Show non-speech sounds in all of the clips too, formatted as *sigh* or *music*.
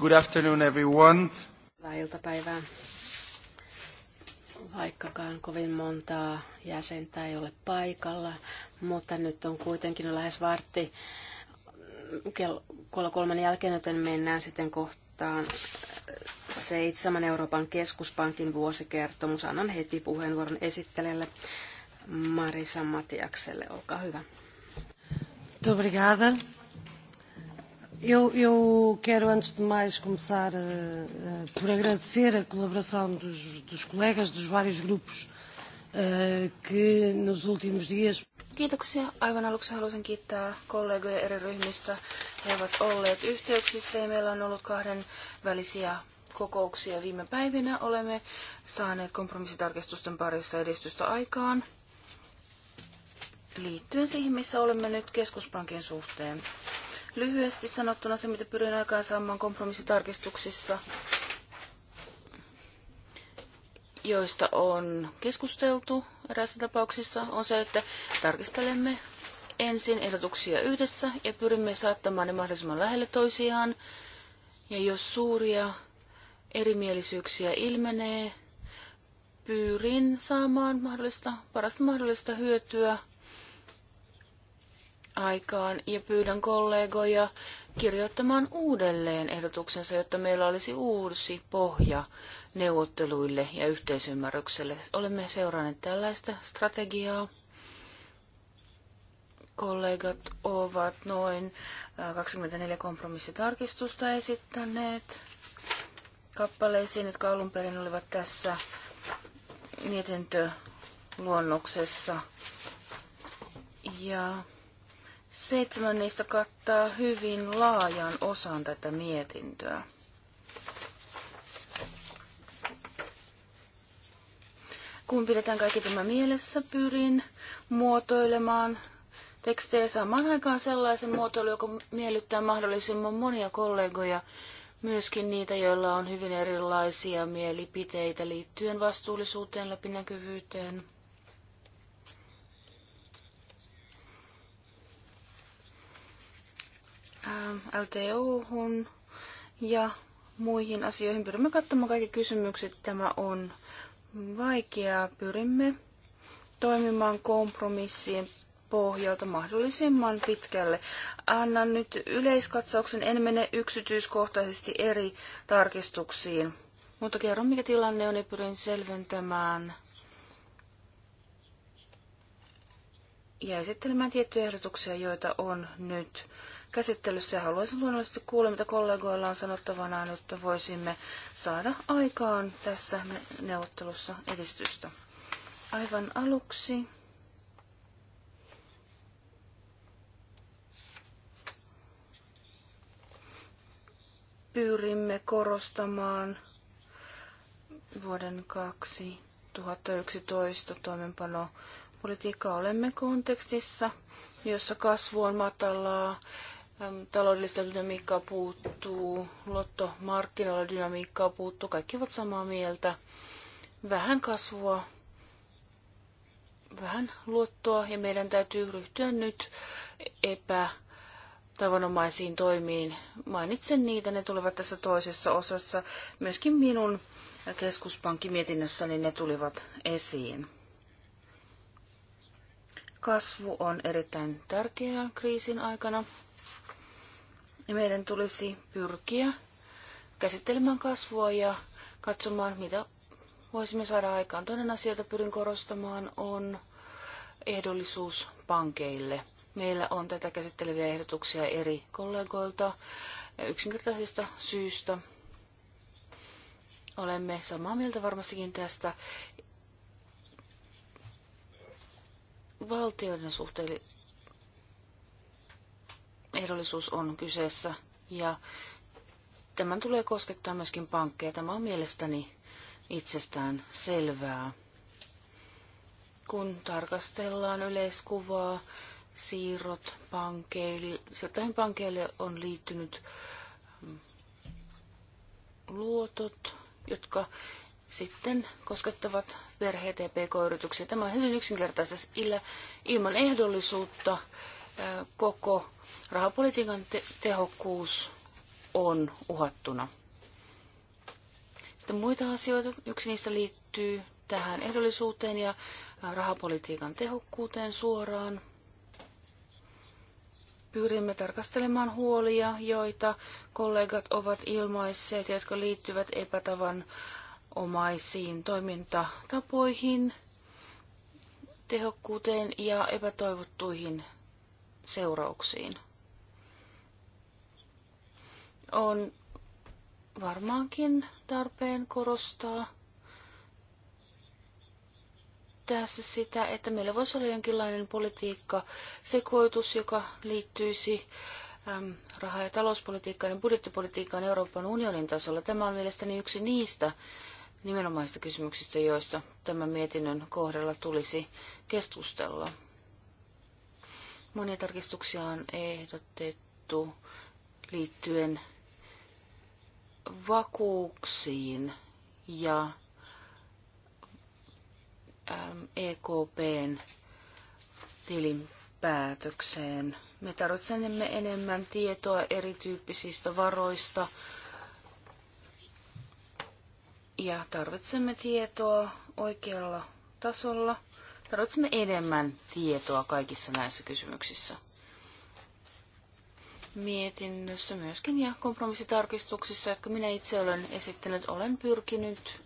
Good afternoon everyone. Hyvää iltapäivää. Vaikkakaan kovin montaa jäsentä ei ole paikalla, mutta nyt on kuitenkin lähes vartti kello kolmen jälkeen, joten mennään sitten kohtaan seitsemän Euroopan keskuspankin vuosikertomus. Annan heti puheenvuoron esittelijälle Marisa Matiakselle. Olkaa hyvä. Dobrigada. Eu, eu quero, antes de mais, começar uh, uh, por agradecer a colaboração dos, dos colegas dos vários grupos uh, que nos últimos dias. Kiitoksia. Aivan aluksi haluaisin kiittää kollegoja eri ryhmistä. He ovat olleet yhteyksissä ja meillä on ollut kahden välisiä kokouksia viime päivinä. Olemme saaneet kompromissitarkistusten parissa edistystä aikaan liittyen siihen, missä olemme nyt keskuspankin suhteen lyhyesti sanottuna se, mitä pyrin aikaan saamaan kompromissitarkistuksissa, joista on keskusteltu eräissä tapauksissa, on se, että tarkistelemme ensin ehdotuksia yhdessä ja pyrimme saattamaan ne mahdollisimman lähelle toisiaan. Ja jos suuria erimielisyyksiä ilmenee, pyrin saamaan mahdollista, parasta mahdollista hyötyä – aikaan ja pyydän kollegoja kirjoittamaan uudelleen ehdotuksensa, jotta meillä olisi uusi pohja neuvotteluille ja yhteisymmärrykselle. Olemme seuranneet tällaista strategiaa. Kollegat ovat noin 24 kompromissitarkistusta esittäneet kappaleisiin, jotka alun perin olivat tässä mietintöluonnoksessa. Ja Seitsemän niistä kattaa hyvin laajan osan tätä mietintöä. Kun pidetään kaikki tämä mielessä, pyrin muotoilemaan tekstejä samaan aikaan sellaisen muotoilun, joka miellyttää mahdollisimman monia kollegoja, myöskin niitä, joilla on hyvin erilaisia mielipiteitä liittyen vastuullisuuteen, läpinäkyvyyteen, Ähm, LTO-hun ja muihin asioihin. Pyrimme katsomaan kaikki kysymykset. Tämä on vaikeaa. Pyrimme toimimaan kompromissien pohjalta mahdollisimman pitkälle. Annan nyt yleiskatsauksen, en mene yksityiskohtaisesti eri tarkistuksiin, mutta kerron mikä tilanne on ja pyrin selventämään ja esittelemään tiettyjä ehdotuksia, joita on nyt käsittelyssä ja haluaisin luonnollisesti kuulla, mitä kollegoilla on sanottavana, jotta voisimme saada aikaan tässä neuvottelussa edistystä. Aivan aluksi pyrimme korostamaan vuoden 2011 toimenpano politiikka olemme kontekstissa, jossa kasvu on matalaa, Ähm, taloudellista dynamiikkaa puuttuu, lottomarkkinoilla dynamiikkaa puuttuu, kaikki ovat samaa mieltä. Vähän kasvua, vähän luottoa ja meidän täytyy ryhtyä nyt epätavanomaisiin toimiin. Mainitsen niitä, ne tulevat tässä toisessa osassa. Myöskin minun keskuspankkimietinnössäni ne tulivat esiin. Kasvu on erittäin tärkeää kriisin aikana niin meidän tulisi pyrkiä käsittelemään kasvua ja katsomaan, mitä voisimme saada aikaan. Toinen asia, jota pyrin korostamaan, on ehdollisuus pankeille. Meillä on tätä käsitteleviä ehdotuksia eri kollegoilta yksinkertaisista syystä. Olemme samaa mieltä varmastikin tästä valtioiden suhteelli- ehdollisuus on kyseessä ja tämän tulee koskettaa myöskin pankkeja. Tämä on mielestäni itsestään selvää. Kun tarkastellaan yleiskuvaa, siirrot pankeille, sieltäin pankeille on liittynyt mm, luotot, jotka sitten koskettavat perheitä ja pk-yrityksiä. Tämä on hyvin yksinkertaisesti, ilman ehdollisuutta koko rahapolitiikan te- tehokkuus on uhattuna. Sitten muita asioita. Yksi niistä liittyy tähän ehdollisuuteen ja rahapolitiikan tehokkuuteen suoraan. Pyrimme tarkastelemaan huolia, joita kollegat ovat ilmaisseet, jotka liittyvät epätavan omaisiin toimintatapoihin, tehokkuuteen ja epätoivottuihin seurauksiin. On varmaankin tarpeen korostaa tässä sitä, että meillä voisi olla jonkinlainen politiikka, sekoitus, joka liittyisi äm, raha- ja talouspolitiikkaan ja budjettipolitiikkaan Euroopan unionin tasolla. Tämä on mielestäni yksi niistä nimenomaisista kysymyksistä, joista tämän mietinnön kohdalla tulisi keskustella. Monia tarkistuksia on ehdotettu liittyen vakuuksiin ja ähm, EKPn tilinpäätökseen. Me tarvitsemme enemmän tietoa erityyppisistä varoista ja tarvitsemme tietoa oikealla tasolla – Tarvitsemme enemmän tietoa kaikissa näissä kysymyksissä. Mietinnössä myöskin ja kompromissitarkistuksissa, jotka minä itse olen esittänyt, olen pyrkinyt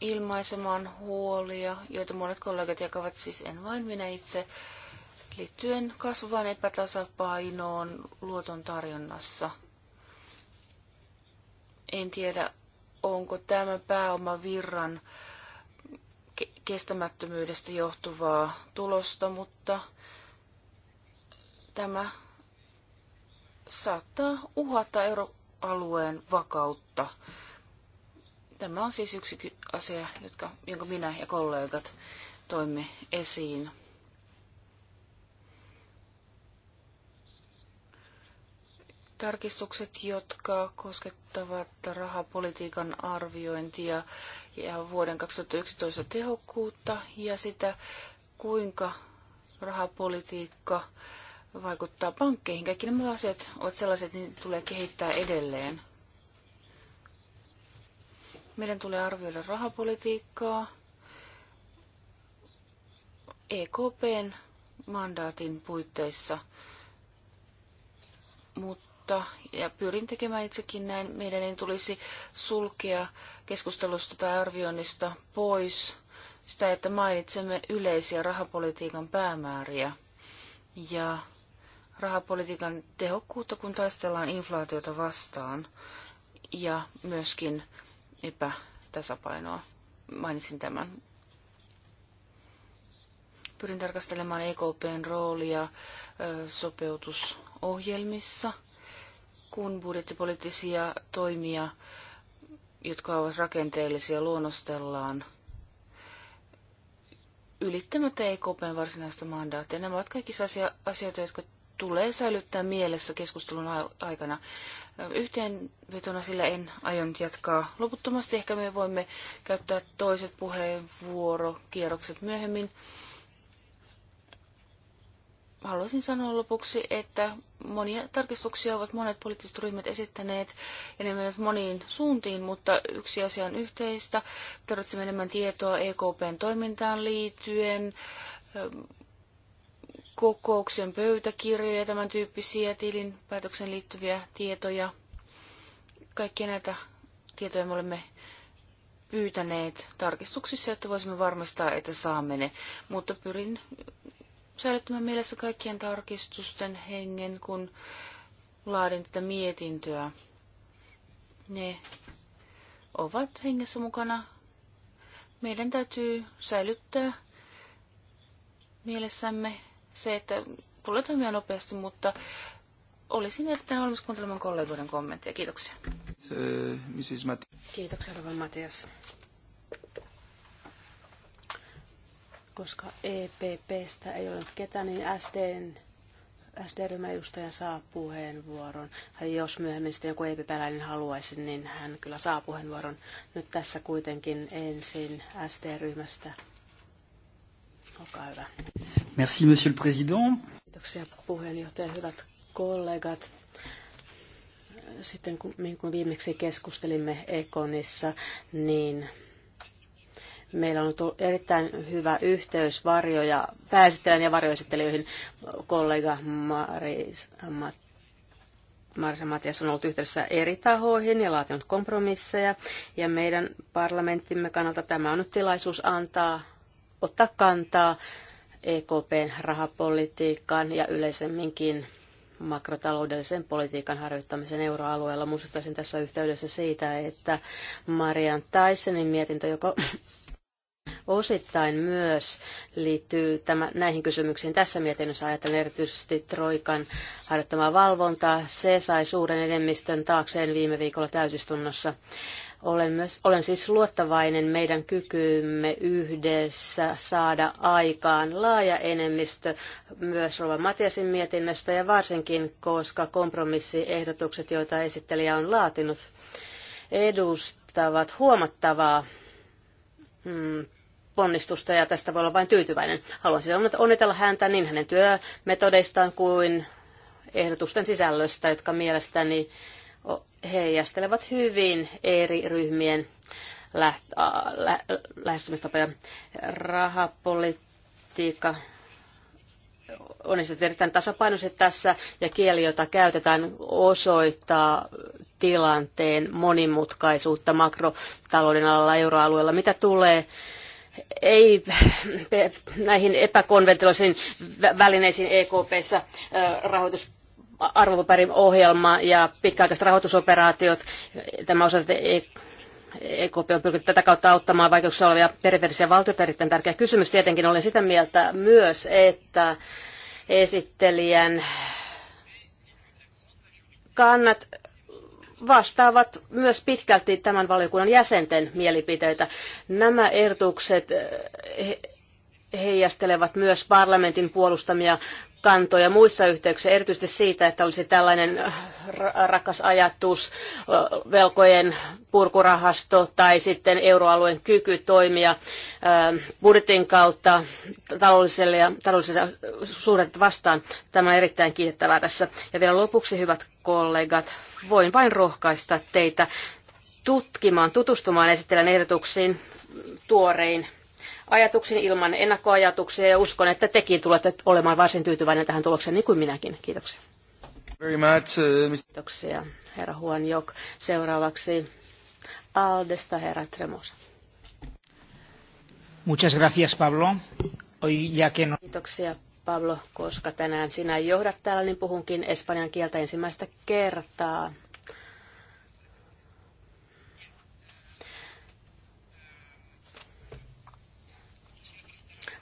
ilmaisemaan huolia, joita monet kollegat jakavat, siis en vain minä itse, liittyen kasvavaan epätasapainoon luoton tarjonnassa. En tiedä, onko tämä pääomavirran virran kestämättömyydestä johtuvaa tulosta, mutta tämä saattaa uhata euroalueen vakautta. Tämä on siis yksi asia, jonka minä ja kollegat toimme esiin. tarkistukset, jotka koskettavat rahapolitiikan arviointia ja vuoden 2011 tehokkuutta ja sitä, kuinka rahapolitiikka vaikuttaa pankkeihin. Kaikki nämä asiat ovat sellaiset, niin tulee kehittää edelleen. Meidän tulee arvioida rahapolitiikkaa EKPn mandaatin puitteissa – mutta mutta, ja pyrin tekemään itsekin näin, meidän ei tulisi sulkea keskustelusta tai arvioinnista pois sitä, että mainitsemme yleisiä rahapolitiikan päämääriä ja rahapolitiikan tehokkuutta, kun taistellaan inflaatiota vastaan ja myöskin epätasapainoa. Mainitsin tämän. Pyrin tarkastelemaan EKPn roolia sopeutusohjelmissa – kun budjettipoliittisia toimia, jotka ovat rakenteellisia, luonnostellaan ylittämättä EKPn varsinaista mandaattia. Nämä ovat kaikki asioita, jotka tulee säilyttää mielessä keskustelun aikana. Yhteenvetona sillä en aion jatkaa loputtomasti. Ehkä me voimme käyttää toiset puheenvuorokierrokset myöhemmin haluaisin sanoa lopuksi, että monia tarkistuksia ovat monet poliittiset ryhmät esittäneet ja ne menevät moniin suuntiin, mutta yksi asia on yhteistä. Tarvitsemme enemmän tietoa EKPn toimintaan liittyen, ähm, kokouksen pöytäkirjoja ja tämän tyyppisiä päätöksen liittyviä tietoja. Kaikkia näitä tietoja me olemme pyytäneet tarkistuksissa, että voisimme varmistaa, että saamme ne, mutta pyrin säilyttämään mielessä kaikkien tarkistusten hengen, kun laadin tätä mietintöä. Ne ovat hengessä mukana. Meidän täytyy säilyttää mielessämme se, että tulee toimia nopeasti, mutta olisin erittäin valmis kuuntelemaan kollegoiden kommentteja. Kiitoksia. Kiitoksia, Rova Matias. Koska EPPstä ei ole ketään, niin SDn SD-ryhmän edustaja saa puheenvuoron. Tai jos myöhemmin sitten joku EPP-läinen haluaisi, niin hän kyllä saa puheenvuoron. Nyt tässä kuitenkin ensin SD-ryhmästä. Olkaa hyvä. Merci, monsieur le président. Kiitoksia puheenjohtaja. Hyvät kollegat sitten kun, kun viimeksi keskustelimme Ekonissa, niin Meillä on ollut erittäin hyvä yhteys varjoja, pääesittelijän ja varjoesittelijöihin. Kollega Maris, Mat, Marisa Matias on ollut yhteydessä eri tahoihin ja laatinut kompromisseja. Ja meidän parlamenttimme kannalta tämä on nyt tilaisuus antaa, ottaa kantaa EKPn rahapolitiikkaan ja yleisemminkin makrotaloudellisen politiikan harjoittamisen euroalueella. Muistuttaisin tässä yhteydessä siitä, että Marian Taisenin mietintö, joka osittain myös liittyy tämä, näihin kysymyksiin. Tässä mietinnössä ajatellen erityisesti Troikan harjoittamaa valvontaa. Se sai suuren enemmistön taakseen viime viikolla täysistunnossa. Olen, myös, olen siis luottavainen meidän kykyymme yhdessä saada aikaan laaja enemmistö myös Rova Matiasin mietinnöstä ja varsinkin, koska kompromissiehdotukset, joita esittelijä on laatinut, edustavat huomattavaa hmm, ponnistusta ja tästä voi olla vain tyytyväinen. Haluaisin onnitella häntä niin hänen työmetodeistaan kuin ehdotusten sisällöstä, jotka mielestäni heijastelevat hyvin eri ryhmien läht- lä- lähestymistapoja. Rahapolitiikka on erittäin tasapainoiset tässä ja kieli, jota käytetään, osoittaa tilanteen monimutkaisuutta makrotalouden alalla euroalueella. Mitä tulee ei eh, näihin epäkonventiolisiin välineisiin EKPssä eh, rahoitus arvopaperiohjelma ohjelma ja pitkäaikaiset rahoitusoperaatiot. Tämä että EKP e on pyrkinyt tätä kautta auttamaan vaikeuksissa olevia perinteisiä valtioita. Erittäin tärkeä kysymys tietenkin. Olen sitä mieltä myös, että esittelijän kannat vastaavat myös pitkälti tämän valiokunnan jäsenten mielipiteitä. Nämä ehdotukset eh, heijastelevat myös parlamentin puolustamia kantoja muissa yhteyksissä, erityisesti siitä, että olisi tällainen äh, rakas ajatus, äh, velkojen purkurahasto tai sitten euroalueen kyky toimia äh, budjetin kautta taloudelliselle ja taloudelliselle suhdetta vastaan. Tämä on erittäin kiitettävää tässä. Ja vielä lopuksi, hyvät kollegat, voin vain rohkaista teitä tutkimaan, tutustumaan esittelen ehdotuksiin tuorein Ajatuksin ilman ennakkoajatuksia ja uskon, että tekin tulette olemaan varsin tyytyväinen tähän tulokseen, niin kuin minäkin. Kiitoksia. Very much, uh, Kiitoksia, herra Huan Jok. Seuraavaksi Aldesta herra Tremosa. Muchas gracias, Pablo. Hoy ya que no... Kiitoksia, Pablo, koska tänään sinä johdat täällä, niin puhunkin espanjan kieltä ensimmäistä kertaa.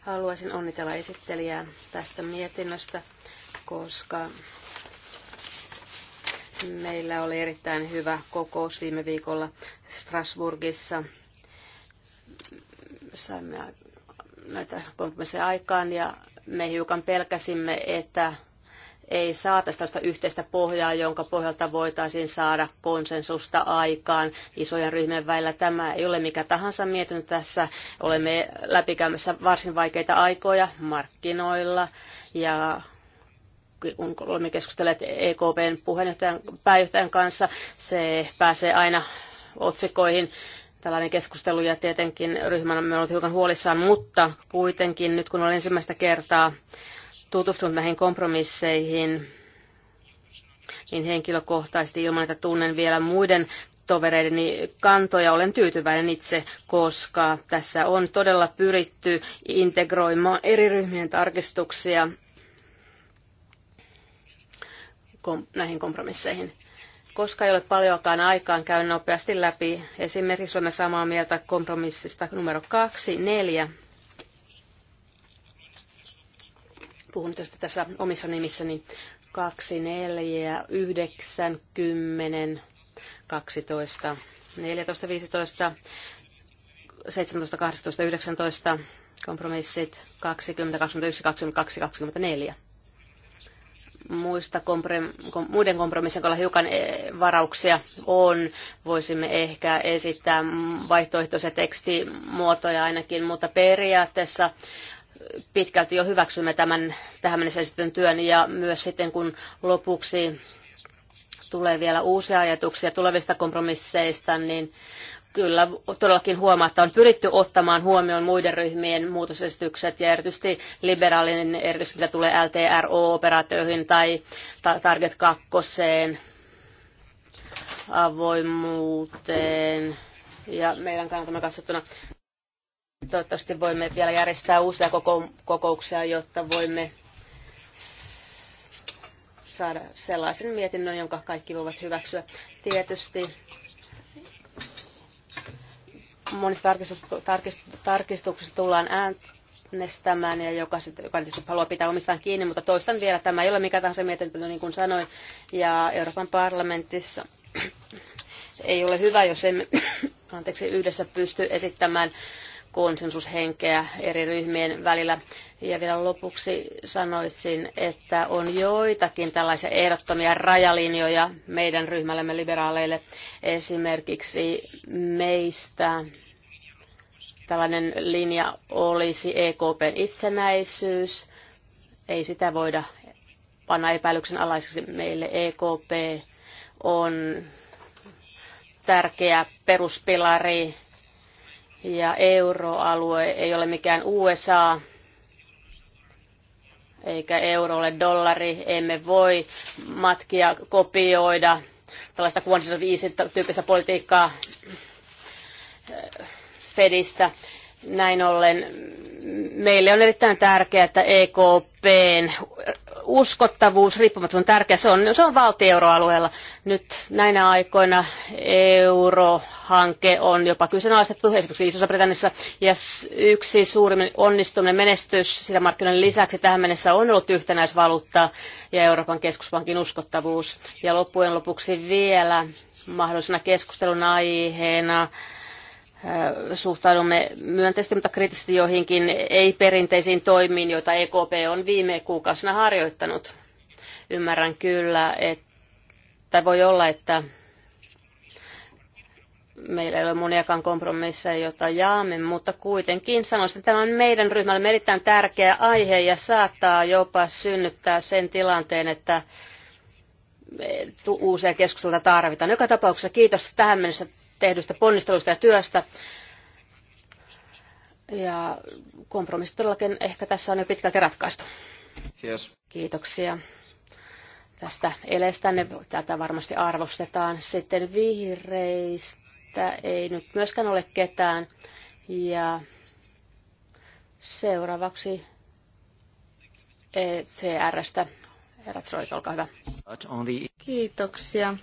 Haluaisin onnitella esittelijää tästä mietinnöstä, koska meillä oli erittäin hyvä kokous viime viikolla Strasburgissa. Saimme näitä kompromisseja, aikaan ja me hiukan pelkäsimme, että ei saataisi tällaista yhteistä pohjaa, jonka pohjalta voitaisiin saada konsensusta aikaan isojen ryhmien välillä. Tämä ei ole mikä tahansa mietintö tässä. Olemme läpikäymässä varsin vaikeita aikoja markkinoilla ja kun olemme keskustelleet EKPn puheenjohtajan, pääjohtajan kanssa, se pääsee aina otsikoihin tällainen keskustelu ja tietenkin ryhmän on ollut hiukan huolissaan, mutta kuitenkin nyt kun olen ensimmäistä kertaa tutustunut näihin kompromisseihin niin henkilökohtaisesti ilman, että tunnen vielä muiden tovereideni kantoja. Olen tyytyväinen itse, koska tässä on todella pyritty integroimaan eri ryhmien tarkistuksia kom- näihin kompromisseihin. Koska ei ole paljonkaan aikaan, käyn nopeasti läpi. Esimerkiksi olemme samaa mieltä kompromissista numero kaksi, neljä, puhun tästä tässä omissa nimissäni, 2, 4, 9, 10, 12, 14, 15, 17, 18, 19, kompromissit 20, 21, 22, 24. Muista komprom- kom- muiden kompromissien kohdalla hiukan eh, varauksia on. Voisimme ehkä esittää vaihtoehtoisia tekstimuotoja ainakin, mutta periaatteessa pitkälti jo hyväksymme tämän tähän mennessä esitetyn työn ja myös sitten kun lopuksi tulee vielä uusia ajatuksia tulevista kompromisseista, niin kyllä todellakin huomaa, että on pyritty ottamaan huomioon muiden ryhmien muutosesitykset ja erityisesti liberaalinen, erityisesti mitä tulee LTRO-operaatioihin tai Target 2, avoimuuteen ja meidän kannaltamme katsottuna Toivottavasti voimme vielä järjestää uusia kokouksia, jotta voimme saada sellaisen mietinnön, jonka kaikki voivat hyväksyä. Tietysti monista tarkistuksista tullaan äänestämään ja joka, sit, joka haluaa pitää omistaan kiinni, mutta toistan vielä, tämä ei ole mikä tahansa mietintö, niin kuin sanoin, ja Euroopan parlamentissa ei ole hyvä, jos emme *coughs* anteeksi, yhdessä pysty esittämään konsensushenkeä eri ryhmien välillä. Ja vielä lopuksi sanoisin, että on joitakin tällaisia ehdottomia rajalinjoja meidän ryhmällemme liberaaleille. Esimerkiksi meistä tällainen linja olisi EKPn itsenäisyys. Ei sitä voida panna epäilyksen alaiseksi. Meille EKP on tärkeä peruspilari ja euroalue ei ole mikään USA, eikä euro ole dollari. Emme voi matkia kopioida tällaista quantitative tyyppistä politiikkaa eh, Fedistä. Näin ollen meille on erittäin tärkeää, että EKPn uskottavuus, riippumatta on tärkeä, se on, se on valtioeuroalueella. Nyt näinä aikoina eurohanke on jopa kyseenalaistettu, esimerkiksi iso britannissa ja yksi suurimmin onnistuminen menestys sillä markkinoiden lisäksi tähän mennessä on ollut yhtenäisvaluutta ja Euroopan keskuspankin uskottavuus. Ja loppujen lopuksi vielä mahdollisena keskustelun aiheena suhtaudumme myönteisesti, mutta kriittisesti joihinkin ei-perinteisiin toimiin, joita EKP on viime kuukausina harjoittanut. Ymmärrän kyllä, että voi olla, että meillä ei ole moniakaan kompromisseja, joita jaamme, mutta kuitenkin sanoisin, että tämä on meidän ryhmälle erittäin tärkeä aihe ja saattaa jopa synnyttää sen tilanteen, että e, uusia keskusteluita tarvitaan. Joka tapauksessa kiitos tähän mennessä tehdystä ponnistelusta ja työstä. Ja kompromissi todellakin ehkä tässä on jo pitkälti ratkaistu. Yes. Kiitoksia tästä elestänne. Tätä varmasti arvostetaan. Sitten vihreistä ei nyt myöskään ole ketään. Ja seuraavaksi ECRstä. Herra Troik, olkaa hyvä. Kiitoksia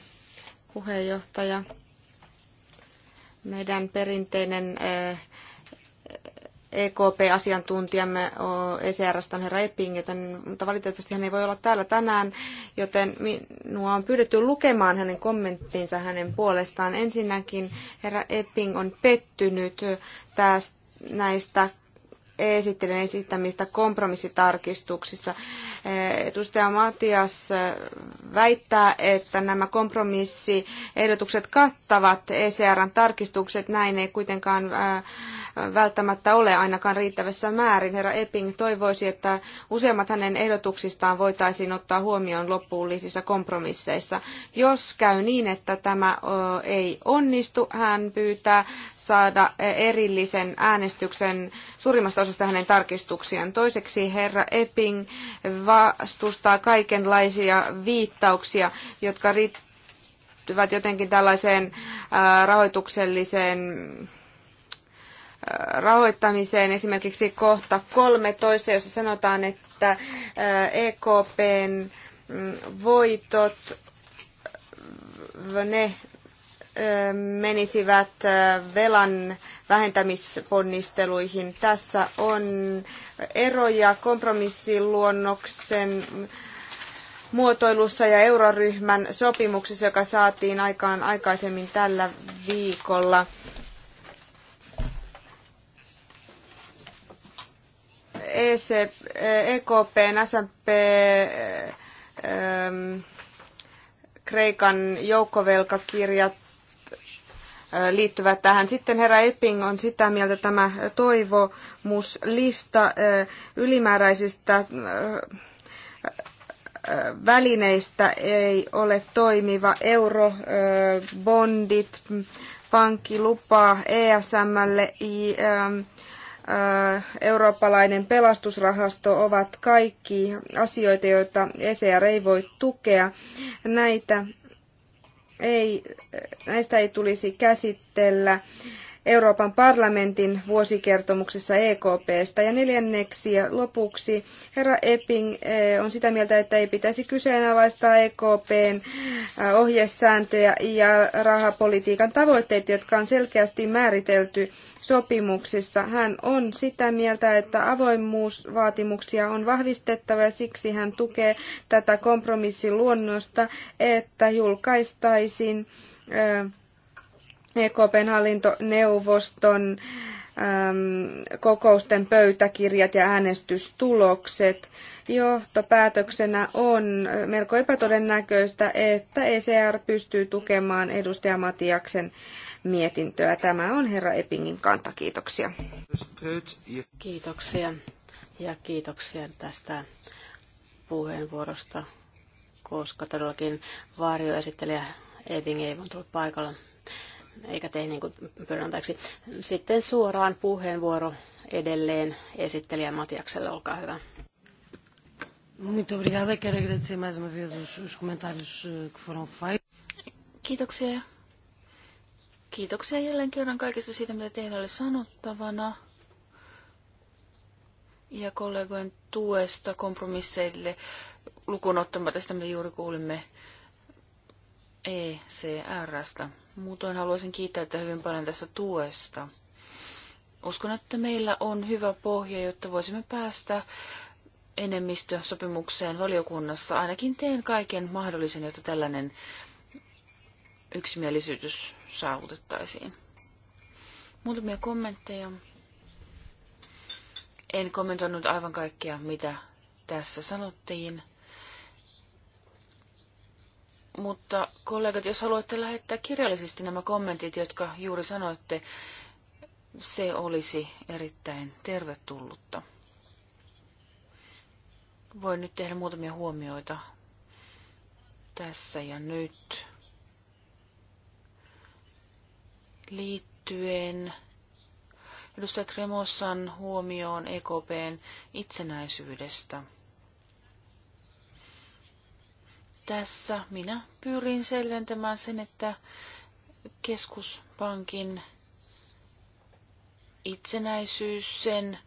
puheenjohtaja. Meidän perinteinen EKP-asiantuntijamme eh, e ECRstä on e herra Epping, joten, mutta valitettavasti hän ei voi olla täällä tänään, joten minua on pyydetty lukemaan hänen kommenttinsa hänen puolestaan. Ensinnäkin herra Epping on pettynyt tästä näistä esittelen esittämistä kompromissitarkistuksissa. Edustaja Matias väittää, että nämä kompromissiehdotukset kattavat ECRn tarkistukset. Näin ei kuitenkaan välttämättä ole ainakaan riittävässä määrin. Herra Epping toivoisi, että useimmat hänen ehdotuksistaan voitaisiin ottaa huomioon lopullisissa kompromisseissa. Jos käy niin, että tämä ei onnistu, hän pyytää saada erillisen äänestyksen suurimmasta osasta hänen tarkistuksiaan. Toiseksi herra Epping vastustaa kaikenlaisia viittauksia, jotka riittyvät jotenkin tällaiseen äh, rahoitukselliseen äh, rahoittamiseen. Esimerkiksi kohta 13, jossa sanotaan, että äh, EKPn mm, voitot ne menisivät velan vähentämisponnisteluihin. Tässä on eroja kompromissiluonnoksen muotoilussa ja euroryhmän sopimuksessa, joka saatiin aikaan aikaisemmin tällä viikolla. EC, EKP, SMP, Kreikan joukkovelkakirjat liittyvät tähän. Sitten herra Epping on sitä mieltä tämä toivomuslista ylimääräisistä välineistä ei ole toimiva. Eurobondit, pankkilupa ESMlle, eurooppalainen pelastusrahasto ovat kaikki asioita, joita ECR ei voi tukea. Näitä ei, näistä ei tulisi käsitellä Euroopan parlamentin vuosikertomuksessa EKPstä. Ja neljänneksi ja lopuksi herra Epping eh, on sitä mieltä, että ei pitäisi kyseenalaistaa EKPn eh, ohjesääntöjä ja rahapolitiikan tavoitteet, jotka on selkeästi määritelty sopimuksissa. Hän on sitä mieltä, että avoimuusvaatimuksia on vahvistettava ja siksi hän tukee tätä kompromissiluonnosta, että julkaistaisiin eh, EKPn hallintoneuvoston kokousten pöytäkirjat ja äänestystulokset. Johtopäätöksenä on melko epätodennäköistä, että ECR pystyy tukemaan edustaja Matiaksen mietintöä. Tämä on herra Epingin kanta. Kiitoksia. Kiitoksia ja kiitoksia tästä puheenvuorosta, koska todellakin varjoesittelijä Eping ei voinut tullut paikalla eikä tee niin kuin pönöntäksi. Sitten suoraan puheenvuoro edelleen esittelijä Matiakselle, olkaa hyvä. Muito obrigada, quero agradecer mais uma vez os, os comentários eh, que foram feitos. Kiitoksia. Kiitoksia jälleen kerran kaikesta siitä, mitä teillä oli sanottavana ja kollegojen tuesta kompromisseille lukuun ottamatta sitä, mitä juuri kuulimme ECRstä. Muutoin haluaisin kiittää että hyvin paljon tästä tuesta. Uskon, että meillä on hyvä pohja, jotta voisimme päästä enemmistösopimukseen valiokunnassa. Ainakin teen kaiken mahdollisen, jotta tällainen yksimielisyys saavutettaisiin. Muutamia kommentteja. En kommentoinut aivan kaikkea, mitä tässä sanottiin. Mutta kollegat, jos haluatte lähettää kirjallisesti nämä kommentit, jotka juuri sanoitte, se olisi erittäin tervetullutta. Voin nyt tehdä muutamia huomioita tässä ja nyt liittyen edustaja Tremossan huomioon EKPn itsenäisyydestä – tässä minä pyrin selventämään sen, että keskuspankin itsenäisyys sen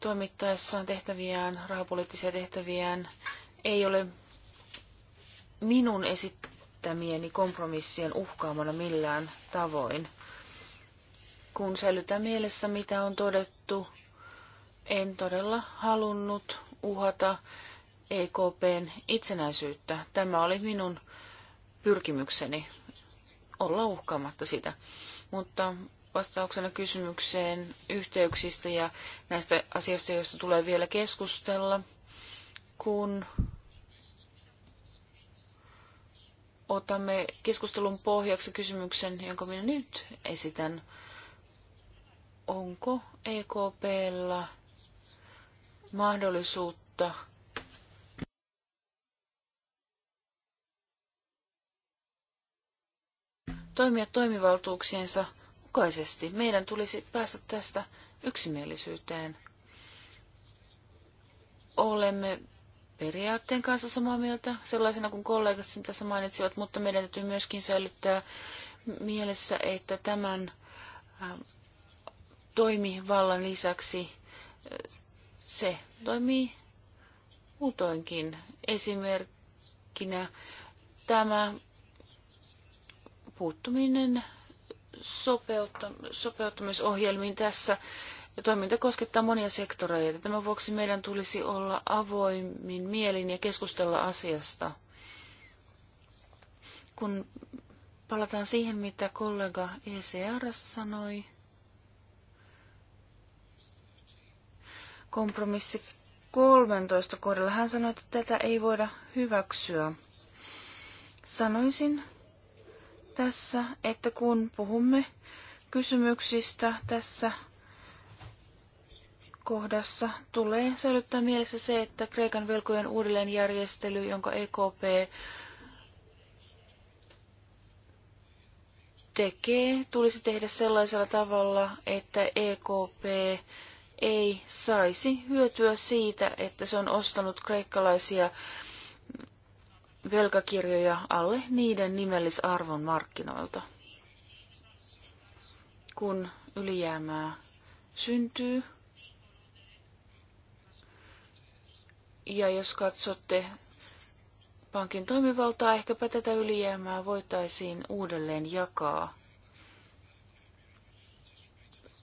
toimittaessaan tehtäviään, rahapoliittisia tehtäviään, ei ole minun esittämieni kompromissien uhkaamana millään tavoin. Kun säilytään mielessä, mitä on todettu, en todella halunnut uhata EKPn itsenäisyyttä. Tämä oli minun pyrkimykseni olla uhkaamatta sitä. Mutta vastauksena kysymykseen yhteyksistä ja näistä asioista, joista tulee vielä keskustella, kun otamme keskustelun pohjaksi kysymyksen, jonka minä nyt esitän. Onko EKPlla mahdollisuutta toimia toimivaltuuksiensa mukaisesti. Meidän tulisi päästä tästä yksimielisyyteen. Olemme periaatteen kanssa samaa mieltä, sellaisena kuin kollegat sen tässä mainitsivat, mutta meidän täytyy myöskin säilyttää mielessä, että tämän ähm, toimivallan lisäksi äh, se toimii muutoinkin. Esimerkkinä tämä puuttuminen sopeutta, sopeuttamisohjelmiin tässä. Ja toiminta koskettaa monia sektoreita. Tämän vuoksi meidän tulisi olla avoimin mielin ja keskustella asiasta. Kun palataan siihen, mitä kollega ECR sanoi, kompromissi 13 kohdalla hän sanoi, että tätä ei voida hyväksyä. Sanoisin, tässä, että kun puhumme kysymyksistä tässä kohdassa, tulee säilyttää mielessä se, että Kreikan velkojen uudelleenjärjestely, jonka EKP tekee, tulisi tehdä sellaisella tavalla, että EKP ei saisi hyötyä siitä, että se on ostanut kreikkalaisia velkakirjoja alle niiden nimellisarvon markkinoilta. Kun ylijäämää syntyy, ja jos katsotte pankin toimivaltaa, ehkäpä tätä ylijäämää voitaisiin uudelleen jakaa.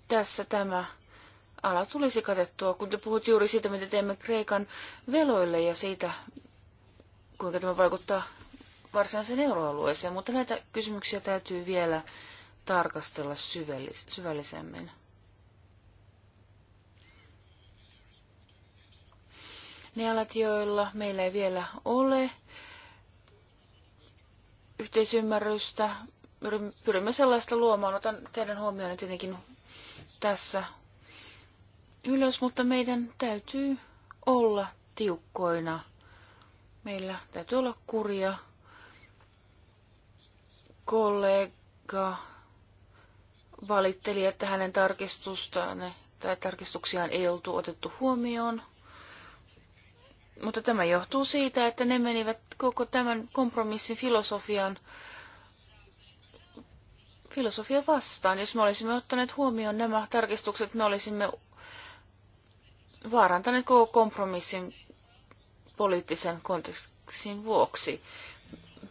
Tässä tämä ala tulisi katettua, kun te puhut juuri siitä, mitä teemme Kreikan veloille ja siitä, kuinka tämä vaikuttaa varsinaiseen euroalueeseen, mutta näitä kysymyksiä täytyy vielä tarkastella syvällis- syvällisemmin. Ne alat, joilla meillä ei vielä ole yhteisymmärrystä, pyrimme sellaista luomaan. Otan teidän huomioon tietenkin tässä ylös, mutta meidän täytyy olla tiukkoina – Meillä täytyy olla kurja. Kollega valitteli, että hänen tarkistustaan tai tarkistuksiaan ei oltu otettu huomioon. Mutta tämä johtuu siitä, että ne menivät koko tämän kompromissin filosofian filosofia vastaan. Jos me olisimme ottaneet huomioon nämä tarkistukset, me olisimme vaarantaneet koko kompromissin poliittisen kontekstin vuoksi.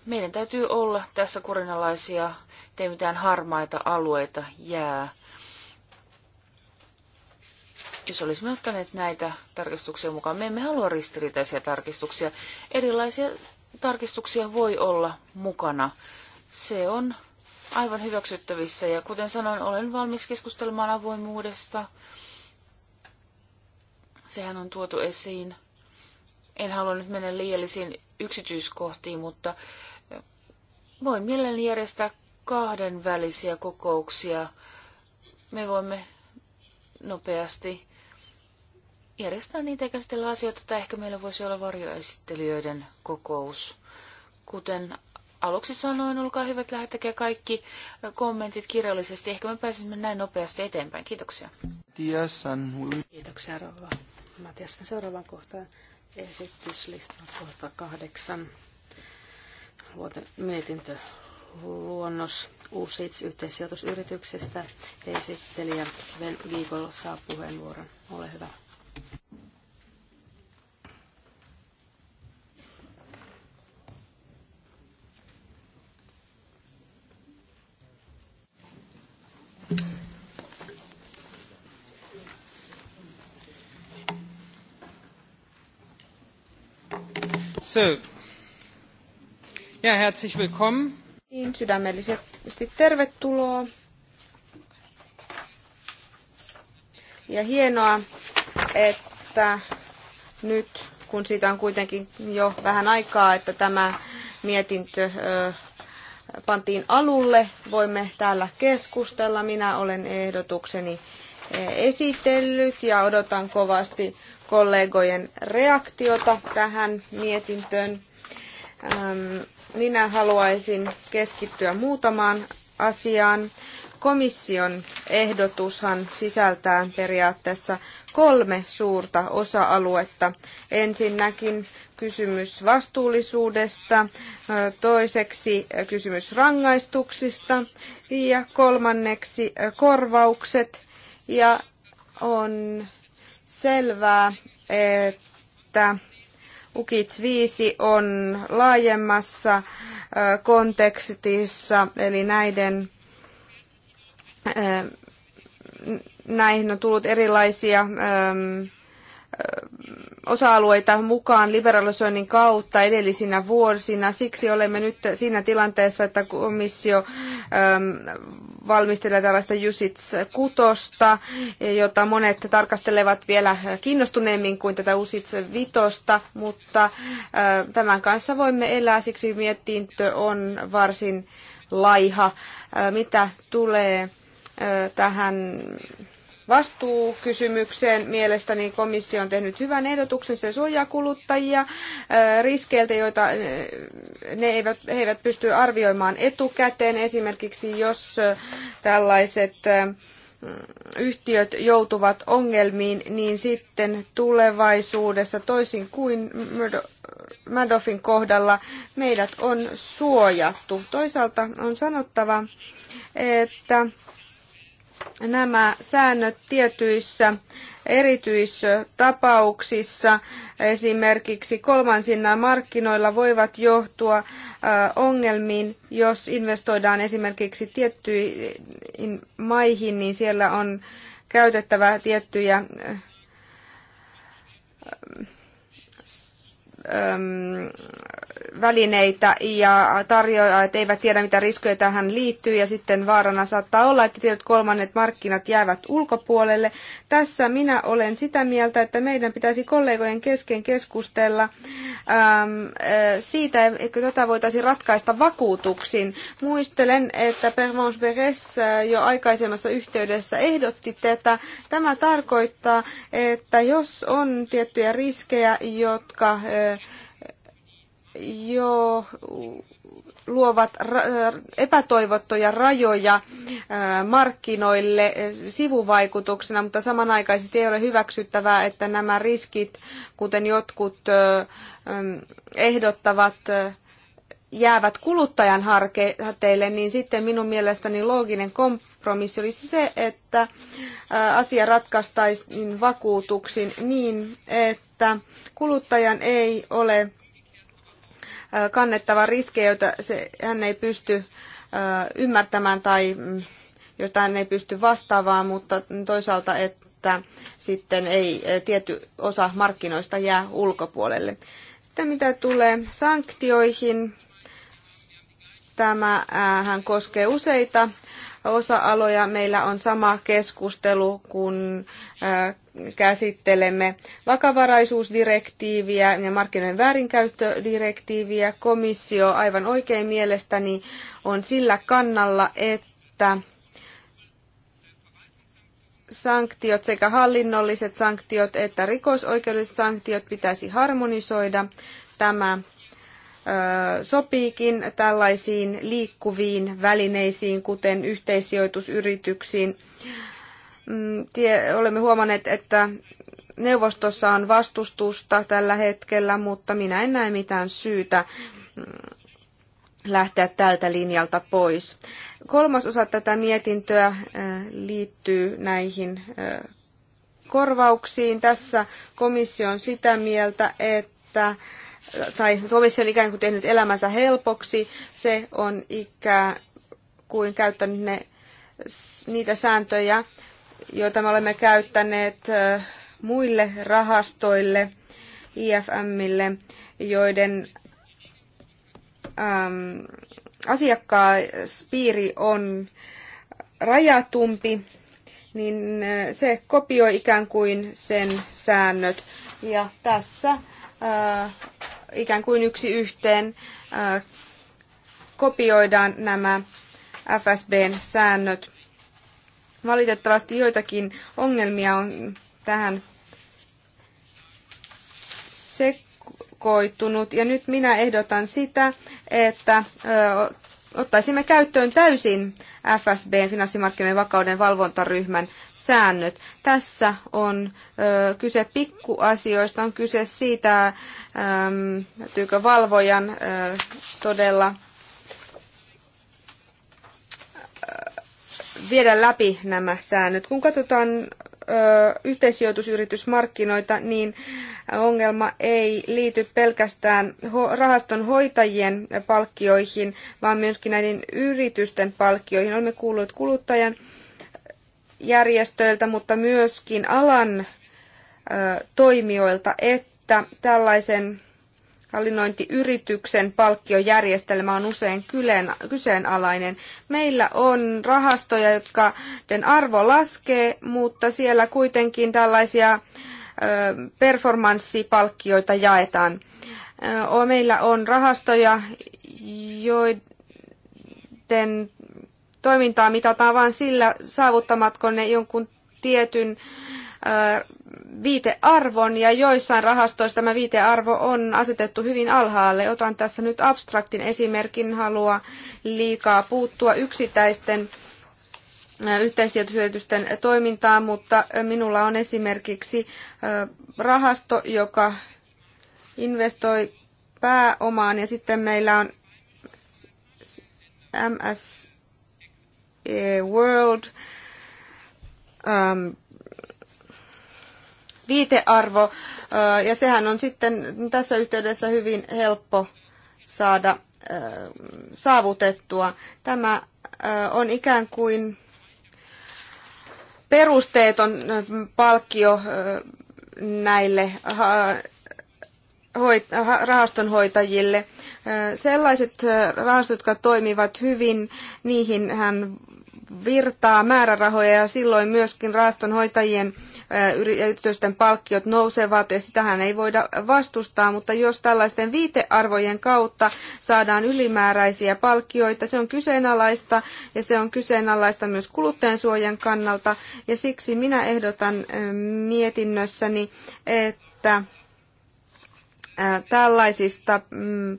Meidän täytyy olla tässä kurinalaisia, ettei mitään harmaita alueita jää. Jos olisimme ottaneet näitä tarkistuksia mukaan, me emme halua ristiriitaisia tarkistuksia. Erilaisia tarkistuksia voi olla mukana. Se on aivan hyväksyttävissä ja kuten sanoin, olen valmis keskustelemaan avoimuudesta. Sehän on tuotu esiin en halua nyt mennä liiallisiin yksityiskohtiin, mutta voin mielelläni järjestää kahden välisiä kokouksia. Me voimme nopeasti järjestää niitä ja käsitellä asioita, tai ehkä meillä voisi olla varjoesittelijöiden kokous. Kuten aluksi sanoin, olkaa hyvät, lähettäkää kaikki kommentit kirjallisesti. Ehkä me pääsisimme näin nopeasti eteenpäin. Kiitoksia. Kiitoksia, Rova. Matias, seuraavaan kohtaan esityslistan kohta kahdeksan. Mietintö luonnos uusits yhteissijoitusyrityksestä. Esittelijä Sven Viikolla saa puheenvuoron. Ole hyvä. So. Ja herzlich willkommen. Niin, sydämellisesti tervetuloa. Ja hienoa, että nyt kun siitä on kuitenkin jo vähän aikaa, että tämä mietintö pantiin alulle, voimme täällä keskustella. Minä olen ehdotukseni esitellyt ja odotan kovasti kollegojen reaktiota tähän mietintöön. Ähm, minä haluaisin keskittyä muutamaan asiaan. Komission ehdotushan sisältää periaatteessa kolme suurta osa-aluetta. Ensinnäkin kysymys vastuullisuudesta, toiseksi kysymys rangaistuksista ja kolmanneksi korvaukset. Ja on selvää, että Ukits 5 on laajemmassa kontekstissa, eli näiden näihin on tullut erilaisia osa-alueita mukaan liberalisoinnin kautta edellisinä vuosina. Siksi olemme nyt siinä tilanteessa, että komissio ähm, valmistelee tällaista Jusits kutosta, jota monet tarkastelevat vielä kiinnostuneemmin kuin tätä Usits vitosta, mutta äh, tämän kanssa voimme elää, siksi mietintö on varsin laiha. Äh, mitä tulee äh, tähän vastuukysymykseen. Mielestäni komissio on tehnyt hyvän ehdotuksen. Se suojaa kuluttajia riskeiltä, joita ne eivät, he eivät pysty arvioimaan etukäteen. Esimerkiksi jos tällaiset yhtiöt joutuvat ongelmiin, niin sitten tulevaisuudessa toisin kuin Madoffin kohdalla meidät on suojattu. Toisaalta on sanottava, että nämä säännöt tietyissä erityistapauksissa, esimerkiksi kolmansina markkinoilla, voivat johtua ongelmiin, jos investoidaan esimerkiksi tiettyihin maihin, niin siellä on käytettävä tiettyjä välineitä ja tarjoajat eivät tiedä, mitä riskejä tähän liittyy ja sitten vaarana saattaa olla, että tietyt kolmannet markkinat jäävät ulkopuolelle. Tässä minä olen sitä mieltä, että meidän pitäisi kollegojen kesken keskustella äm, äh, siitä, että tätä voitaisiin ratkaista vakuutuksin. Muistelen, että Pervenche Beres äh, jo aikaisemmassa yhteydessä ehdotti tätä. Tämä tarkoittaa, että jos on tiettyjä riskejä, jotka äh, jo luovat epätoivottuja rajoja markkinoille sivuvaikutuksena, mutta samanaikaisesti ei ole hyväksyttävää, että nämä riskit, kuten jotkut ehdottavat, jäävät kuluttajan harteille, niin sitten minun mielestäni looginen kompromissi olisi se, että asia ratkaistaisiin vakuutuksin niin, että kuluttajan ei ole kannettava riskejä, joita se, hän ei pysty ymmärtämään tai mm, josta hän ei pysty vastaamaan, mutta toisaalta, että sitten ei tietty osa markkinoista jää ulkopuolelle. Sitten mitä tulee sanktioihin, tämä hän koskee useita osa-aloja. Meillä on sama keskustelu, kun käsittelemme vakavaraisuusdirektiiviä ja markkinoiden väärinkäyttödirektiiviä. Komissio aivan oikein mielestäni on sillä kannalla, että sanktiot, sekä hallinnolliset sanktiot että rikosoikeudelliset sanktiot pitäisi harmonisoida. Tämä sopiikin tällaisiin liikkuviin välineisiin, kuten yhteissijoitusyrityksiin. Mm, olemme huomanneet, että neuvostossa on vastustusta tällä hetkellä, mutta minä en näe mitään syytä mm, lähteä tältä linjalta pois. Kolmas osa tätä mietintöä liittyy näihin korvauksiin. Tässä komissio on sitä mieltä, että tai komissio on ikään kuin tehnyt elämänsä helpoksi, se on ikään kuin käyttänyt ne, niitä sääntöjä, joita me olemme käyttäneet muille rahastoille, IFMille, joiden äm, asiakkaaspiiri on rajatumpi, niin se kopioi ikään kuin sen säännöt. Ja tässä Äh, ikään kuin yksi yhteen äh, kopioidaan nämä FSBn säännöt. Valitettavasti joitakin ongelmia on tähän sekoittunut ja nyt minä ehdotan sitä, että ottaisimme käyttöön täysin FSBn finanssimarkkinoiden vakauden valvontaryhmän säännöt. Tässä on ö, kyse pikkuasioista, on kyse siitä, ö, täytyykö valvojan ö, todella viedä läpi nämä säännöt. Kun katsotaan yhteisijoitusyritysmarkkinoita, niin ongelma ei liity pelkästään rahaston hoitajien palkkioihin, vaan myöskin näiden yritysten palkkioihin. Olemme kuulleet kuluttajan järjestöiltä, mutta myöskin alan toimijoilta, että tällaisen hallinnointiyrityksen palkkiojärjestelmä on usein kyseenalainen. Meillä on rahastoja, jotka arvo laskee, mutta siellä kuitenkin tällaisia performanssipalkkioita jaetaan. Meillä on rahastoja, joiden toimintaa mitataan vain sillä, saavuttamatko ne jonkun tietyn viitearvon ja joissain rahastoissa tämä viitearvo on asetettu hyvin alhaalle. Otan tässä nyt abstraktin esimerkin, halua liikaa puuttua yksittäisten äh, yhteissijoitusyritysten toimintaan, mutta äh, minulla on esimerkiksi äh, rahasto, joka investoi pääomaan ja sitten meillä on MS e World, um, viitearvo, ja sehän on sitten tässä yhteydessä hyvin helppo saada saavutettua. Tämä on ikään kuin perusteeton palkkio näille rahastonhoitajille. Sellaiset rahastot, jotka toimivat hyvin, niihin hän virtaa määrärahoja ja silloin myöskin raastonhoitajien ja yritysten palkkiot nousevat ja sitähän ei voida vastustaa, mutta jos tällaisten viitearvojen kautta saadaan ylimääräisiä palkkioita, se on kyseenalaista ja se on kyseenalaista myös kuluttajansuojan kannalta ja siksi minä ehdotan mietinnössäni, että tällaisista mm,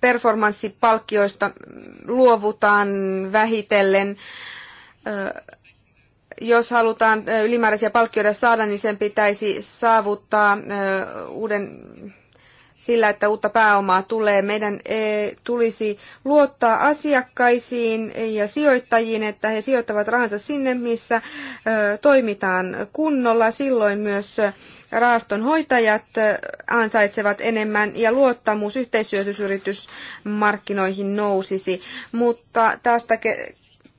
performanssipalkkioista luovutaan vähitellen. Jos halutaan ylimääräisiä palkkioita saada, niin sen pitäisi saavuttaa uuden sillä, että uutta pääomaa tulee. Meidän e, tulisi luottaa asiakkaisiin ja sijoittajiin, että he sijoittavat rahansa sinne, missä e, toimitaan kunnolla. Silloin myös rahastonhoitajat e, ansaitsevat enemmän ja luottamus yhteisyötysyritysmarkkinoihin nousisi. Mutta tästä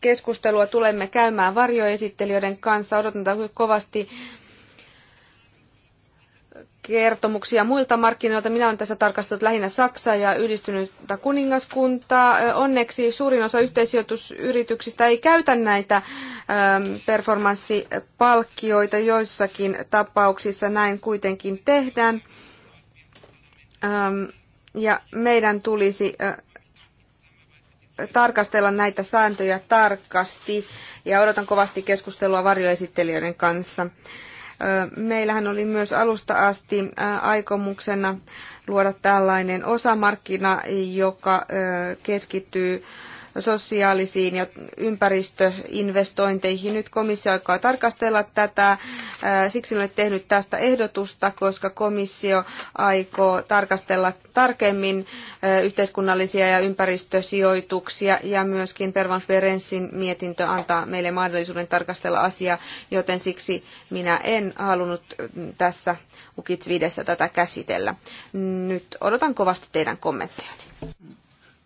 keskustelua tulemme käymään varjoesittelijöiden kanssa. Odotan kovasti kertomuksia muilta markkinoilta. Minä olen tässä tarkastellut lähinnä Saksaa ja yhdistynyttä kuningaskuntaa. Onneksi suurin osa yhteisijoitusyrityksistä ei käytä näitä performanssipalkkioita. Joissakin tapauksissa näin kuitenkin tehdään. Ja meidän tulisi tarkastella näitä sääntöjä tarkasti ja odotan kovasti keskustelua varjoesittelijöiden kanssa. Meillähän oli myös alusta asti aikomuksena luoda tällainen osamarkkina, joka keskittyy sosiaalisiin ja ympäristöinvestointeihin. Nyt komissio aikaa tarkastella tätä. Äh, siksi olen tehnyt tästä ehdotusta, koska komissio aikoo tarkastella tarkemmin äh, yhteiskunnallisia ja ympäristösijoituksia ja myöskin Pervans Berenssin mietintö antaa meille mahdollisuuden tarkastella asiaa, joten siksi minä en halunnut äh, tässä Ukits tätä käsitellä. Nyt odotan kovasti teidän kommenttejanne.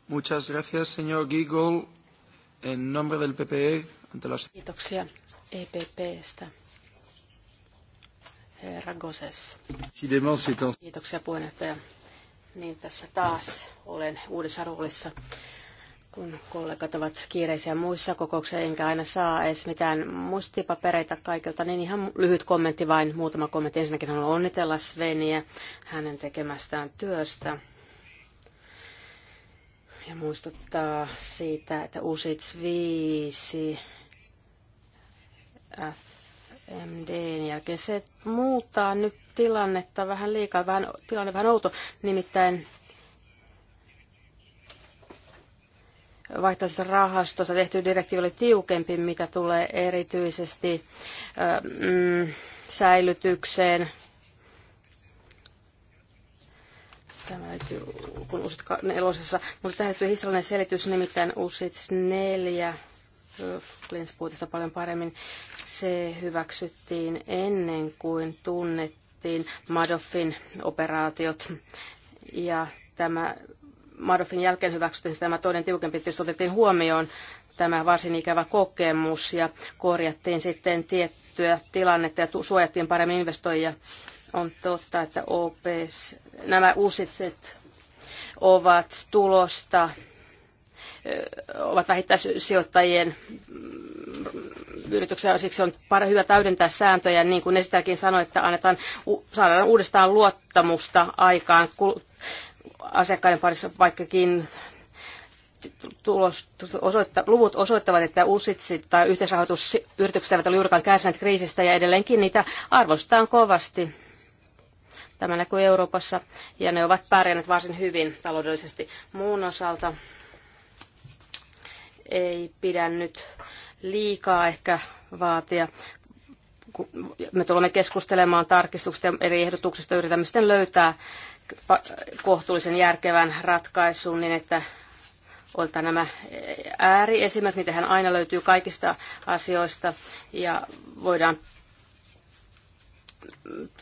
Muchas gracias, señor Giegold. En nombre del PPE, ante las... Kiitoksia EPPstä. Herra Goses. Kiitoksia puheenjohtaja. Niin tässä taas olen uudessa roolissa kun kollegat ovat kiireisiä muissa kokouksissa, enkä aina saa edes mitään muistipapereita kaikilta, niin ihan lyhyt kommentti vain, muutama kommentti. Ensinnäkin haluan onnitella Sveniä hänen tekemästään työstä ja muistuttaa siitä, että USITS 5 FMD jälkeen se muuttaa nyt tilannetta vähän liikaa, vähän, tilanne vähän outo, nimittäin vaihtoehtoisesta rahastosta tehty direktiivi oli tiukempi, mitä tulee erityisesti ö, mm, säilytykseen, Tämä löytyy kun uusit nelosessa, mutta tämä löytyy historiallinen selitys, nimittäin uusit neljä Klins puhui tästä paljon paremmin. Se hyväksyttiin ennen kuin tunnettiin Madoffin operaatiot. Ja tämä Madoffin jälkeen hyväksyttiin tämä toinen tiukempi, tietysti otettiin huomioon tämä varsin ikävä kokemus ja korjattiin sitten tiettyä tilannetta ja suojattiin paremmin investoijia. On totta, että OPS, nämä uusitset ovat tulosta, ovat vähittäissijoittajien yrityksellä, siksi on hyvä täydentää sääntöjä, niin kuin esitäkin sanoi, että annetaan, saadaan uudestaan luottamusta aikaan asiakkaiden parissa, vaikkakin tulos, osoitta, luvut osoittavat, että uusitsit tai yhteisrahoitusyritykset eivät ole juurikaan kärsineet kriisistä ja edelleenkin niitä arvostetaan kovasti. Tämä näkyy Euroopassa ja ne ovat pärjänneet varsin hyvin taloudellisesti. Muun osalta ei pidä nyt liikaa ehkä vaatia. Me tulemme keskustelemaan tarkistuksista ja eri ehdotuksista, yritämme sitten löytää kohtuullisen järkevän ratkaisun niin, että Olta nämä ääriesimerkit, niitähän aina löytyy kaikista asioista, ja voidaan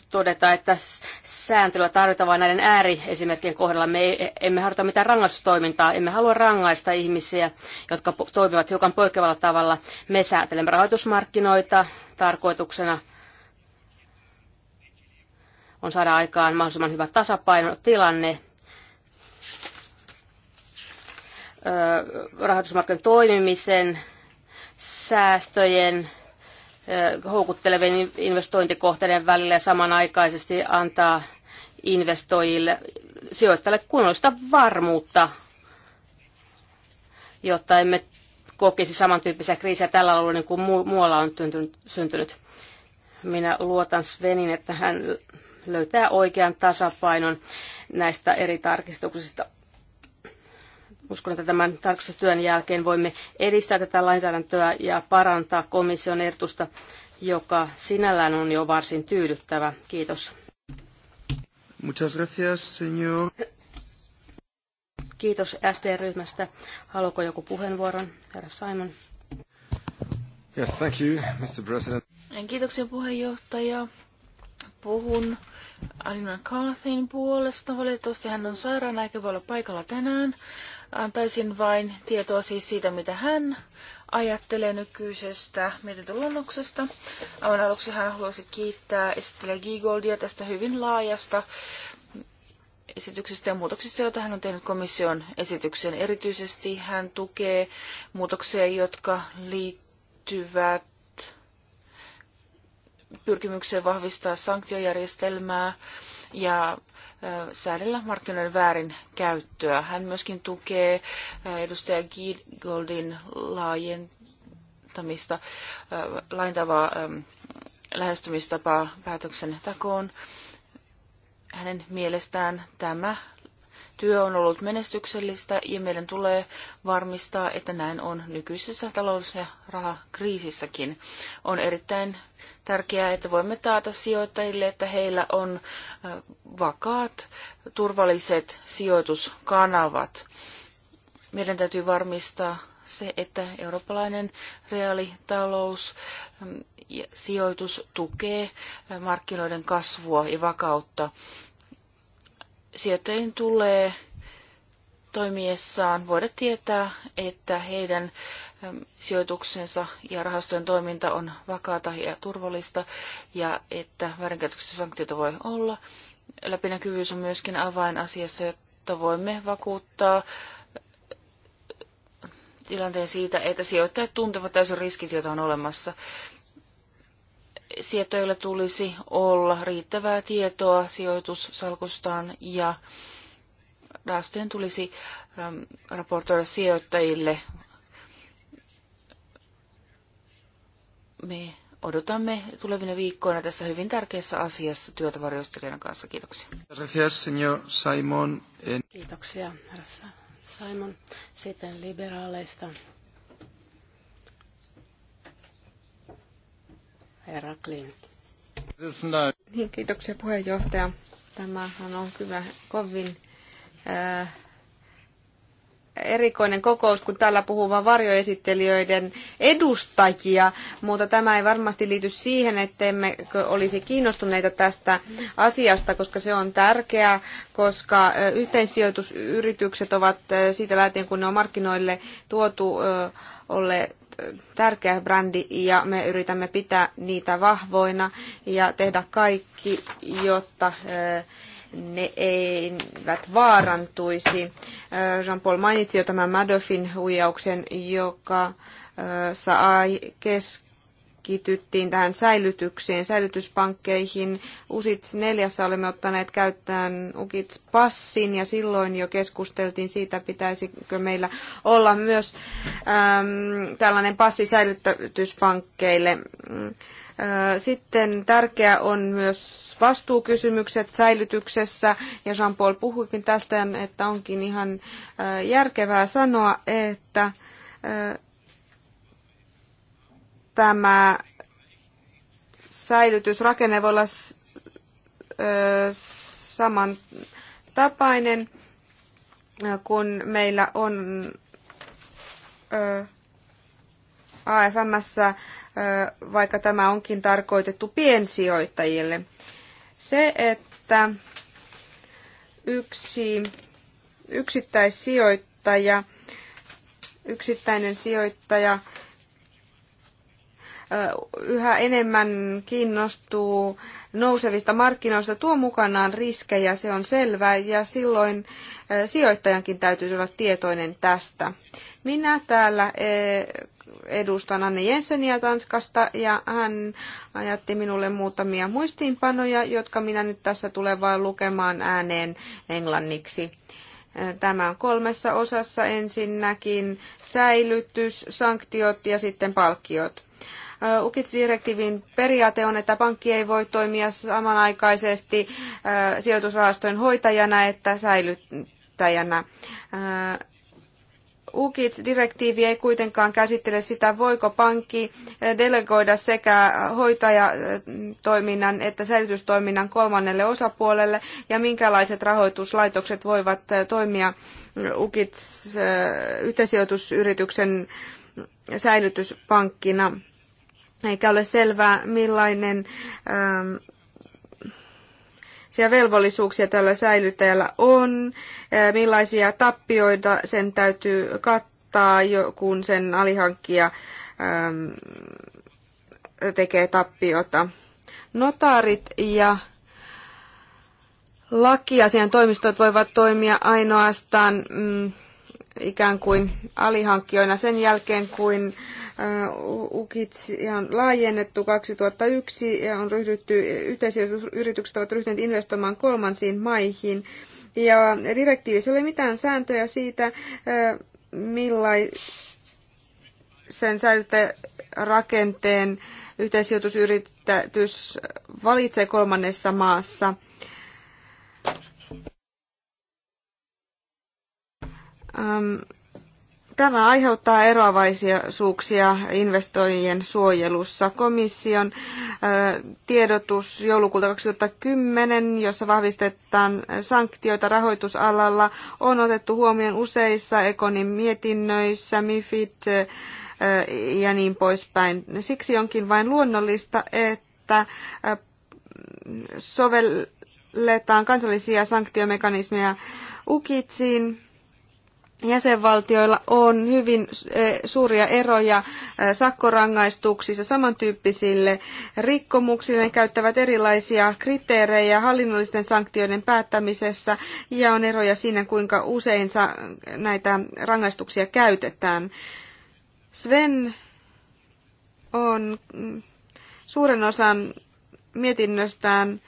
todeta, että sääntelyä tarvitaan vain näiden ääriesimerkkien kohdalla. Me e- emme harjoita mitään rangaistustoimintaa, emme halua rangaista ihmisiä, jotka toimivat hiukan poikkeavalla tavalla. Me säätelemme rahoitusmarkkinoita tarkoituksena on saada aikaan mahdollisimman hyvä tasapainotilanne rahoitusmarkkinoiden toimimisen, säästöjen, houkuttelevien investointikohteiden välillä ja samanaikaisesti antaa investoijille, sijoittajille kunnollista varmuutta, jotta emme kokisi samantyyppisiä kriisejä tällä alueella niin kuin muualla on syntynyt. Minä luotan Svenin, että hän löytää oikean tasapainon näistä eri tarkistuksista. Uskon, että tämän tarkastustyön jälkeen voimme edistää tätä lainsäädäntöä ja parantaa komission ehdotusta, joka sinällään on jo varsin tyydyttävä. Kiitos. Muchas gracias, señor. Kiitos SD-ryhmästä. Haluaako joku puheenvuoron? Herra Simon. Yes, thank you, Mr. President. Kiitoksia puheenjohtaja. Puhun Alina Carthin puolesta. Valitettavasti hän on sairaana eikä voi olla paikalla tänään. Antaisin vain tietoa siis siitä, mitä hän ajattelee nykyisestä mietintöluonnoksesta. Aivan aluksi hän haluaisi kiittää esittelijä Gigoldia tästä hyvin laajasta esityksistä ja muutoksista, joita hän on tehnyt komission esityksen. Erityisesti hän tukee muutoksia, jotka liittyvät pyrkimykseen vahvistaa sanktiojärjestelmää, ja säädellä markkinoiden väärin käyttöä. Hän myöskin tukee edustaja Goldin laajentamista, laintavaa lähestymistapaa päätöksen takoon. Hänen mielestään tämä Työ on ollut menestyksellistä ja meidän tulee varmistaa, että näin on nykyisessä talous- ja rahakriisissäkin. On erittäin tärkeää, että voimme taata sijoittajille, että heillä on vakaat, turvalliset sijoituskanavat. Meidän täytyy varmistaa se, että eurooppalainen reaalitalous mm, ja sijoitus tukee markkinoiden kasvua ja vakautta sijoittajien tulee toimiessaan voida tietää, että heidän sijoituksensa ja rahastojen toiminta on vakaata ja turvallista ja että väärinkäytöksen sanktioita voi olla. Läpinäkyvyys on myöskin avainasiassa, jotta voimme vakuuttaa tilanteen siitä, että sijoittajat tuntevat täysin riskit, joita on olemassa sijoittajilla tulisi olla riittävää tietoa sijoitussalkustaan ja rahastojen tulisi ähm, raportoida sijoittajille. Me odotamme tulevina viikkoina tässä hyvin tärkeässä asiassa työtä varjostelijan kanssa. Kiitoksia. Kiitoksia, herra Simon. Sitten liberaaleista herra Klint. Niin, kiitoksia puheenjohtaja. Tämähän on kyllä kovin ää, äh, erikoinen kokous, kun täällä puhuu vain varjoesittelijöiden edustajia, mutta tämä ei varmasti liity siihen, ettemme olisi kiinnostuneita tästä asiasta, koska se on tärkeää, koska äh, yhteensijoitusyritykset ovat äh, siitä lähtien, kun ne on markkinoille tuotu, olleet tärkeä brändi ja me yritämme pitää niitä vahvoina ja tehdä kaikki, jotta eh, ne eivät vaarantuisi. Eh, Jean-Paul mainitsi jo tämän Madoffin huijauksen, joka eh, sai kes- keskityttiin tähän säilytykseen, säilytyspankkeihin. usit neljässä olemme ottaneet käyttöön Ukits passin ja silloin jo keskusteltiin siitä, pitäisikö meillä olla myös äm, tällainen passi säilytyspankkeille. Äh, sitten tärkeä on myös vastuukysymykset säilytyksessä, ja Jean-Paul puhuikin tästä, että onkin ihan äh, järkevää sanoa, että äh, tämä säilytysrakenne voi olla samantapainen, kun meillä on AFMS, vaikka tämä onkin tarkoitettu piensijoittajille. Se, että yksi yksittäissijoittaja, yksittäinen sijoittaja yhä enemmän kiinnostuu nousevista markkinoista, tuo mukanaan riskejä, se on selvä, ja silloin sijoittajankin täytyisi olla tietoinen tästä. Minä täällä edustan Anne Jenseniä Tanskasta ja hän ajatti minulle muutamia muistiinpanoja, jotka minä nyt tässä tulen vain lukemaan ääneen englanniksi. Tämä on kolmessa osassa ensinnäkin säilytys, sanktiot ja sitten palkkiot. UKITS-direktiivin periaate on, että pankki ei voi toimia samanaikaisesti sijoitusrahastojen hoitajana että säilyttäjänä. UKITS-direktiivi ei kuitenkaan käsittele sitä, voiko pankki delegoida sekä hoitajatoiminnan että säilytystoiminnan kolmannelle osapuolelle ja minkälaiset rahoituslaitokset voivat toimia UKITS-yhteisijoitusyrityksen säilytyspankkina eikä ole selvää, millainen ähm, velvollisuuksia tällä säilyttäjällä on, äh, millaisia tappioita sen täytyy kattaa, kun sen alihankkija ähm, tekee tappiota. Notaarit ja lakiasian toimistot voivat toimia ainoastaan mm, ikään kuin alihankkijoina sen jälkeen, kuin Äh, UKIT on laajennettu 2001 ja on ryhdytty, yhteisyritykset ovat ryhtyneet investoimaan kolmansiin maihin. Ja direktiivissä ei ole mitään sääntöjä siitä, äh, millaisen rakenteen yhteisijoitusyritys valitsee kolmannessa maassa. Ähm, Tämä aiheuttaa eroavaisuuksia investoijien suojelussa. Komission tiedotus joulukuulta 2010, jossa vahvistetaan sanktioita rahoitusalalla, on otettu huomioon useissa Ekonin mietinnöissä, MIFID ja niin poispäin. Siksi onkin vain luonnollista, että sovelletaan kansallisia sanktiomekanismeja UKITSiin jäsenvaltioilla on hyvin eh, suuria eroja eh, sakkorangaistuksissa samantyyppisille rikkomuksille. Ne käyttävät erilaisia kriteerejä hallinnollisten sanktioiden päättämisessä ja on eroja siinä, kuinka usein näitä rangaistuksia käytetään. Sven on suuren osan mietinnöstään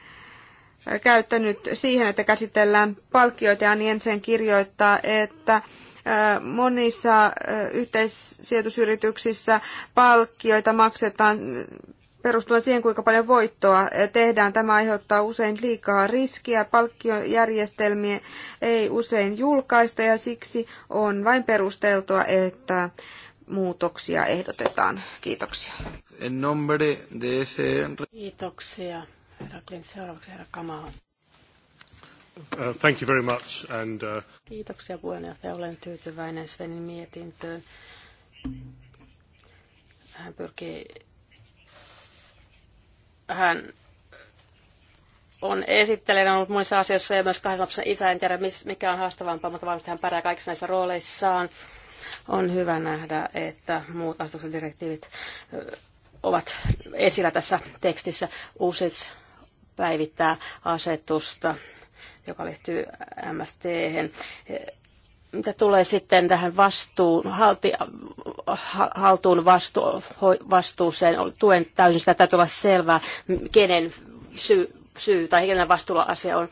käyttänyt siihen, että käsitellään palkkioita ja Jensen kirjoittaa, että Monissa yhteissijoitusyrityksissä palkkioita maksetaan perustuen siihen, kuinka paljon voittoa tehdään. Tämä aiheuttaa usein liikaa riskiä. Palkkiojärjestelmiä ei usein julkaista ja siksi on vain perusteltua, että muutoksia ehdotetaan. Kiitoksia. En nombre de Kiitoksia. Herra Klint, seuraavaksi herra Kamala. Uh, thank you very much and, uh... Kiitoksia puheenjohtaja. Olen tyytyväinen Svenin mietintöön. Hän pyrkii... Hän on esittelijänä ollut monissa asioissa ja myös kahden lapsen isä. En tiedä, mikä on haastavampaa, mutta varmasti hän pärjää kaikissa näissä rooleissaan. On hyvä nähdä, että muut asetuksen direktiivit ovat esillä tässä tekstissä. Uusits päivittää asetusta joka liittyy MFT. Mitä tulee sitten tähän vastuun, halti, haltuun vastu, vastuuseen, tuen täysin sitä, täytyy olla selvää, kenen syy, syy tai kenen vastuulla asia on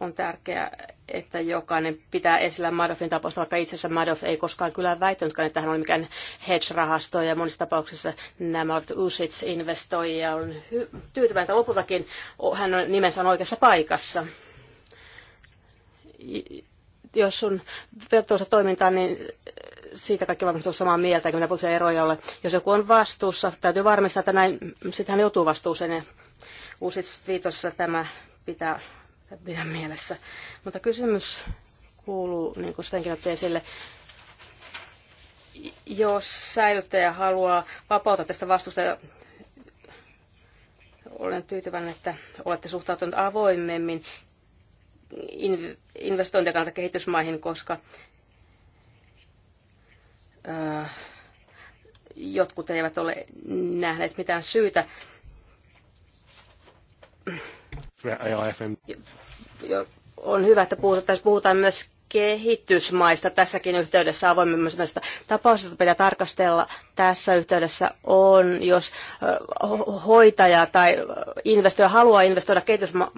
on tärkeää, että jokainen pitää esillä Madoffin tapausta, vaikka itse asiassa Madoff ei koskaan kyllä väittänytkään, että hän oli mikään hedge-rahasto, ja monissa tapauksissa nämä ovat usits investoijia on hy- tyytyväinen, että lopultakin hän on nimensä on oikeassa paikassa jos sun tuossa toimintaa, niin siitä kaikki varmasti on samaa mieltä, kun mitä eroja ole. Jos joku on vastuussa, täytyy varmistaa, että näin, sitten hän joutuu vastuuseen. Ja uusit viitossa tämä pitää, pitää mielessä. Mutta kysymys kuuluu, niin kuin Svenkin otti esille, jos säilyttäjä haluaa vapauttaa tästä vastuusta, olen tyytyväinen, että olette suhtautuneet avoimemmin investointien kannalta kehitysmaihin, koska jotkut eivät ole nähneet mitään syytä on hyvä, että puhutaan myös kehitysmaista tässäkin yhteydessä avoimemmin näistä tapauksista pitää tarkastella tässä yhteydessä on, jos hoitaja tai investoija haluaa investoida kehitysma-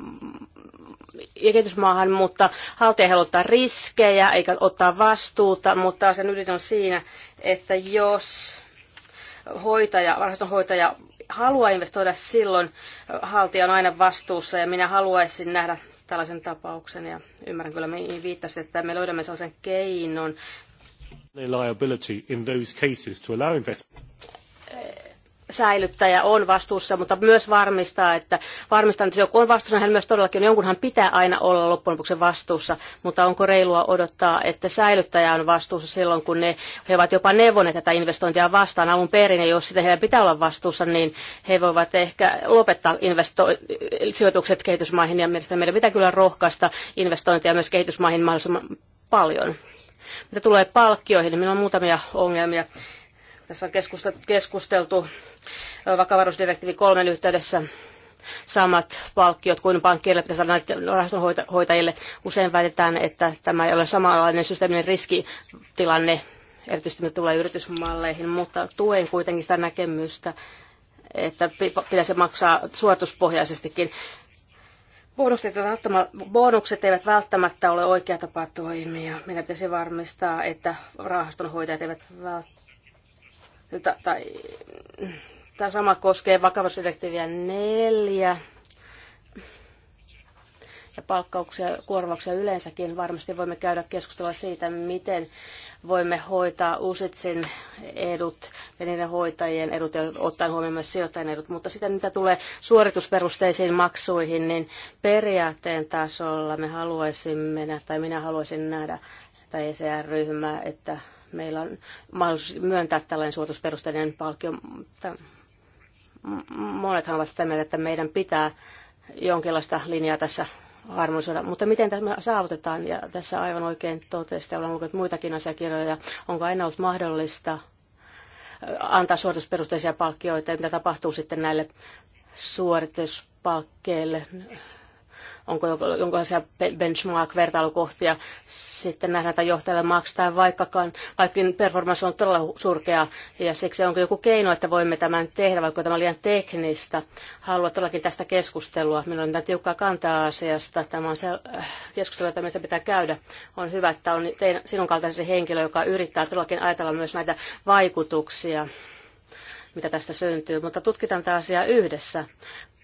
ja kehitysmaahan, mutta haltia haluaa ottaa riskejä eikä ottaa vastuuta, mutta sen ydin on siinä, että jos hoitaja, hoitaja haluaa investoida silloin, haltija on aina vastuussa ja minä haluaisin nähdä tällaisen tapauksen ja ymmärrän kyllä, mihin viittasit, että me löydämme sellaisen keinon, liability in those cases to allow investment säilyttäjä on vastuussa, mutta myös varmistaa, että varmistaa, että se joku on vastuussa, hän myös todellakin on. Jonkunhan pitää aina olla loppujen lopuksi vastuussa, mutta onko reilua odottaa, että säilyttäjä on vastuussa silloin, kun ne, he ovat jopa neuvoneet tätä investointia vastaan alun perin, ja jos sitä heidän pitää olla vastuussa, niin he voivat ehkä lopettaa investo- sijoitukset kehitysmaihin, ja mielestäni meidän pitää kyllä rohkaista investointia myös kehitysmaihin mahdollisimman paljon. Mitä tulee palkkioihin, niin minulla on muutamia ongelmia. Tässä on keskusteltu vakavaruusdirektiivi kolmen yhteydessä samat palkkiot kuin pankkiirille pitäisi saada rahastonhoitajille. Usein väitetään, että tämä ei ole samanlainen systeeminen riskitilanne, erityisesti mitä tulee yritysmalleihin, mutta tuen kuitenkin sitä näkemystä, että pitäisi maksaa suorituspohjaisestikin. Bonukset eivät välttämättä ole oikea tapa toimia. Meidän pitäisi varmistaa, että rahastonhoitajat eivät välttämättä tai Tämä sama koskee vakavuusdirektiiviä neljä ja palkkauksia ja kuorvauksia yleensäkin. Varmasti voimme käydä keskustelua siitä, miten voimme hoitaa USITSin edut ja niiden hoitajien edut ja ottaen huomioon myös sijoittajien edut. Mutta sitä, mitä tulee suoritusperusteisiin maksuihin, niin periaatteen tasolla me haluaisimme nähdä, tai minä haluaisin nähdä, tai ECR-ryhmää, että meillä on mahdollisuus myöntää tällainen suoritusperusteinen palkkio Monethan ovat sitä mieltä, että meidän pitää jonkinlaista linjaa tässä harmonisoida. Mutta miten tämä saavutetaan, ja tässä aivan oikein totesi, olen lukenut muitakin asiakirjoja, onko aina ollut mahdollista äh, antaa suoritusperusteisia palkkioita, ja mitä tapahtuu sitten näille suorituspalkkeille, onko jonkinlaisia benchmark-vertailukohtia sitten nähdä, että johtajalle maksetaan, vaikkakaan, vaikkakin performance on todella surkea, ja siksi onko joku keino, että voimme tämän tehdä, vaikka tämä on liian teknistä. Haluan todellakin tästä keskustelua. Minulla on mitään tiukkaa kantaa asiasta. Tämä on se äh, keskustelu, jota meistä pitää käydä. On hyvä, että on tein, sinun kaltaisesi henkilö, joka yrittää todellakin ajatella myös näitä vaikutuksia mitä tästä syntyy, mutta tutkitaan tämä asia yhdessä.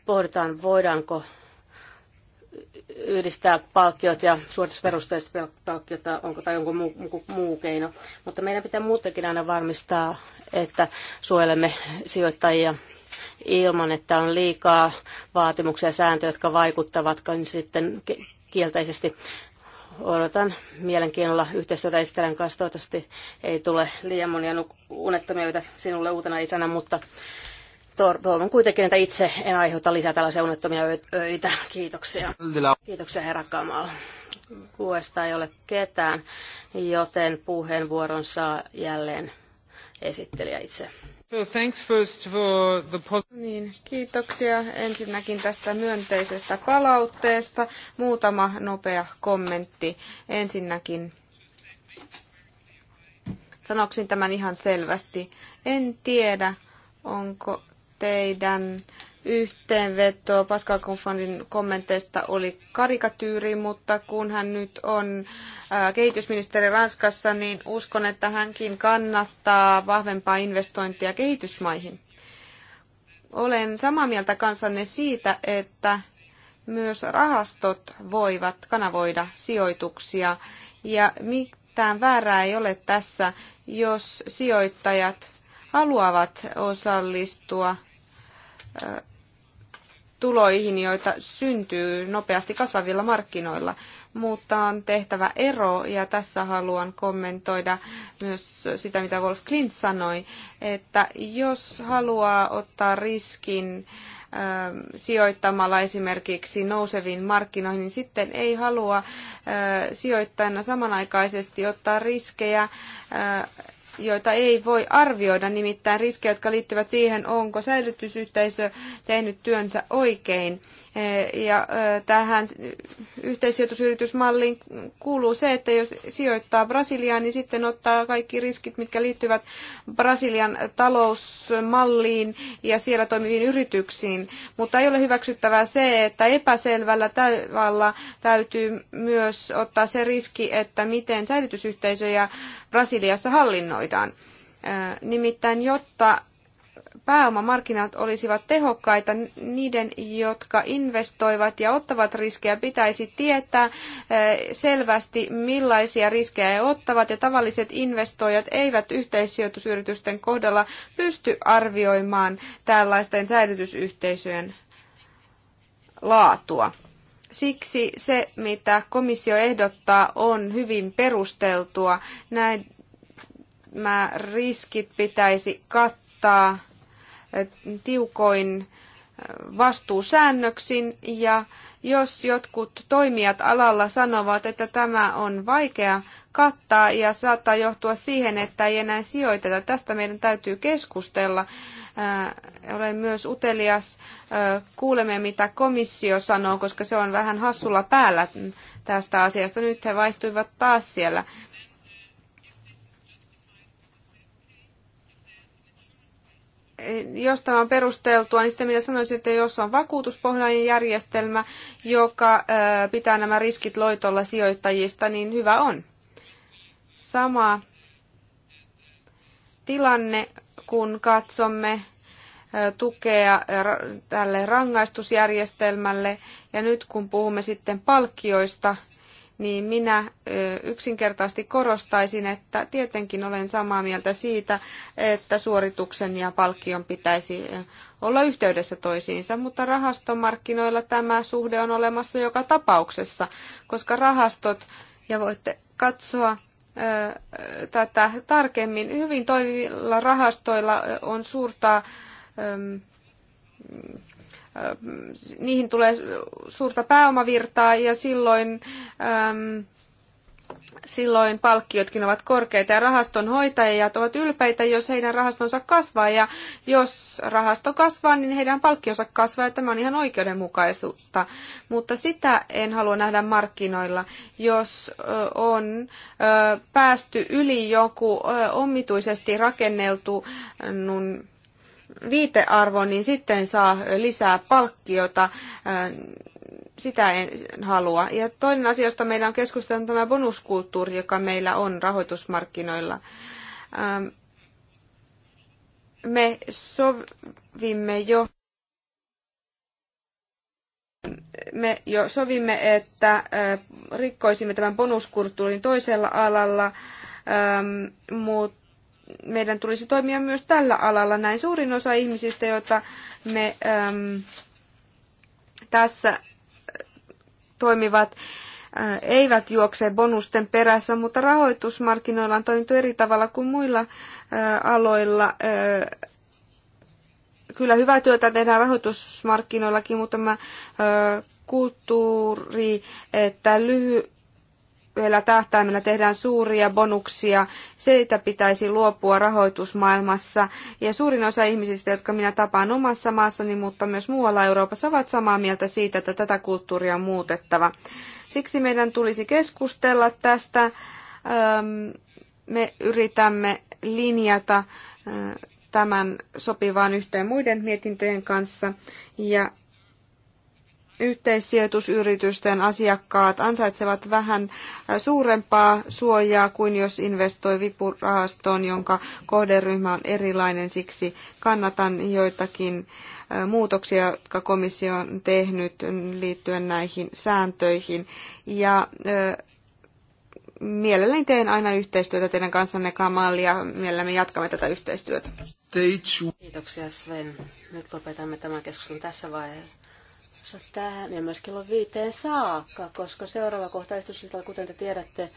Pohditaan, voidaanko yhdistää palkkiot ja suoritusperusteiset palkkiot, onko tai jonkun muu, muu, muu keino. Mutta meidän pitää muutenkin aina varmistaa, että suojelemme sijoittajia ilman, että on liikaa vaatimuksia ja sääntöjä, jotka vaikuttavat, niin sitten kielteisesti. Odotan mielenkiinnolla yhteistyötä esittelen kanssa. Toivottavasti ei tule liian monia unettomia sinulle uutena isänä, mutta Toivon kuitenkin, että itse en aiheuta lisää tällaisia unettomia öitä. *laughs* Kiitoksia. Kiitoksia herra Kamal. Kuesta ei ole ketään, joten puheenvuoron saa jälleen esittelijä itse. So thanks first for the niin, kiitoksia ensinnäkin tästä myönteisestä palautteesta. Muutama nopea kommentti. Ensinnäkin sanoksin tämän ihan selvästi. En tiedä, onko teidän yhteenveto Pascal Confondin kommenteista oli karikatyyri, mutta kun hän nyt on äh, kehitysministeri Ranskassa, niin uskon, että hänkin kannattaa vahvempaa investointia kehitysmaihin. Olen samaa mieltä kanssanne siitä, että myös rahastot voivat kanavoida sijoituksia ja mitään väärää ei ole tässä, jos sijoittajat haluavat osallistua tuloihin, joita syntyy nopeasti kasvavilla markkinoilla. Mutta on tehtävä ero, ja tässä haluan kommentoida myös sitä, mitä Wolf Klint sanoi, että jos haluaa ottaa riskin sijoittamalla esimerkiksi nouseviin markkinoihin, niin sitten ei halua sijoittajana samanaikaisesti ottaa riskejä joita ei voi arvioida, nimittäin riskejä, jotka liittyvät siihen, onko säilytysyhteisö tehnyt työnsä oikein. E, ja e, tähän yhteissijoitusyritysmalliin kuuluu se, että jos sijoittaa Brasiliaan, niin sitten ottaa kaikki riskit, mitkä liittyvät Brasilian talousmalliin ja siellä toimiviin yrityksiin. Mutta ei ole hyväksyttävää se, että epäselvällä tavalla täytyy myös ottaa se riski, että miten säilytysyhteisöjä Brasiliassa hallinnoi markkinoidaan. Nimittäin, jotta pääomamarkkinat olisivat tehokkaita, niiden, jotka investoivat ja ottavat riskejä, pitäisi tietää selvästi, millaisia riskejä he ottavat, ja tavalliset investoijat eivät yhteissijoitusyritysten kohdalla pysty arvioimaan tällaisten säilytysyhteisöjen laatua. Siksi se, mitä komissio ehdottaa, on hyvin perusteltua. Näin nämä riskit pitäisi kattaa tiukoin vastuusäännöksin ja jos jotkut toimijat alalla sanovat, että tämä on vaikea kattaa ja saattaa johtua siihen, että ei enää sijoiteta. Tästä meidän täytyy keskustella. Olen myös utelias. Kuulemme, mitä komissio sanoo, koska se on vähän hassulla päällä tästä asiasta. Nyt he vaihtuivat taas siellä. jos tämä on perusteltua, niin sitten minä sanoisin, että jos on vakuutuspohjainen järjestelmä, joka pitää nämä riskit loitolla sijoittajista, niin hyvä on. Sama tilanne, kun katsomme tukea tälle rangaistusjärjestelmälle. Ja nyt kun puhumme sitten palkkioista, niin minä yksinkertaisesti korostaisin, että tietenkin olen samaa mieltä siitä, että suorituksen ja palkkion pitäisi olla yhteydessä toisiinsa, mutta rahastomarkkinoilla tämä suhde on olemassa joka tapauksessa, koska rahastot, ja voitte katsoa tätä tarkemmin, hyvin toimivilla rahastoilla on suurta Äh, niihin tulee suurta pääomavirtaa ja silloin, äm, silloin palkkiotkin ovat korkeita ja rahaston ovat ylpeitä, jos heidän rahastonsa kasvaa ja jos rahasto kasvaa, niin heidän palkkionsa kasvaa ja tämä on ihan oikeudenmukaisuutta. Mutta sitä en halua nähdä markkinoilla, jos on päästy yli joku omituisesti rakenneltu viitearvo, niin sitten saa lisää palkkiota. Sitä en halua. Ja toinen asia, josta meillä on keskusteltu, on tämä bonuskulttuuri, joka meillä on rahoitusmarkkinoilla. Me sovimme jo me jo sovimme, että rikkoisimme tämän bonuskulttuurin toisella alalla, mutta meidän tulisi toimia myös tällä alalla. Näin suurin osa ihmisistä, joita me äm, tässä äh, toimivat, ä, äh, eivät juokse bonusten perässä, mutta rahoitusmarkkinoilla on toimittu eri tavalla kuin muilla ä, äh, aloilla. Ä, kyllä hyvää työtä tehdään rahoitusmarkkinoillakin, mutta tämä kulttuuri, että lyhy, lyhyellä tähtäimellä tehdään suuria bonuksia, siitä pitäisi luopua rahoitusmaailmassa. Ja suurin osa ihmisistä, jotka minä tapaan omassa maassani, mutta myös muualla Euroopassa, ovat samaa mieltä siitä, että tätä kulttuuria on muutettava. Siksi meidän tulisi keskustella tästä. Me yritämme linjata tämän sopivaan yhteen muiden mietintöjen kanssa. Ja yhteissijoitusyritysten asiakkaat ansaitsevat vähän äh, suurempaa suojaa kuin jos investoi vipurahastoon, jonka kohderyhmä on erilainen. Siksi kannatan joitakin äh, muutoksia, jotka komissio on tehnyt liittyen näihin sääntöihin. Ja äh, mielelläni teen aina yhteistyötä teidän kanssanne Kamal ja mielellämme jatkamme tätä yhteistyötä. Kiitoksia Sven. Nyt lopetamme tämän keskustelun tässä vaiheessa tähän ja myös kello viiteen saakka, koska seuraava kohta istuslistalla, kuten te tiedätte,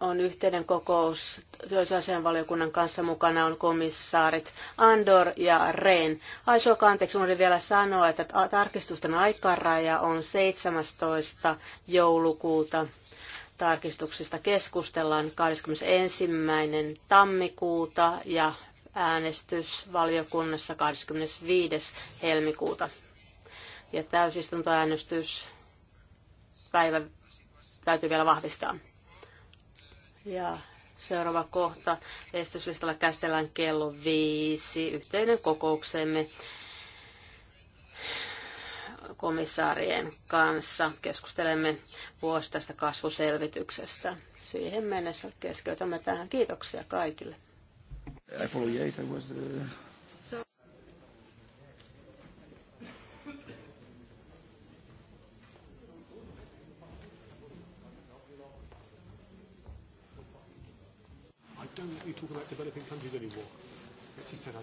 on yhteinen kokous työllisyysasianvaliokunnan kanssa. Mukana on komissaarit Andor ja Rehn. Ai suoka, anteeksi, oli vielä sanoa, että tarkistusten aikaraja on 17. joulukuuta. Tarkistuksista keskustellaan 21. tammikuuta ja äänestys valiokunnassa 25. helmikuuta ja täysistuntoäänestys päivä täytyy vielä vahvistaa. Ja seuraava kohta. Estyslistalla käsitellään kello viisi yhteinen kokouksemme komissaarien kanssa. Keskustelemme vuosi tästä kasvuselvityksestä. Siihen mennessä keskeytämme tähän. Kiitoksia kaikille. I follow, yes, I was, uh... don't that you talk about developing countries anymore. She said, I,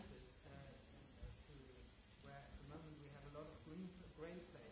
incentive uh, to where at the moment we have a lot of green grain play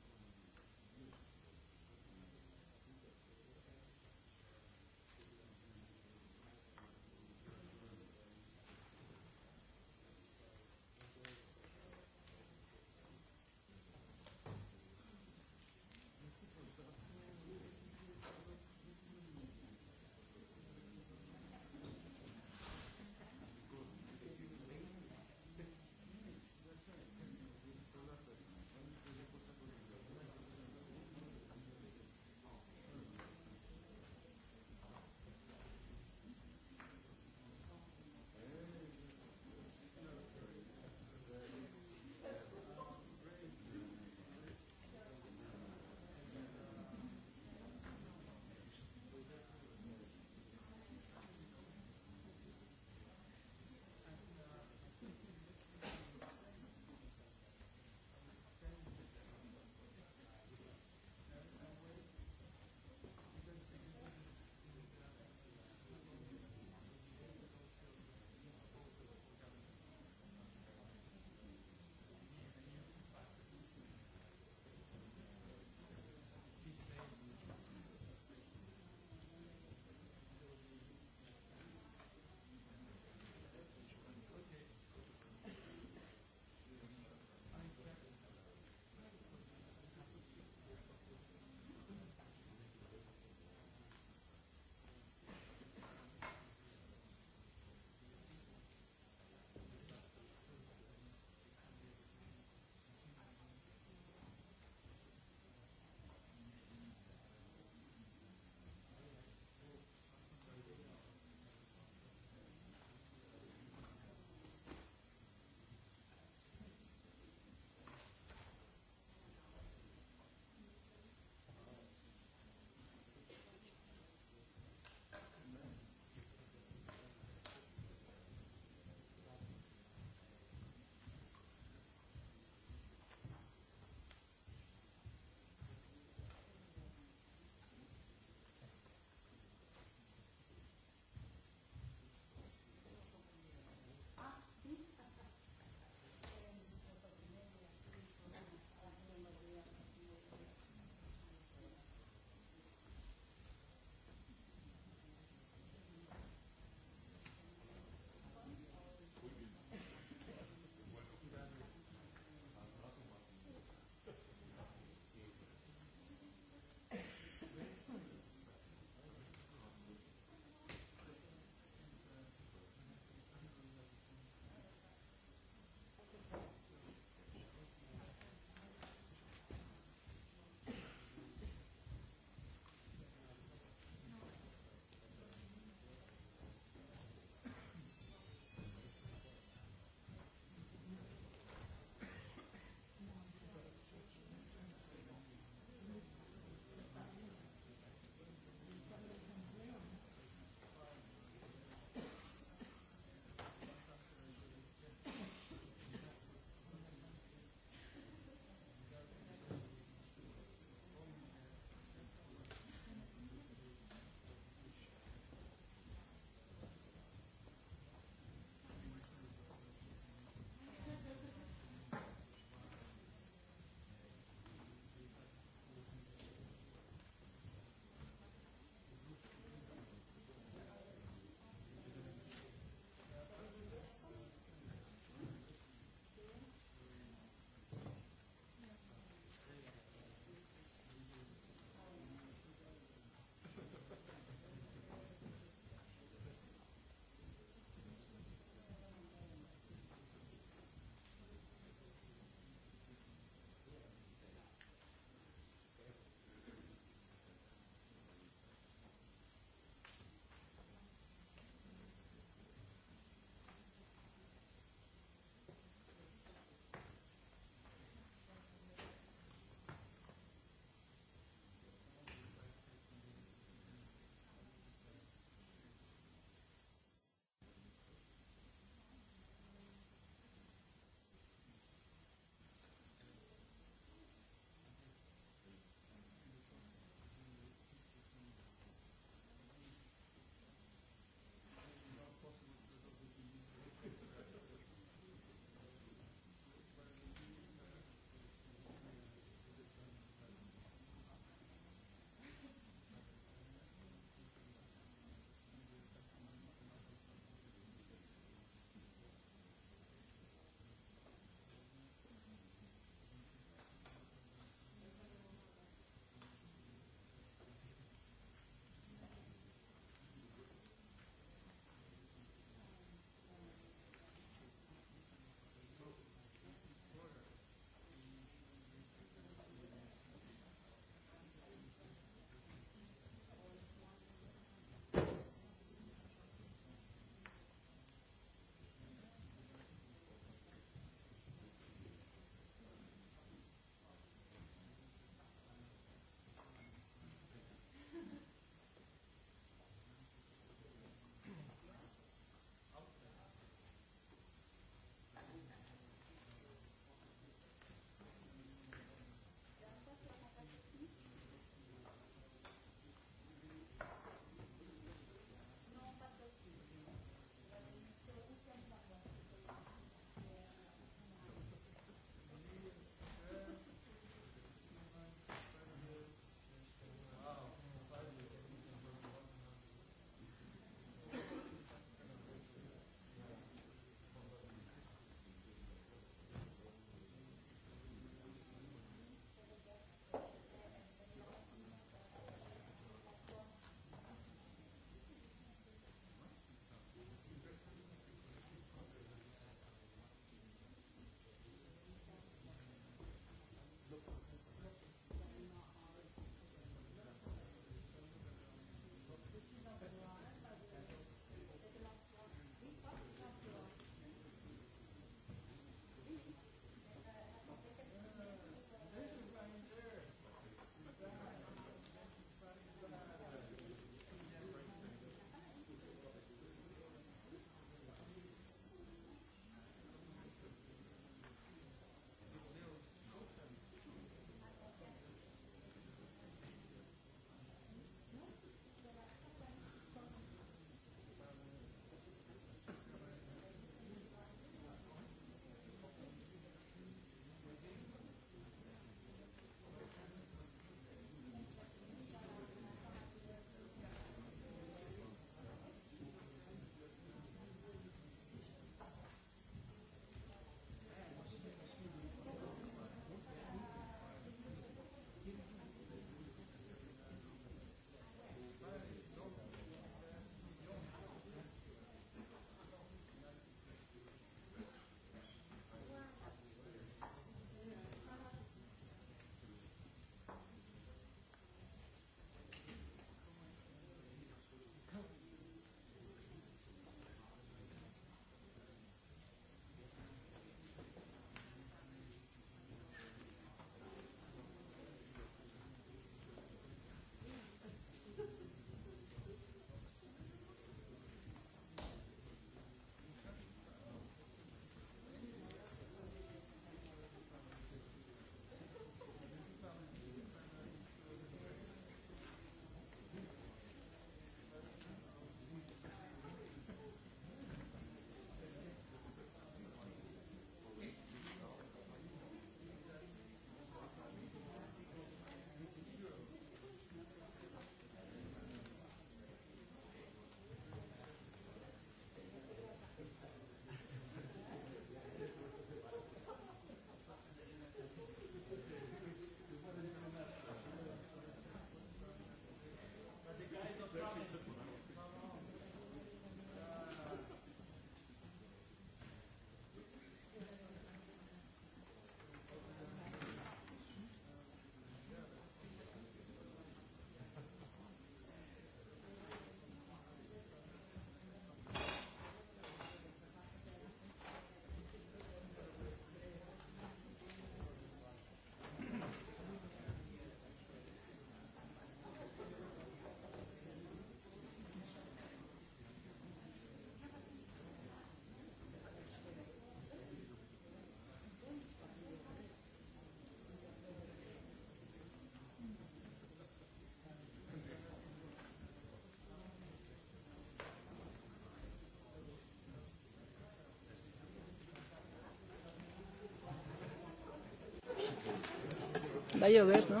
Va a llover, ¿no?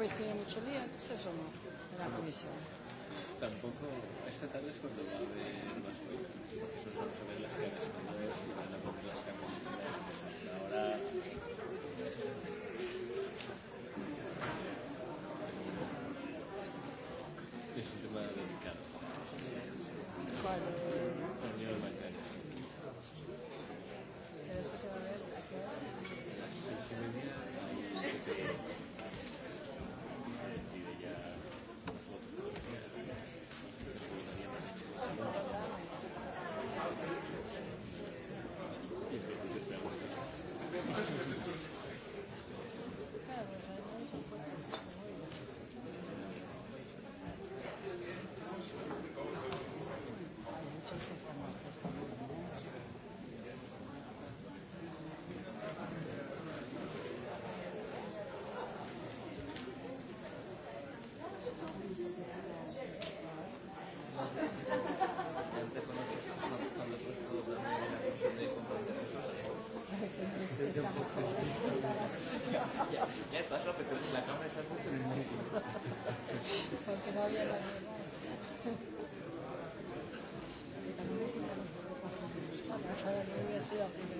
Cristina Michelli, entonces o no, de la comisión. Tampoco, esta tarde es cuando va a haber más proyectos, porque nosotros vamos a ver las caras tomadas y van a poner las caras ya, ya pero la cámara está justo en el medio. Porque no había la También es una cosa que me hubiera sido a primera.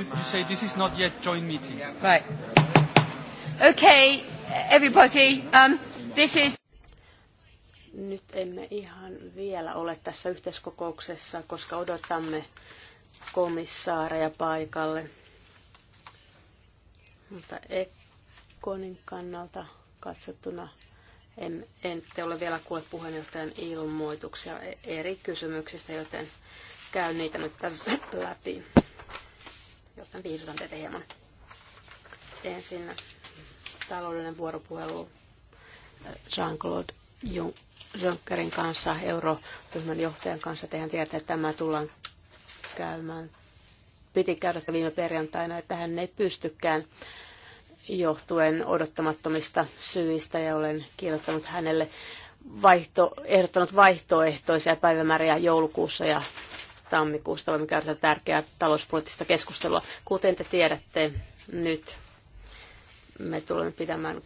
you, you say this is not yet joint meeting. Right. Okay, everybody, um, this is... Nyt emme ihan vielä ole tässä yhteiskokouksessa, koska odotamme komissaareja paikalle. Mutta Ekonin kannalta katsottuna en, en te ole vielä kuullut puheenjohtajan ilmoituksia eri kysymyksistä, joten käyn niitä nyt tässä läpi joten viihdytän teitä hieman. Ensin taloudellinen vuoropuhelu eh, Jean-Claude Junckerin kanssa, euroryhmän johtajan kanssa. Tehän tietää että tämä tullaan käymään. Piti käydä viime perjantaina, että hän ei pystykään johtuen odottamattomista syistä ja olen kirjoittanut hänelle vaihto, ehdottanut vaihtoehtoisia päivämääriä joulukuussa ja tammikuusta voimme käydä tärkeää talouspoliittista keskustelua. Kuten te tiedätte, nyt me tulemme pitämään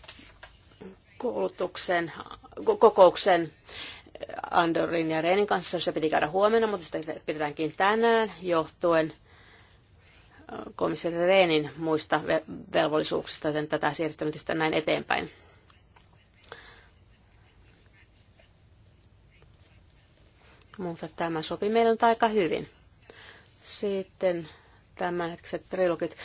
koulutuksen, kokouksen Andorin ja Reenin kanssa. Se piti käydä huomenna, mutta sitä pidetäänkin tänään johtuen komissaari Reenin muista velvollisuuksista, joten tätä siirtymistä näin eteenpäin. Mutta tämä sopi meille nyt aika hyvin. Sitten tämänhetkiset trilogit,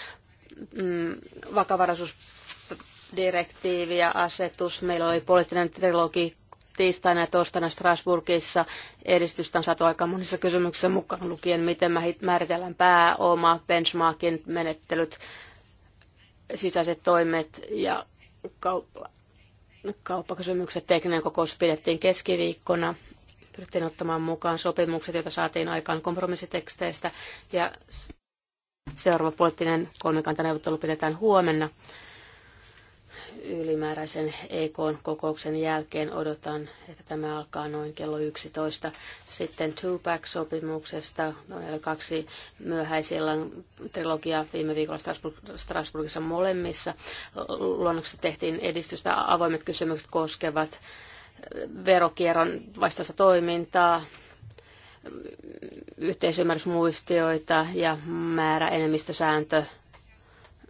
mm, vakavaraisuusdirektiivi ja asetus. Meillä oli poliittinen trilogi tiistaina ja torstaina Strasbourgissa. Edistystä on saatu aika monissa kysymyksissä mukaan lukien, miten mä määritellään pääoma, benchmarkin menettelyt, sisäiset toimet ja kauppa, kauppakysymykset. Tekninen kokous pidettiin keskiviikkona pyrittiin ottamaan mukaan sopimukset, joita saatiin aikaan kompromissiteksteistä. Ja seuraava poliittinen kolmikantaneuvottelu pidetään huomenna. Ylimääräisen EK-kokouksen jälkeen odotan, että tämä alkaa noin kello 11. Sitten Tupac-sopimuksesta, noin kaksi myöhäisillan trilogia viime viikolla Strasbourgissa molemmissa. Luonnoksessa tehtiin edistystä. Avoimet kysymykset koskevat verokierron vastaista toimintaa, yhteisymmärrysmuistioita ja määräenemmistösääntö,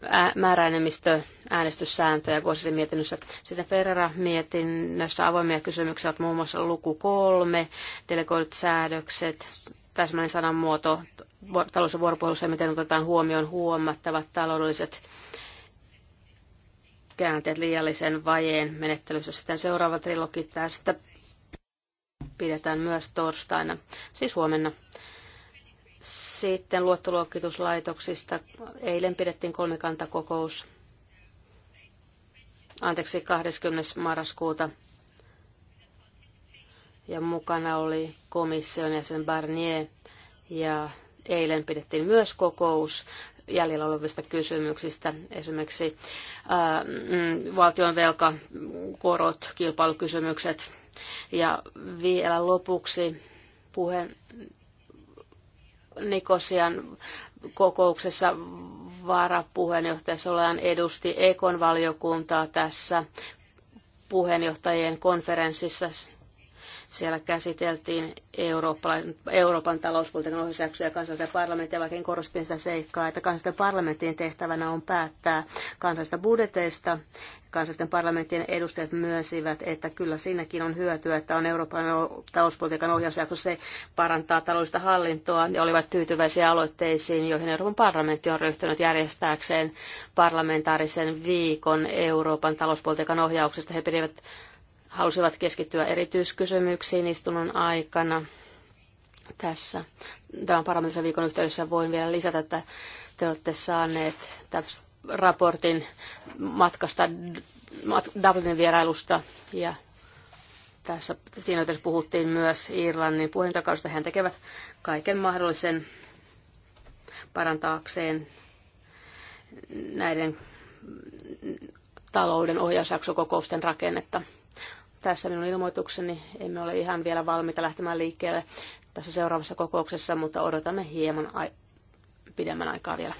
ää, määräenemmistö äänestyssääntöjä vuosisen mietinnössä. Sitten Ferrera mietinnössä avoimia kysymyksiä ovat muun muassa luku kolme, delegoidut säädökset, täsmällinen sanamuoto talous- ja vuoropuhelussa, miten otetaan huomioon huomattavat taloudelliset käänteet liiallisen vajeen menettelyssä. Sitten seuraava trilogi tästä pidetään myös torstaina, siis huomenna. Sitten luottoluokituslaitoksista. Eilen pidettiin kolmikantakokous, anteeksi, 20. marraskuuta. Ja mukana oli komission jäsen Barnier ja eilen pidettiin myös kokous jäljellä olevista kysymyksistä, esimerkiksi ää, mm, valtion velkakorot, kilpailukysymykset. Ja vielä lopuksi puhe Nikosian kokouksessa varapuheenjohtaja Solajan edusti Ekon valiokuntaa tässä puheenjohtajien konferenssissa siellä käsiteltiin Euroopan talouspolitiikan ohjausjaksoja ja kansallisen parlamentin, vaikin korostin sitä seikkaa, että kansallisen parlamentin tehtävänä on päättää kansallisista budjeteista. Kansallisten parlamenttien edustajat myösivät, että kyllä siinäkin on hyötyä, että on Euroopan talouspolitiikan ohjausjakso, se parantaa taloudellista hallintoa ja olivat tyytyväisiä aloitteisiin, joihin Euroopan parlamentti on ryhtynyt järjestääkseen parlamentaarisen viikon Euroopan talouspolitiikan ohjauksesta. He pidivät halusivat keskittyä erityiskysymyksiin istunnon aikana tässä tämän parlamentin viikon yhteydessä voin vielä lisätä, että te olette saaneet raportin matkasta Dublinin vierailusta ja tässä, siinä yhteydessä puhuttiin myös Irlannin puheenjohtajakaudesta. Hän tekevät kaiken mahdollisen parantaakseen näiden talouden ohjausjaksokokousten rakennetta. Tässä minun ilmoitukseni. Emme ole ihan vielä valmiita lähtemään liikkeelle tässä seuraavassa kokouksessa, mutta odotamme hieman ai- pidemmän aikaa vielä.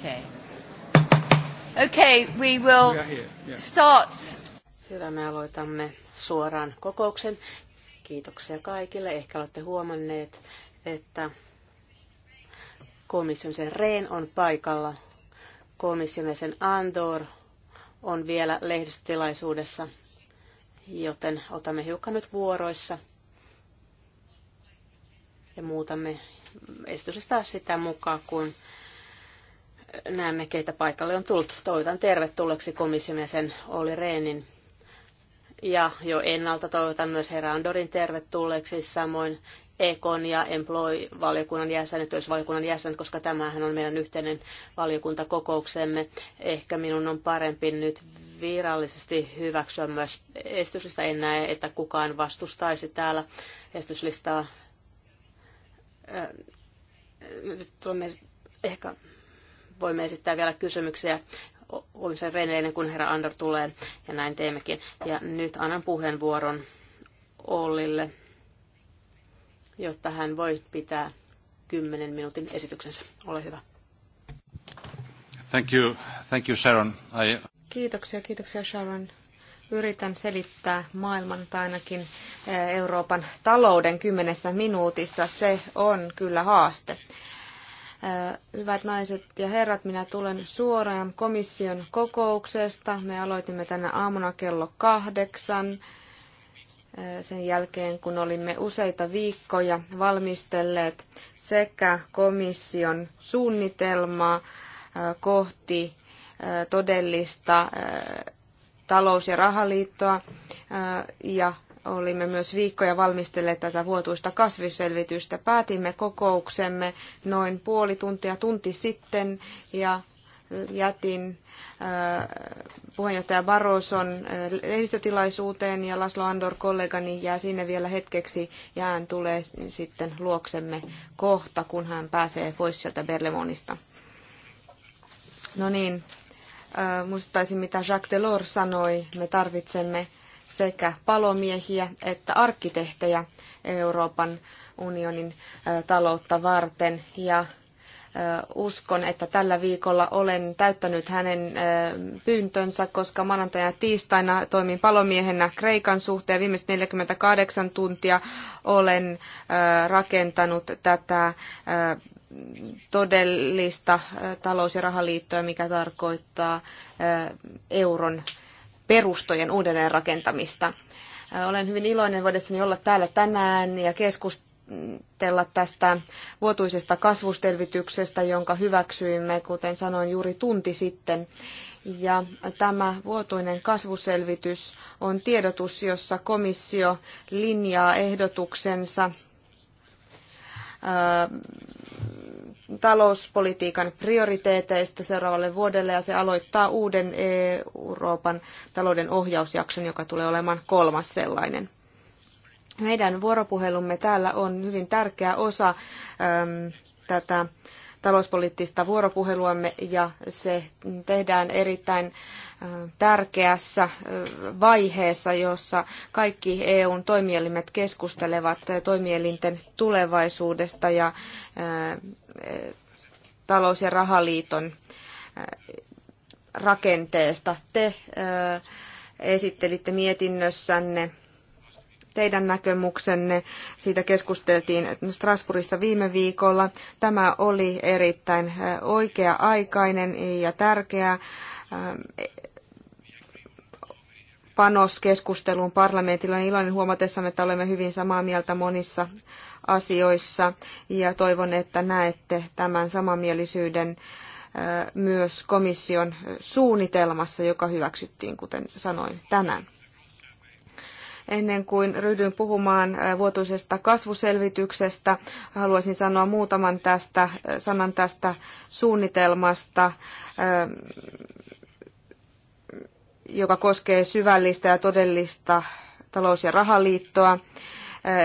Okay. Okay, we will start. Hyvä, me aloitamme suoraan kokouksen. Kiitoksia kaikille. Ehkä olette huomanneet, että komission sen Reen on paikalla. Komission sen Andor on vielä lehdistötilaisuudessa, joten otamme hiukan nyt vuoroissa ja muutamme esitystä sitä mukaan, kun näemme, keitä paikalle on tullut. Toivotan tervetulleeksi komission jäsen Olli Reenin. Ja jo ennalta toivotan myös herra Andorin tervetulleeksi, samoin Ekon ja Employ-valiokunnan jäsenet, valiokunnan jäsenet, koska tämähän on meidän yhteinen valiokuntakokouksemme. Ehkä minun on parempi nyt virallisesti hyväksyä myös esityslista. En näe, että kukaan vastustaisi täällä esityslistaa. Tulemme ehkä voimme esittää vielä kysymyksiä huomisen Renneille, kun herra Andor tulee, ja näin teemmekin. Ja nyt annan puheenvuoron Ollille, jotta hän voi pitää kymmenen minuutin esityksensä. Ole hyvä. Thank you, thank you Sharon. I... Kiitoksia, kiitoksia Sharon. Yritän selittää maailman tai ainakin eh, Euroopan talouden kymmenessä minuutissa. Se on kyllä haaste. Hyvät naiset ja herrat, minä tulen suoraan komission kokouksesta. Me aloitimme tänä aamuna kello kahdeksan. Sen jälkeen, kun olimme useita viikkoja valmistelleet sekä komission suunnitelmaa kohti todellista talous- ja rahaliittoa ja Olimme myös viikkoja valmistelleet tätä vuotuista kasviselvitystä. Päätimme kokouksemme noin puoli tuntia tunti sitten ja jätin äh, puheenjohtaja Baroson äh, lehdistötilaisuuteen ja Laslo Andor kollegani jää sinne vielä hetkeksi ja hän tulee sitten luoksemme kohta, kun hän pääsee pois sieltä Berlemonista. No niin, äh, muistaisin mitä Jacques Delors sanoi, me tarvitsemme sekä palomiehiä että arkkitehtejä Euroopan unionin taloutta varten. Ja uskon, että tällä viikolla olen täyttänyt hänen pyyntönsä, koska maanantaina ja tiistaina toimin palomiehenä Kreikan suhteen. Viimeiset 48 tuntia olen rakentanut tätä todellista talous- ja rahaliittoa, mikä tarkoittaa euron perustojen uudelleenrakentamista. Olen hyvin iloinen voidessani olla täällä tänään ja keskustella tästä vuotuisesta kasvustelvityksestä, jonka hyväksyimme, kuten sanoin, juuri tunti sitten. Ja tämä vuotuinen kasvuselvitys on tiedotus, jossa komissio linjaa ehdotuksensa talouspolitiikan prioriteeteista seuraavalle vuodelle ja se aloittaa uuden Euroopan talouden ohjausjakson, joka tulee olemaan kolmas sellainen. Meidän vuoropuhelumme täällä on hyvin tärkeä osa äm, tätä talouspoliittista vuoropuheluamme ja se tehdään erittäin tärkeässä vaiheessa, jossa kaikki EUn toimielimet keskustelevat toimielinten tulevaisuudesta ja talous- ja rahaliiton rakenteesta. Te esittelitte mietinnössänne teidän näkemyksenne. Siitä keskusteltiin Strasbourgissa viime viikolla. Tämä oli erittäin oikea-aikainen ja tärkeä panos keskusteluun parlamentilla. Olen iloinen huomatessamme, että olemme hyvin samaa mieltä monissa asioissa ja toivon, että näette tämän samanmielisyyden myös komission suunnitelmassa, joka hyväksyttiin, kuten sanoin tänään. Ennen kuin ryhdyn puhumaan vuotuisesta kasvuselvityksestä, haluaisin sanoa muutaman tästä, sanan tästä suunnitelmasta joka koskee syvällistä ja todellista talous- ja rahaliittoa,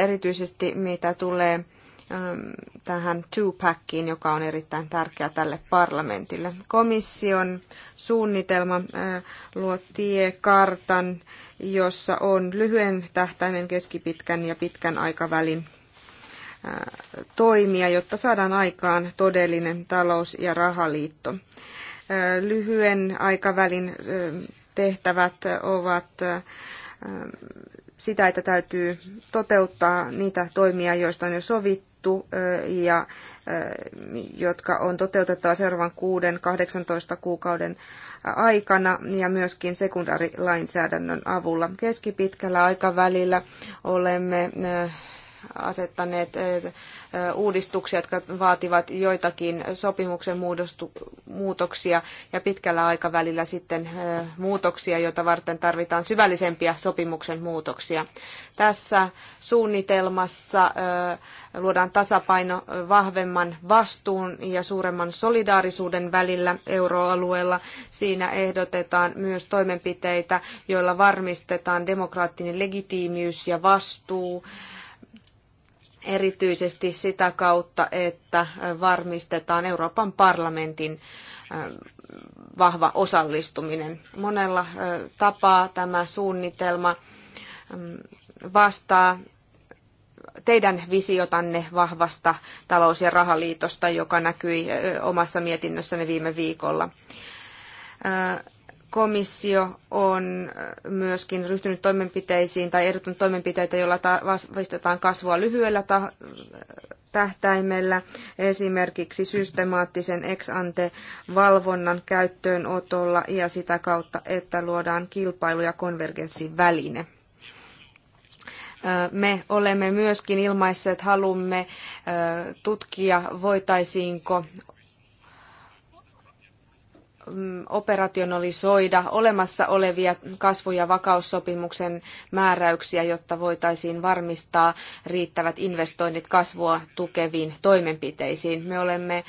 erityisesti mitä tulee Ähm, tähän two-packiin, joka on erittäin tärkeä tälle parlamentille. Komission suunnitelma äh, luo tiekartan, jossa on lyhyen tähtäimen, keskipitkän ja pitkän aikavälin äh, toimia, jotta saadaan aikaan todellinen talous- ja rahaliitto. Äh, lyhyen aikavälin tehtävät ovat sitä, että täytyy toteuttaa niitä toimia, joista on jo sovittu sovittu ja jotka on toteutettava seuraavan 6-18 kuukauden aikana ja myöskin sekundaarilainsäädännön avulla. Keskipitkällä aikavälillä olemme asettaneet uudistuksia, jotka vaativat joitakin sopimuksen muutoksia ja pitkällä aikavälillä sitten muutoksia, joita varten tarvitaan syvällisempiä sopimuksen muutoksia. Tässä suunnitelmassa luodaan tasapaino vahvemman vastuun ja suuremman solidaarisuuden välillä euroalueella. Siinä ehdotetaan myös toimenpiteitä, joilla varmistetaan demokraattinen legitiimiys ja vastuu erityisesti sitä kautta, että varmistetaan Euroopan parlamentin vahva osallistuminen. Monella tapaa tämä suunnitelma vastaa teidän visiotanne vahvasta talous- ja rahaliitosta, joka näkyi omassa mietinnössänne viime viikolla komissio on äh, myöskin ryhtynyt toimenpiteisiin tai ehdottanut toimenpiteitä, joilla vahvistetaan kasvua lyhyellä tähtäimellä, esimerkiksi systemaattisen ex-ante-valvonnan käyttöönotolla ja sitä kautta, että luodaan kilpailu- ja konvergenssiväline. Äh, me olemme myöskin ilmaisseet, halumme äh, tutkia, voitaisiinko Mm, operationalisoida olemassa olevia kasvu- ja vakaussopimuksen määräyksiä, jotta voitaisiin varmistaa riittävät investoinnit kasvua tukeviin toimenpiteisiin. Me olemme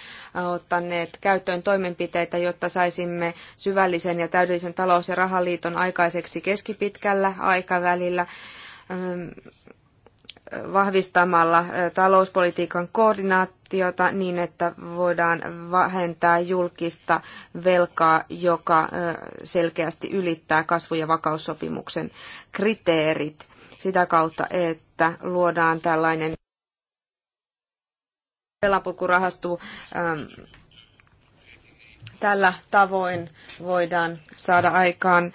ottaneet käyttöön toimenpiteitä, jotta saisimme syvällisen ja täydellisen talous- ja rahaliiton aikaiseksi keskipitkällä aikavälillä vahvistamalla talouspolitiikan koordinaatiota niin, että voidaan vähentää julkista velkaa, joka selkeästi ylittää kasvu- ja vakaussopimuksen kriteerit sitä kautta, että luodaan tällainen velapurkurahasto Tällä tavoin voidaan saada aikaan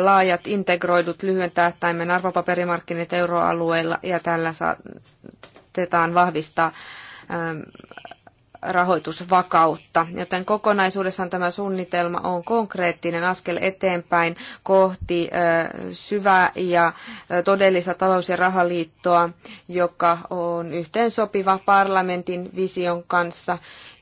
laajat integroidut lyhyen tähtäimen arvopaperimarkkinat euroalueella ja tällä saatetaan vahvistaa rahoitusvakautta. Joten kokonaisuudessaan tämä suunnitelma on konkreettinen askel eteenpäin kohti syvää ja todellista talous- ja rahaliittoa, joka on yhteensopiva parlamentin vision kanssa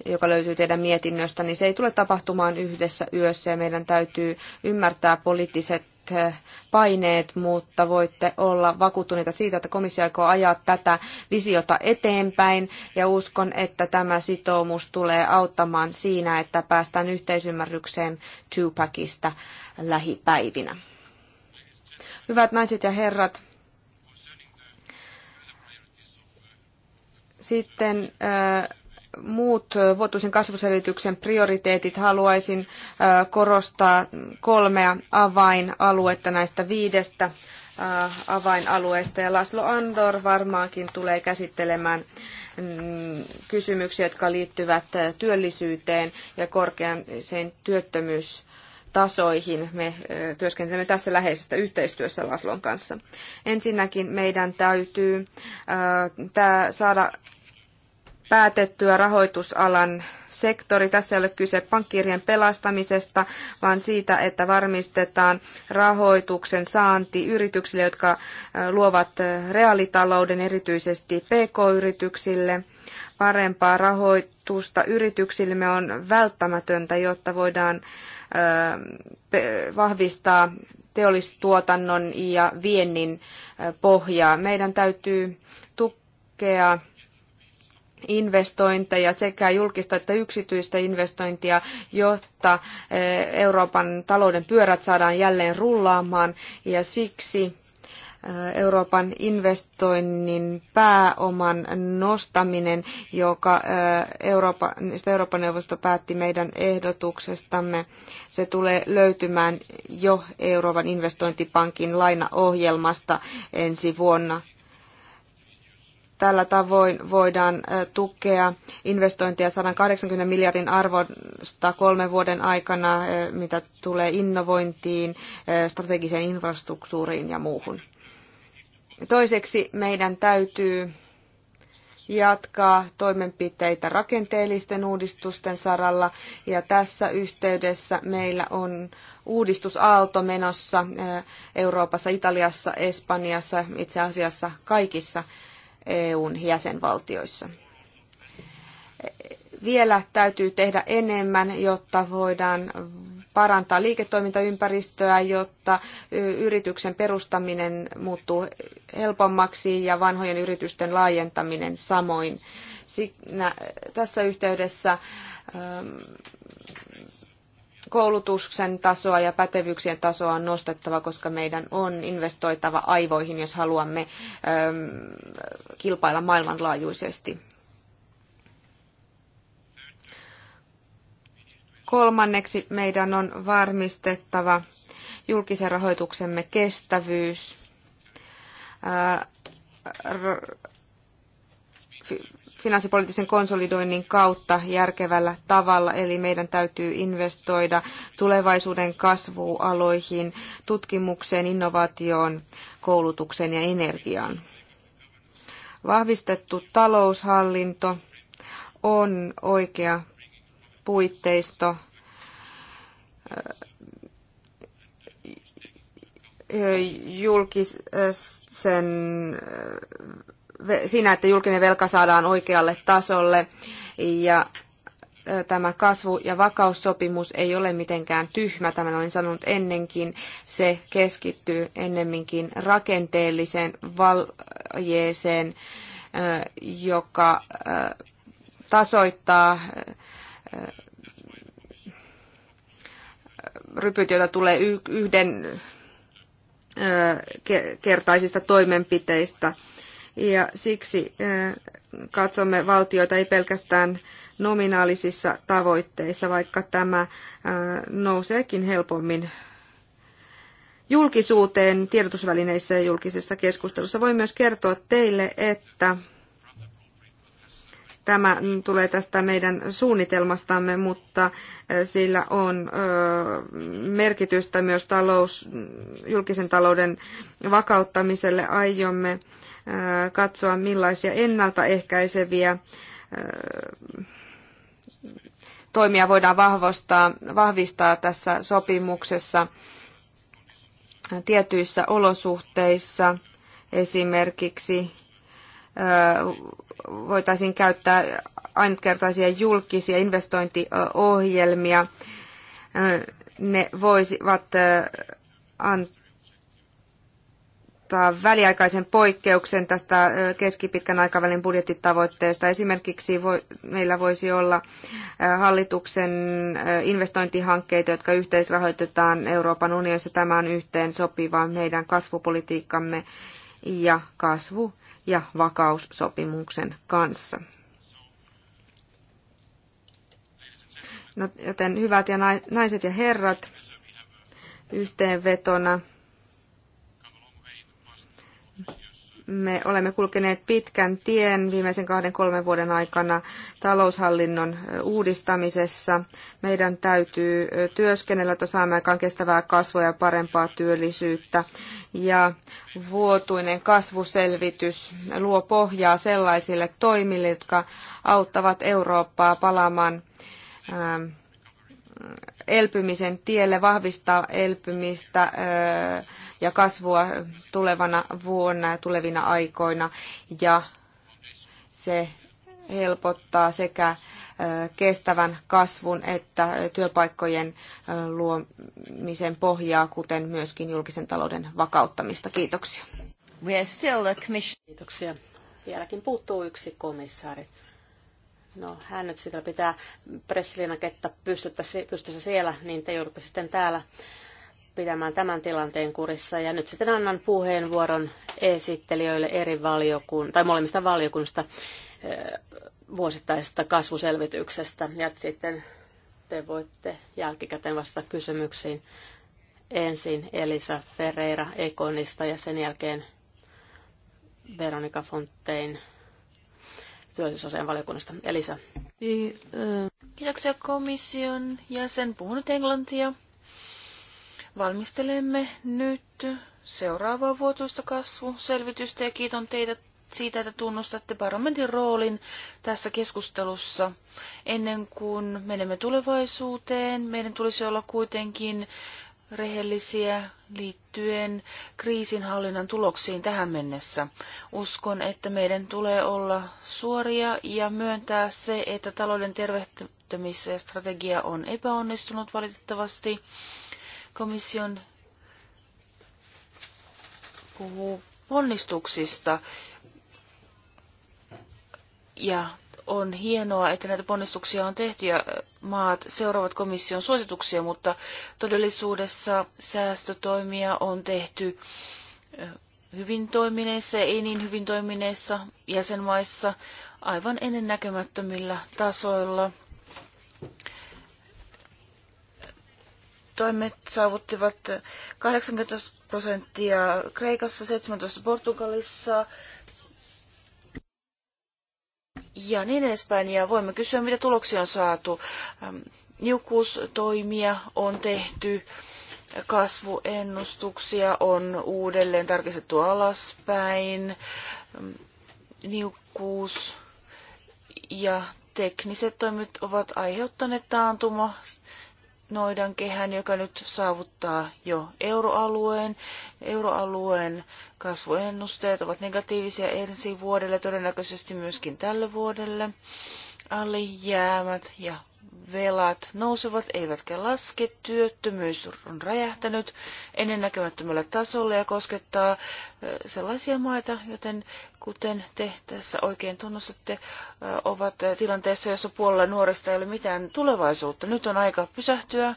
joka löytyy teidän mietinnöstä, niin se ei tule tapahtumaan yhdessä yössä ja meidän täytyy ymmärtää poliittiset eh, paineet, mutta voitte olla vakuuttuneita siitä, että komissio aikoo ajaa tätä visiota eteenpäin ja uskon, että tämä sitoumus tulee auttamaan siinä, että päästään yhteisymmärrykseen Tupacista lähipäivinä. Hyvät naiset ja herrat, sitten äh, muut vuotuisen kasvuselvityksen prioriteetit haluaisin korostaa kolmea avainaluetta näistä viidestä avainalueesta. Ja Laslo Andor varmaankin tulee käsittelemään mm, kysymyksiä, jotka liittyvät työllisyyteen ja korkeaseen työttömyystasoihin. Me työskentelemme tässä läheisessä yhteistyössä Laslon kanssa. Ensinnäkin meidän täytyy saada päätettyä rahoitusalan sektori. Tässä ei ole kyse pankkirjen pelastamisesta, vaan siitä, että varmistetaan rahoituksen saanti yrityksille, jotka luovat reaalitalouden, erityisesti PK-yrityksille. Parempaa rahoitusta yrityksille on välttämätöntä, jotta voidaan vahvistaa teollistuotannon ja viennin pohjaa. Meidän täytyy tukea investointeja sekä julkista että yksityistä investointia, jotta eh, Euroopan talouden pyörät saadaan jälleen rullaamaan ja siksi eh, Euroopan investoinnin pääoman nostaminen, joka eh, Euroopan, Euroopan neuvosto päätti meidän ehdotuksestamme. Se tulee löytymään jo Euroopan investointipankin lainaohjelmasta ensi vuonna. Tällä tavoin voidaan tukea investointia 180 miljardin arvosta kolmen vuoden aikana, mitä tulee innovointiin, strategiseen infrastruktuuriin ja muuhun. Toiseksi meidän täytyy jatkaa toimenpiteitä rakenteellisten uudistusten saralla ja tässä yhteydessä meillä on uudistusaalto menossa Euroopassa, Italiassa, Espanjassa, itse asiassa kaikissa EUn jäsenvaltioissa. Vielä täytyy tehdä enemmän, jotta voidaan parantaa liiketoimintaympäristöä, jotta yrityksen perustaminen muuttuu helpommaksi ja vanhojen yritysten laajentaminen samoin. Siinä, tässä yhteydessä koulutuksen tasoa ja pätevyyksien tasoa on nostettava, koska meidän on investoitava aivoihin, jos haluamme ähm, kilpailla maailmanlaajuisesti. Kolmanneksi meidän on varmistettava julkisen rahoituksemme kestävyys äh, finanssipoliittisen konsolidoinnin kautta järkevällä tavalla, eli meidän täytyy investoida tulevaisuuden kasvualoihin, tutkimukseen, innovaatioon, koulutukseen ja energiaan. Vahvistettu taloushallinto on oikea puitteisto julkisen siinä, että julkinen velka saadaan oikealle tasolle ja tämä kasvu- ja vakaussopimus ei ole mitenkään tyhmä, tämän olen sanonut ennenkin. Se keskittyy ennemminkin rakenteelliseen valjeeseen, joka tasoittaa rypyt, joita tulee yhden kertaisista toimenpiteistä ja siksi katsomme valtioita ei pelkästään nominaalisissa tavoitteissa, vaikka tämä nouseekin helpommin julkisuuteen tiedotusvälineissä ja julkisessa keskustelussa. Voin myös kertoa teille, että tämä tulee tästä meidän suunnitelmastamme, mutta sillä on merkitystä myös talous, julkisen talouden vakauttamiselle. Aiomme katsoa, millaisia ennaltaehkäiseviä toimia voidaan vahvistaa, vahvistaa tässä sopimuksessa tietyissä olosuhteissa. Esimerkiksi voitaisiin käyttää ainutkertaisia julkisia investointiohjelmia. Ne voisivat antaa antaa väliaikaisen poikkeuksen tästä keskipitkän aikavälin budjettitavoitteesta. Esimerkiksi meillä voisi olla hallituksen investointihankkeita, jotka yhteisrahoitetaan Euroopan unionissa. Tämä on yhteen sopiva meidän kasvupolitiikkamme ja kasvu- ja vakaussopimuksen kanssa. No, joten hyvät ja naiset ja herrat, yhteenvetona Me olemme kulkeneet pitkän tien viimeisen kahden kolmen vuoden aikana taloushallinnon uudistamisessa. Meidän täytyy työskennellä, että saamme aikaan kestävää kasvua ja parempaa työllisyyttä. Ja vuotuinen kasvuselvitys luo pohjaa sellaisille toimille, jotka auttavat Eurooppaa palaamaan ähm, elpymisen tielle, vahvistaa elpymistä, ja kasvua tulevana vuonna ja tulevina aikoina ja se helpottaa sekä kestävän kasvun että työpaikkojen luomisen pohjaa, kuten myöskin julkisen talouden vakauttamista. Kiitoksia. Kiitoksia. Vieläkin puuttuu yksi komissaari. No, hän nyt sitä pitää pressilinaketta pystyssä siellä, niin te joudutte sitten täällä pitämään tämän tilanteen kurissa. Ja nyt sitten annan puheenvuoron esittelijöille eri valiokunn, tai molemmista valiokunnista eh, vuosittaisesta kasvuselvityksestä. Ja sitten te voitte jälkikäteen vastata kysymyksiin. Ensin Elisa Ferreira Ekonista ja sen jälkeen Veronika Fontein työllisyysasian valiokunnasta. Elisa. Kiitoksia komission jäsen. Puhunut englantia. Valmistelemme nyt seuraavaa vuotuista kasvuselvitystä ja kiitän teitä siitä, että tunnustatte parlamentin roolin tässä keskustelussa. Ennen kuin menemme tulevaisuuteen, meidän tulisi olla kuitenkin rehellisiä liittyen kriisinhallinnan tuloksiin tähän mennessä. Uskon, että meidän tulee olla suoria ja myöntää se, että talouden tervehtymisstrategia on epäonnistunut valitettavasti komission puhuu ponnistuksista. Ja on hienoa, että näitä ponnistuksia on tehty ja maat seuraavat komission suosituksia, mutta todellisuudessa säästötoimia on tehty hyvin toimineissa ja ei niin hyvin toimineissa jäsenmaissa aivan ennennäkemättömillä tasoilla toimet saavuttivat 18 prosenttia Kreikassa, 17 Portugalissa ja niin edespäin. Ja voimme kysyä, mitä tuloksia on saatu. Ähm, niukkuustoimia on tehty, kasvuennustuksia on uudelleen tarkistettu alaspäin, ähm, niukkuus ja tekniset toimet ovat aiheuttaneet taantuma noidan kehän, joka nyt saavuttaa jo euroalueen. Euroalueen kasvuennusteet ovat negatiivisia ensi vuodelle, todennäköisesti myöskin tälle vuodelle. Alijäämät ja velat nousevat eivätkä laske, työttömyys on räjähtänyt ennennäkemättömällä tasolla ja koskettaa sellaisia maita, joten kuten te tässä oikein tunnustatte, ovat tilanteessa, jossa puolella nuorista ei ole mitään tulevaisuutta. Nyt on aika pysähtyä,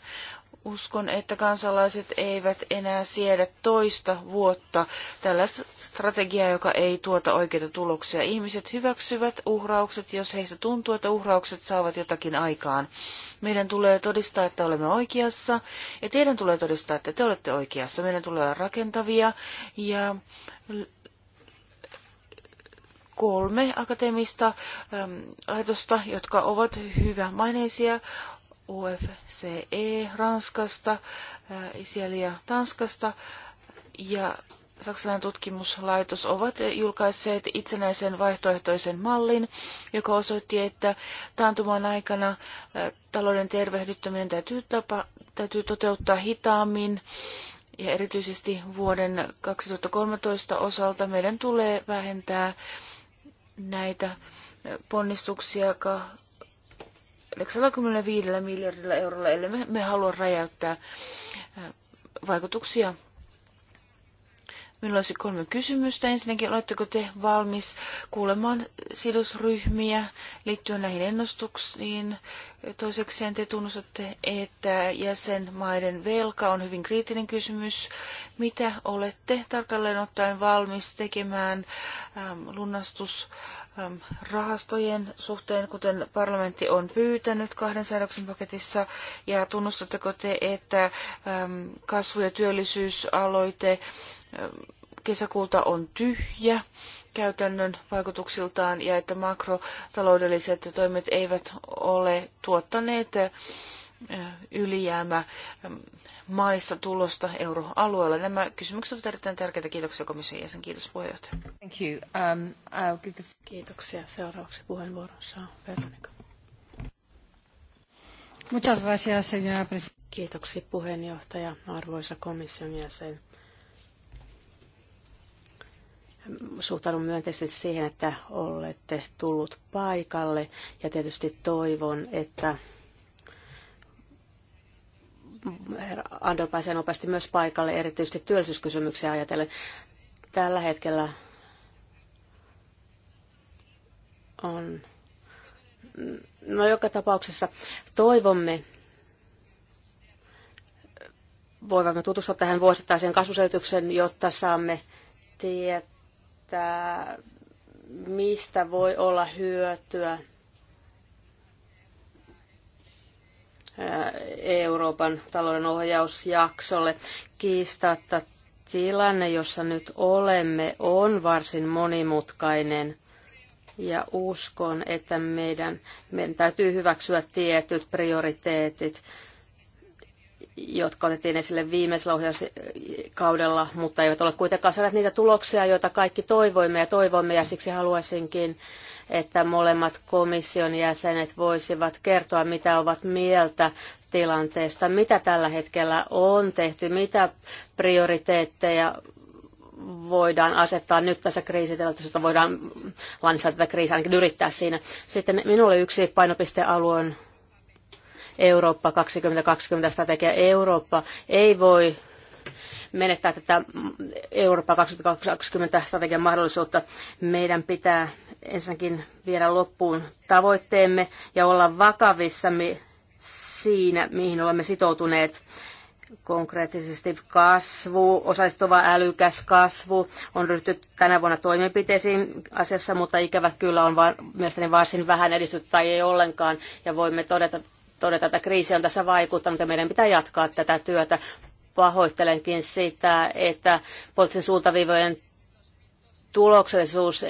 Uskon, että kansalaiset eivät enää siedä toista vuotta tällaista strategiaa, joka ei tuota oikeita tuloksia. Ihmiset hyväksyvät uhraukset, jos heistä tuntuu, että uhraukset saavat jotakin aikaan. Meidän tulee todistaa, että olemme oikeassa, ja teidän tulee todistaa, että te olette oikeassa. Meidän tulee olla rakentavia ja kolme akateemista ähm, laitosta, jotka ovat hyvämaineisia, maineisia, OFCE Ranskasta, Isieli ja Tanskasta ja Saksalainen tutkimuslaitos ovat julkaisseet itsenäisen vaihtoehtoisen mallin, joka osoitti, että taantuman aikana talouden tervehdyttäminen täytyy, tapa, täytyy toteuttaa hitaammin. Ja erityisesti vuoden 2013 osalta meidän tulee vähentää näitä ponnistuksia 95 miljardilla eurolla, ellei me, me halua räjäyttää äh, vaikutuksia. Minulla olisi kolme kysymystä. Ensinnäkin, oletteko te valmis kuulemaan sidosryhmiä liittyen näihin ennustuksiin? Toisekseen te tunnustatte, että jäsenmaiden velka on hyvin kriittinen kysymys. Mitä olette tarkalleen ottaen valmis tekemään ähm, lunastus? Ähm, rahastojen suhteen, kuten parlamentti on pyytänyt kahden säädöksen paketissa, ja tunnustatteko te, että ähm, kasvu- ja työllisyysaloite ähm, kesäkuulta on tyhjä käytännön vaikutuksiltaan ja että makrotaloudelliset toimet eivät ole tuottaneet ylijäämä maissa tulosta euroalueella. Nämä kysymykset ovat erittäin tärkeitä. Kiitoksia komission jäsen. Kiitos puheenjohtaja. Thank you. Um, I'll give the... Kiitoksia. Seuraavaksi puheenvuoron saa Veronika. Muchas gracias, señora presidenta. Kiitoksia puheenjohtaja, arvoisa komission jäsen. Suhtaudun myönteisesti siihen, että olette tullut paikalle ja tietysti toivon, että herra Andor pääsee nopeasti myös paikalle, erityisesti työllisyyskysymyksiä ajatellen. Tällä hetkellä on... No joka tapauksessa toivomme, voivamme tutustua tähän vuosittaiseen kasvuselitykseen, jotta saamme tietää, mistä voi olla hyötyä Euroopan talouden ohjausjaksolle. Kiistatta tilanne, jossa nyt olemme, on varsin monimutkainen ja uskon, että meidän, meidän täytyy hyväksyä tietyt prioriteetit, jotka otettiin esille viimeisellä ohjauskaudella, mutta eivät ole kuitenkaan saaneet niitä tuloksia, joita kaikki toivoimme ja toivomme, ja siksi haluaisinkin että molemmat komission jäsenet voisivat kertoa, mitä ovat mieltä tilanteesta, mitä tällä hetkellä on tehty, mitä prioriteetteja voidaan asettaa nyt tässä kriisitilanteessa, voidaan lansata tätä kriisiä, ainakin yrittää siinä. Sitten minulle yksi painopistealue on Eurooppa 2020 strategia. Eurooppa ei voi menettää tätä Eurooppa 2020 strategian mahdollisuutta. Meidän pitää ensinnäkin viedä loppuun tavoitteemme ja olla vakavissamme siinä, mihin olemme sitoutuneet. Konkreettisesti kasvu, osallistuva älykäs kasvu on ryhtynyt tänä vuonna toimenpiteisiin asiassa, mutta ikävä kyllä on va- mielestäni varsin vähän edistynyt tai ei ollenkaan. Ja voimme todeta, todeta, että kriisi on tässä vaikuttanut ja meidän pitää jatkaa tätä työtä. Pahoittelenkin sitä, että poliittisen suuntaviivojen tuloksellisuus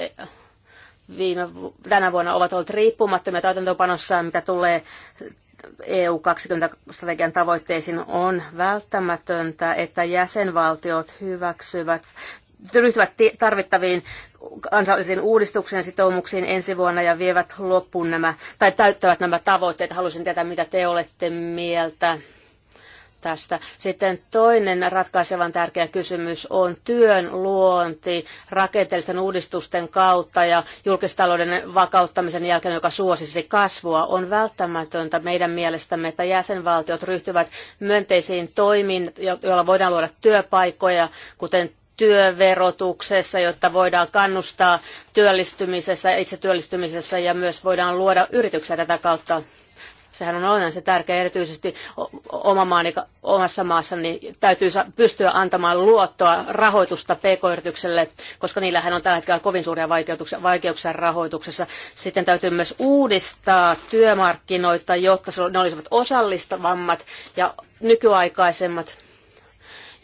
viime, tänä vuonna ovat olleet riippumattomia täytäntöpanossaan, mitä tulee EU 20-strategian tavoitteisiin, on välttämätöntä, että jäsenvaltiot hyväksyvät ryhtyvät tarvittaviin kansallisiin uudistuksiin ja sitoumuksiin ensi vuonna ja vievät loppuun nämä, tai täyttävät nämä tavoitteet. Haluaisin tietää, mitä te olette mieltä tästä. Sitten toinen ratkaisevan tärkeä kysymys on työn luonti rakenteellisten uudistusten kautta ja julkistalouden vakauttamisen jälkeen, joka suosisi kasvua. On välttämätöntä meidän mielestämme, että jäsenvaltiot ryhtyvät myönteisiin toimiin, joilla voidaan luoda työpaikkoja, kuten työverotuksessa, jotta voidaan kannustaa työllistymisessä, itsetyöllistymisessä ja myös voidaan luoda yrityksiä tätä kautta sehän on olennaisen tärkeä, erityisesti oma maani, omassa maassa, niin täytyy pystyä antamaan luottoa rahoitusta pk-yritykselle, koska niillähän on tällä hetkellä kovin suuria vaikeuksia, vaikeuksia rahoituksessa. Sitten täytyy myös uudistaa työmarkkinoita, jotta ne olisivat osallistavammat ja nykyaikaisemmat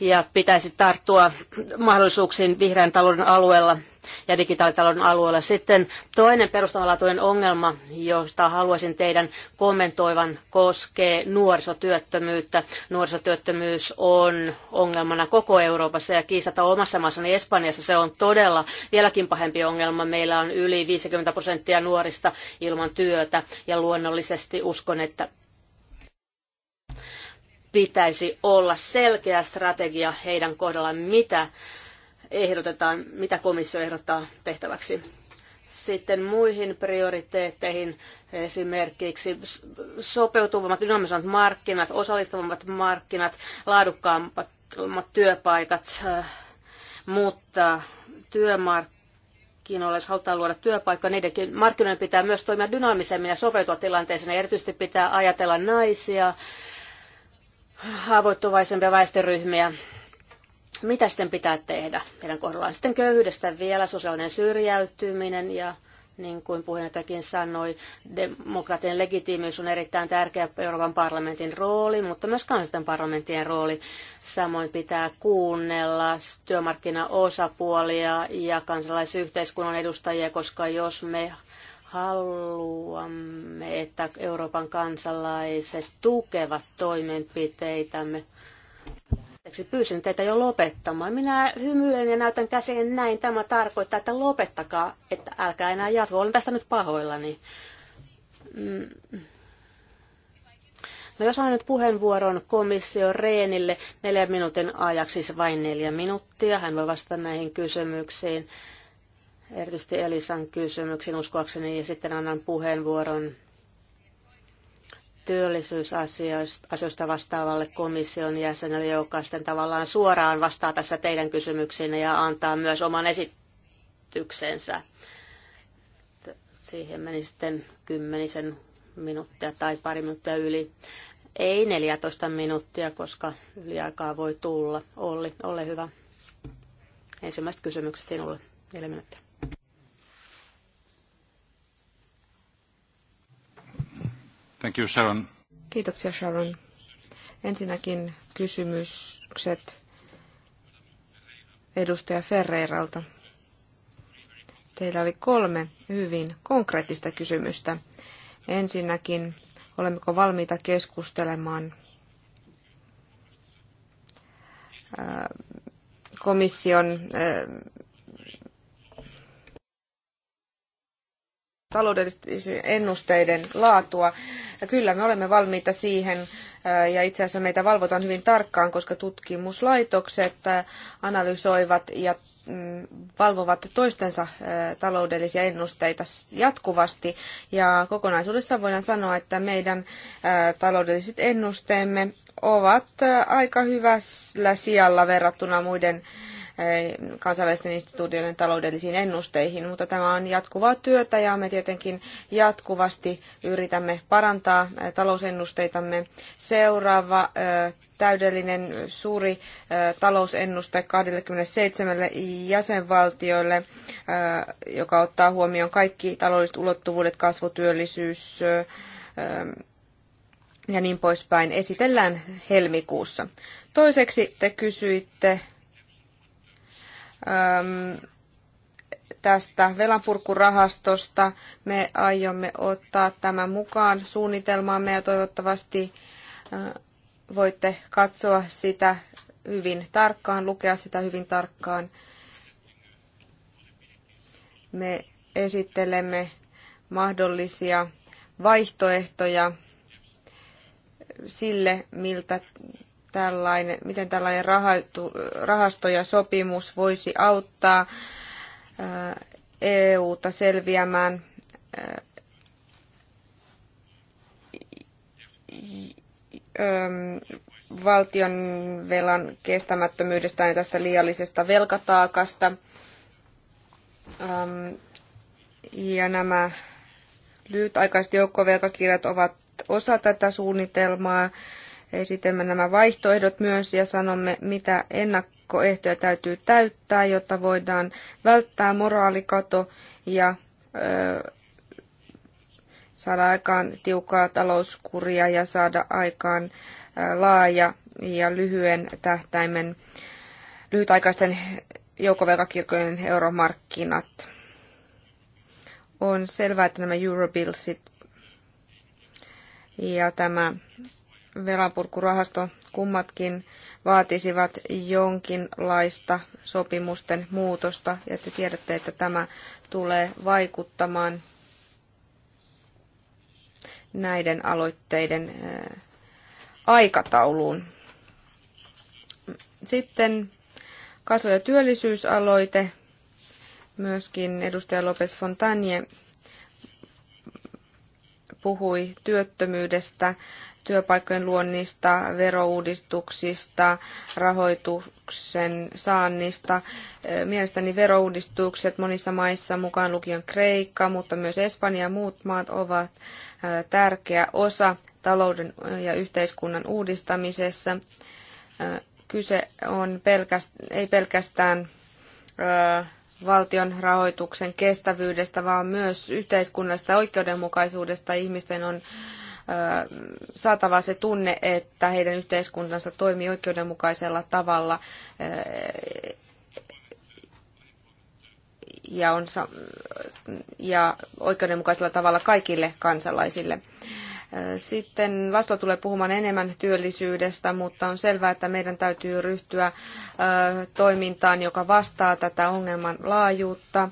ja pitäisi tarttua mahdollisuuksiin vihreän talouden alueella – ja digitaalitalouden alueella. Sitten toinen perustavanlaatuinen ongelma, josta haluaisin teidän kommentoivan, koskee nuorisotyöttömyyttä. Nuorisotyöttömyys on ongelmana koko Euroopassa ja kiistata omassa maassani Espanjassa se on todella vieläkin pahempi ongelma. Meillä on yli 50 prosenttia nuorista ilman työtä ja luonnollisesti uskon, että pitäisi olla selkeä strategia heidän kohdallaan, mitä ehdotetaan, mitä komissio ehdottaa tehtäväksi. Sitten muihin prioriteetteihin, esimerkiksi sopeutuvammat, dynaamisemmat markkinat, osallistavammat markkinat, laadukkaammat työpaikat, äh, mutta työmarkkinat jos halutaan luoda työpaikkoja, niidenkin markkinoiden pitää myös toimia dynaamisemmin ja sopeutua tilanteeseen. erityisesti pitää ajatella naisia, haavoittuvaisempia väestöryhmiä mitä sitten pitää tehdä heidän kohdallaan? Sitten köyhyydestä vielä sosiaalinen syrjäytyminen ja niin kuin puheenjohtajakin sanoi, demokratian legitiimiys on erittäin tärkeä Euroopan parlamentin rooli, mutta myös kansallisten parlamenttien rooli. Samoin pitää kuunnella työmarkkinaosapuolia ja kansalaisyhteiskunnan edustajia, koska jos me haluamme, että Euroopan kansalaiset tukevat toimenpiteitämme, anteeksi, pyysin teitä jo lopettamaan. Minä hymyilen ja näytän käsien näin. Tämä tarkoittaa, että lopettakaa, että älkää enää jatko. Olen tästä nyt pahoillani. Mm. No jos annan nyt puheenvuoron komissio Reenille neljän minuutin ajaksi, siis vain neljä minuuttia. Hän voi vastata näihin kysymyksiin, erityisesti Elisan kysymyksiin uskoakseni, ja sitten annan puheenvuoron työllisyysasioista vastaavalle komission jäsenelle, joka sitten tavallaan suoraan vastaa tässä teidän kysymyksiinne ja antaa myös oman esityksensä. Siihen meni sitten kymmenisen minuuttia tai pari minuuttia yli. Ei 14 minuuttia, koska yliaikaa voi tulla. Olli, ole hyvä. Ensimmäiset kysymykset sinulle. Neljä minuuttia. Thank you, Sharon. Kiitoksia Sharon. Ensinnäkin kysymykset edustaja Ferreiralta. Teillä oli kolme hyvin konkreettista kysymystä. Ensinnäkin, olemmeko valmiita keskustelemaan komission taloudellisten ennusteiden laatua. Ja kyllä me olemme valmiita siihen ja itse asiassa meitä valvotaan hyvin tarkkaan, koska tutkimuslaitokset analysoivat ja mm, valvovat toistensa taloudellisia ennusteita jatkuvasti. Ja kokonaisuudessaan voidaan sanoa, että meidän taloudelliset ennusteemme ovat aika hyvällä sijalla verrattuna muiden Eh, kansainvälisten instituutioiden taloudellisiin ennusteihin, mutta tämä on jatkuvaa työtä ja me tietenkin jatkuvasti yritämme parantaa eh, talousennusteitamme. Seuraava eh, täydellinen suuri talousennuste 27 jäsenvaltioille, joka ottaa huomioon kaikki taloudelliset ulottuvuudet, kasvutyöllisyys ja niin poispäin, esitellään helmikuussa. Toiseksi te kysyitte tästä velanpurkurahastosta. Me aiomme ottaa tämän mukaan suunnitelmaamme ja toivottavasti voitte katsoa sitä hyvin tarkkaan, lukea sitä hyvin tarkkaan. Me esittelemme mahdollisia vaihtoehtoja sille, miltä tällainen, miten tällainen rahaitu, rahasto ja sopimus voisi auttaa EUta selviämään valtion velan kestämättömyydestä ja tästä liiallisesta velkataakasta. Ja nämä lyhytaikaiset joukkovelkakirjat ovat osa tätä suunnitelmaa. Esitämme nämä vaihtoehdot myös ja sanomme, mitä ennakkoehtoja täytyy täyttää, jotta voidaan välttää moraalikato ja ö, saada aikaan tiukaa talouskuria ja saada aikaan laaja ja lyhyen tähtäimen lyhytaikaisten joukkovelkakirkojen euromarkkinat. On selvää, että nämä Eurobillsit ja tämä velanpurkurahasto kummatkin vaatisivat jonkinlaista sopimusten muutosta, ja te tiedätte, että tämä tulee vaikuttamaan näiden aloitteiden äh, aikatauluun. Sitten kasvu- ja työllisyysaloite, myöskin edustaja Lopes Fontanje puhui työttömyydestä työpaikkojen luonnista, verouudistuksista, rahoituksen saannista. Mielestäni verouudistukset monissa maissa, mukaan lukien Kreikka, mutta myös Espanja ja muut maat ovat tärkeä osa talouden ja yhteiskunnan uudistamisessa. Kyse on ei pelkästään valtion rahoituksen kestävyydestä, vaan myös yhteiskunnallisesta oikeudenmukaisuudesta. Ihmisten on saatava se tunne, että heidän yhteiskuntansa toimii oikeudenmukaisella tavalla ja, on, ja oikeudenmukaisella tavalla kaikille kansalaisille. Sitten Laslo tulee puhumaan enemmän työllisyydestä, mutta on selvää, että meidän täytyy ryhtyä toimintaan, joka vastaa tätä ongelman laajuutta.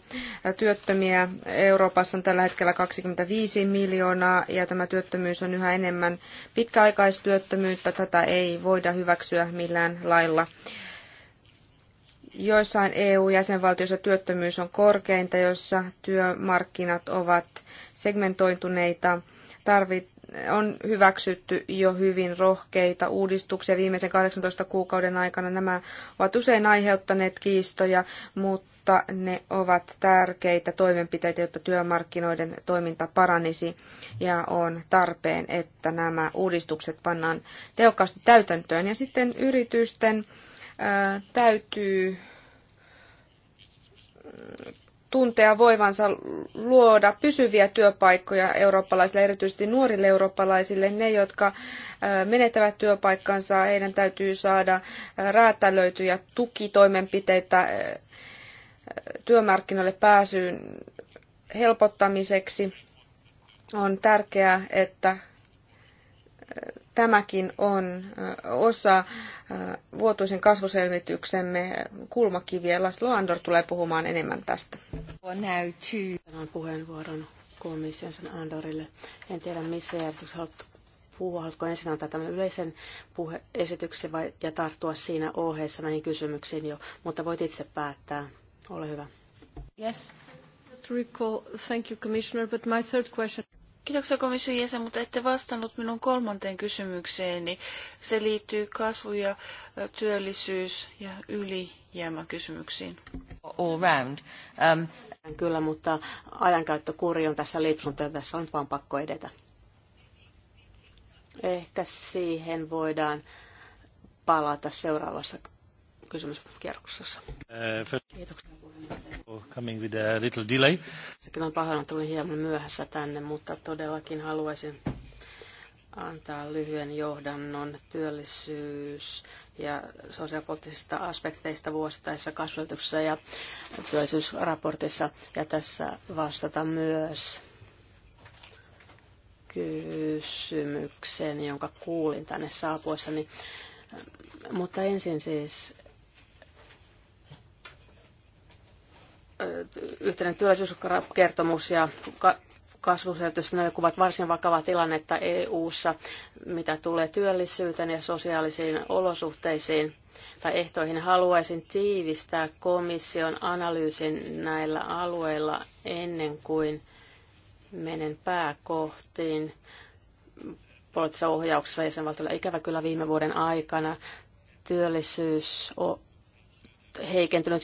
Työttömiä Euroopassa on tällä hetkellä 25 miljoonaa ja tämä työttömyys on yhä enemmän pitkäaikaistyöttömyyttä. Tätä ei voida hyväksyä millään lailla. Joissain EU-jäsenvaltioissa työttömyys on korkeinta, joissa työmarkkinat ovat segmentoituneita. Tarvit, on hyväksytty jo hyvin rohkeita uudistuksia viimeisen 18 kuukauden aikana. Nämä ovat usein aiheuttaneet kiistoja, mutta ne ovat tärkeitä toimenpiteitä, jotta työmarkkinoiden toiminta paranisi ja on tarpeen, että nämä uudistukset pannaan tehokkaasti täytäntöön. Ja sitten yritysten täytyy tuntea voivansa luoda pysyviä työpaikkoja eurooppalaisille, erityisesti nuorille eurooppalaisille. Ne, jotka menettävät työpaikkansa, heidän täytyy saada räätälöityjä tukitoimenpiteitä työmarkkinoille pääsyyn helpottamiseksi. On tärkeää, että Tämäkin on osa vuotuisen kasvuselvityksemme kulmakiviä. Laszlo Andor tulee puhumaan enemmän tästä. Näytyy. Annan puheenvuoron komission Andorille. En tiedä missä järjestys haluttu puhua. Haluatko ensin antaa tämän yleisen puheesityksen vai, ja tarttua siinä ohessa näihin kysymyksiin jo, mutta voit itse päättää. Ole hyvä. Yes. Thank you, Commissioner, but my third question... Kiitoksia komission jäsen, mutta ette vastannut minun kolmanteen kysymykseeni. Se liittyy kasvu- ja työllisyys- ja ylijäämäkysymyksiin. All round. Um... Kyllä, mutta ajankäyttökuri on tässä lipsunut ja tässä on vaan pakko edetä. Ehkä siihen voidaan palata seuraavassa kysymyskierroksessa. Äh, Kiitoksia. Oh, coming with a little delay. Sekin on pahoin, tulin hieman myöhässä tänne, mutta todellakin haluaisin antaa lyhyen johdannon työllisyys- ja sosiaalipoliittisista aspekteista vuosittaisessa kasvatuksessa ja työllisyysraportissa. Ja tässä vastata myös kysymykseen, jonka kuulin tänne saapuessani. Mutta ensin siis yhteinen työllisyyskertomus ja kasvuselitys, ne kuvat varsin vakavaa tilannetta EU-ssa, mitä tulee työllisyyteen ja sosiaalisiin olosuhteisiin tai ehtoihin. Haluaisin tiivistää komission analyysin näillä alueilla ennen kuin menen pääkohtiin poliittisessa ohjauksessa jäsenvaltiolla. Ikävä kyllä viime vuoden aikana työllisyys heikentynyt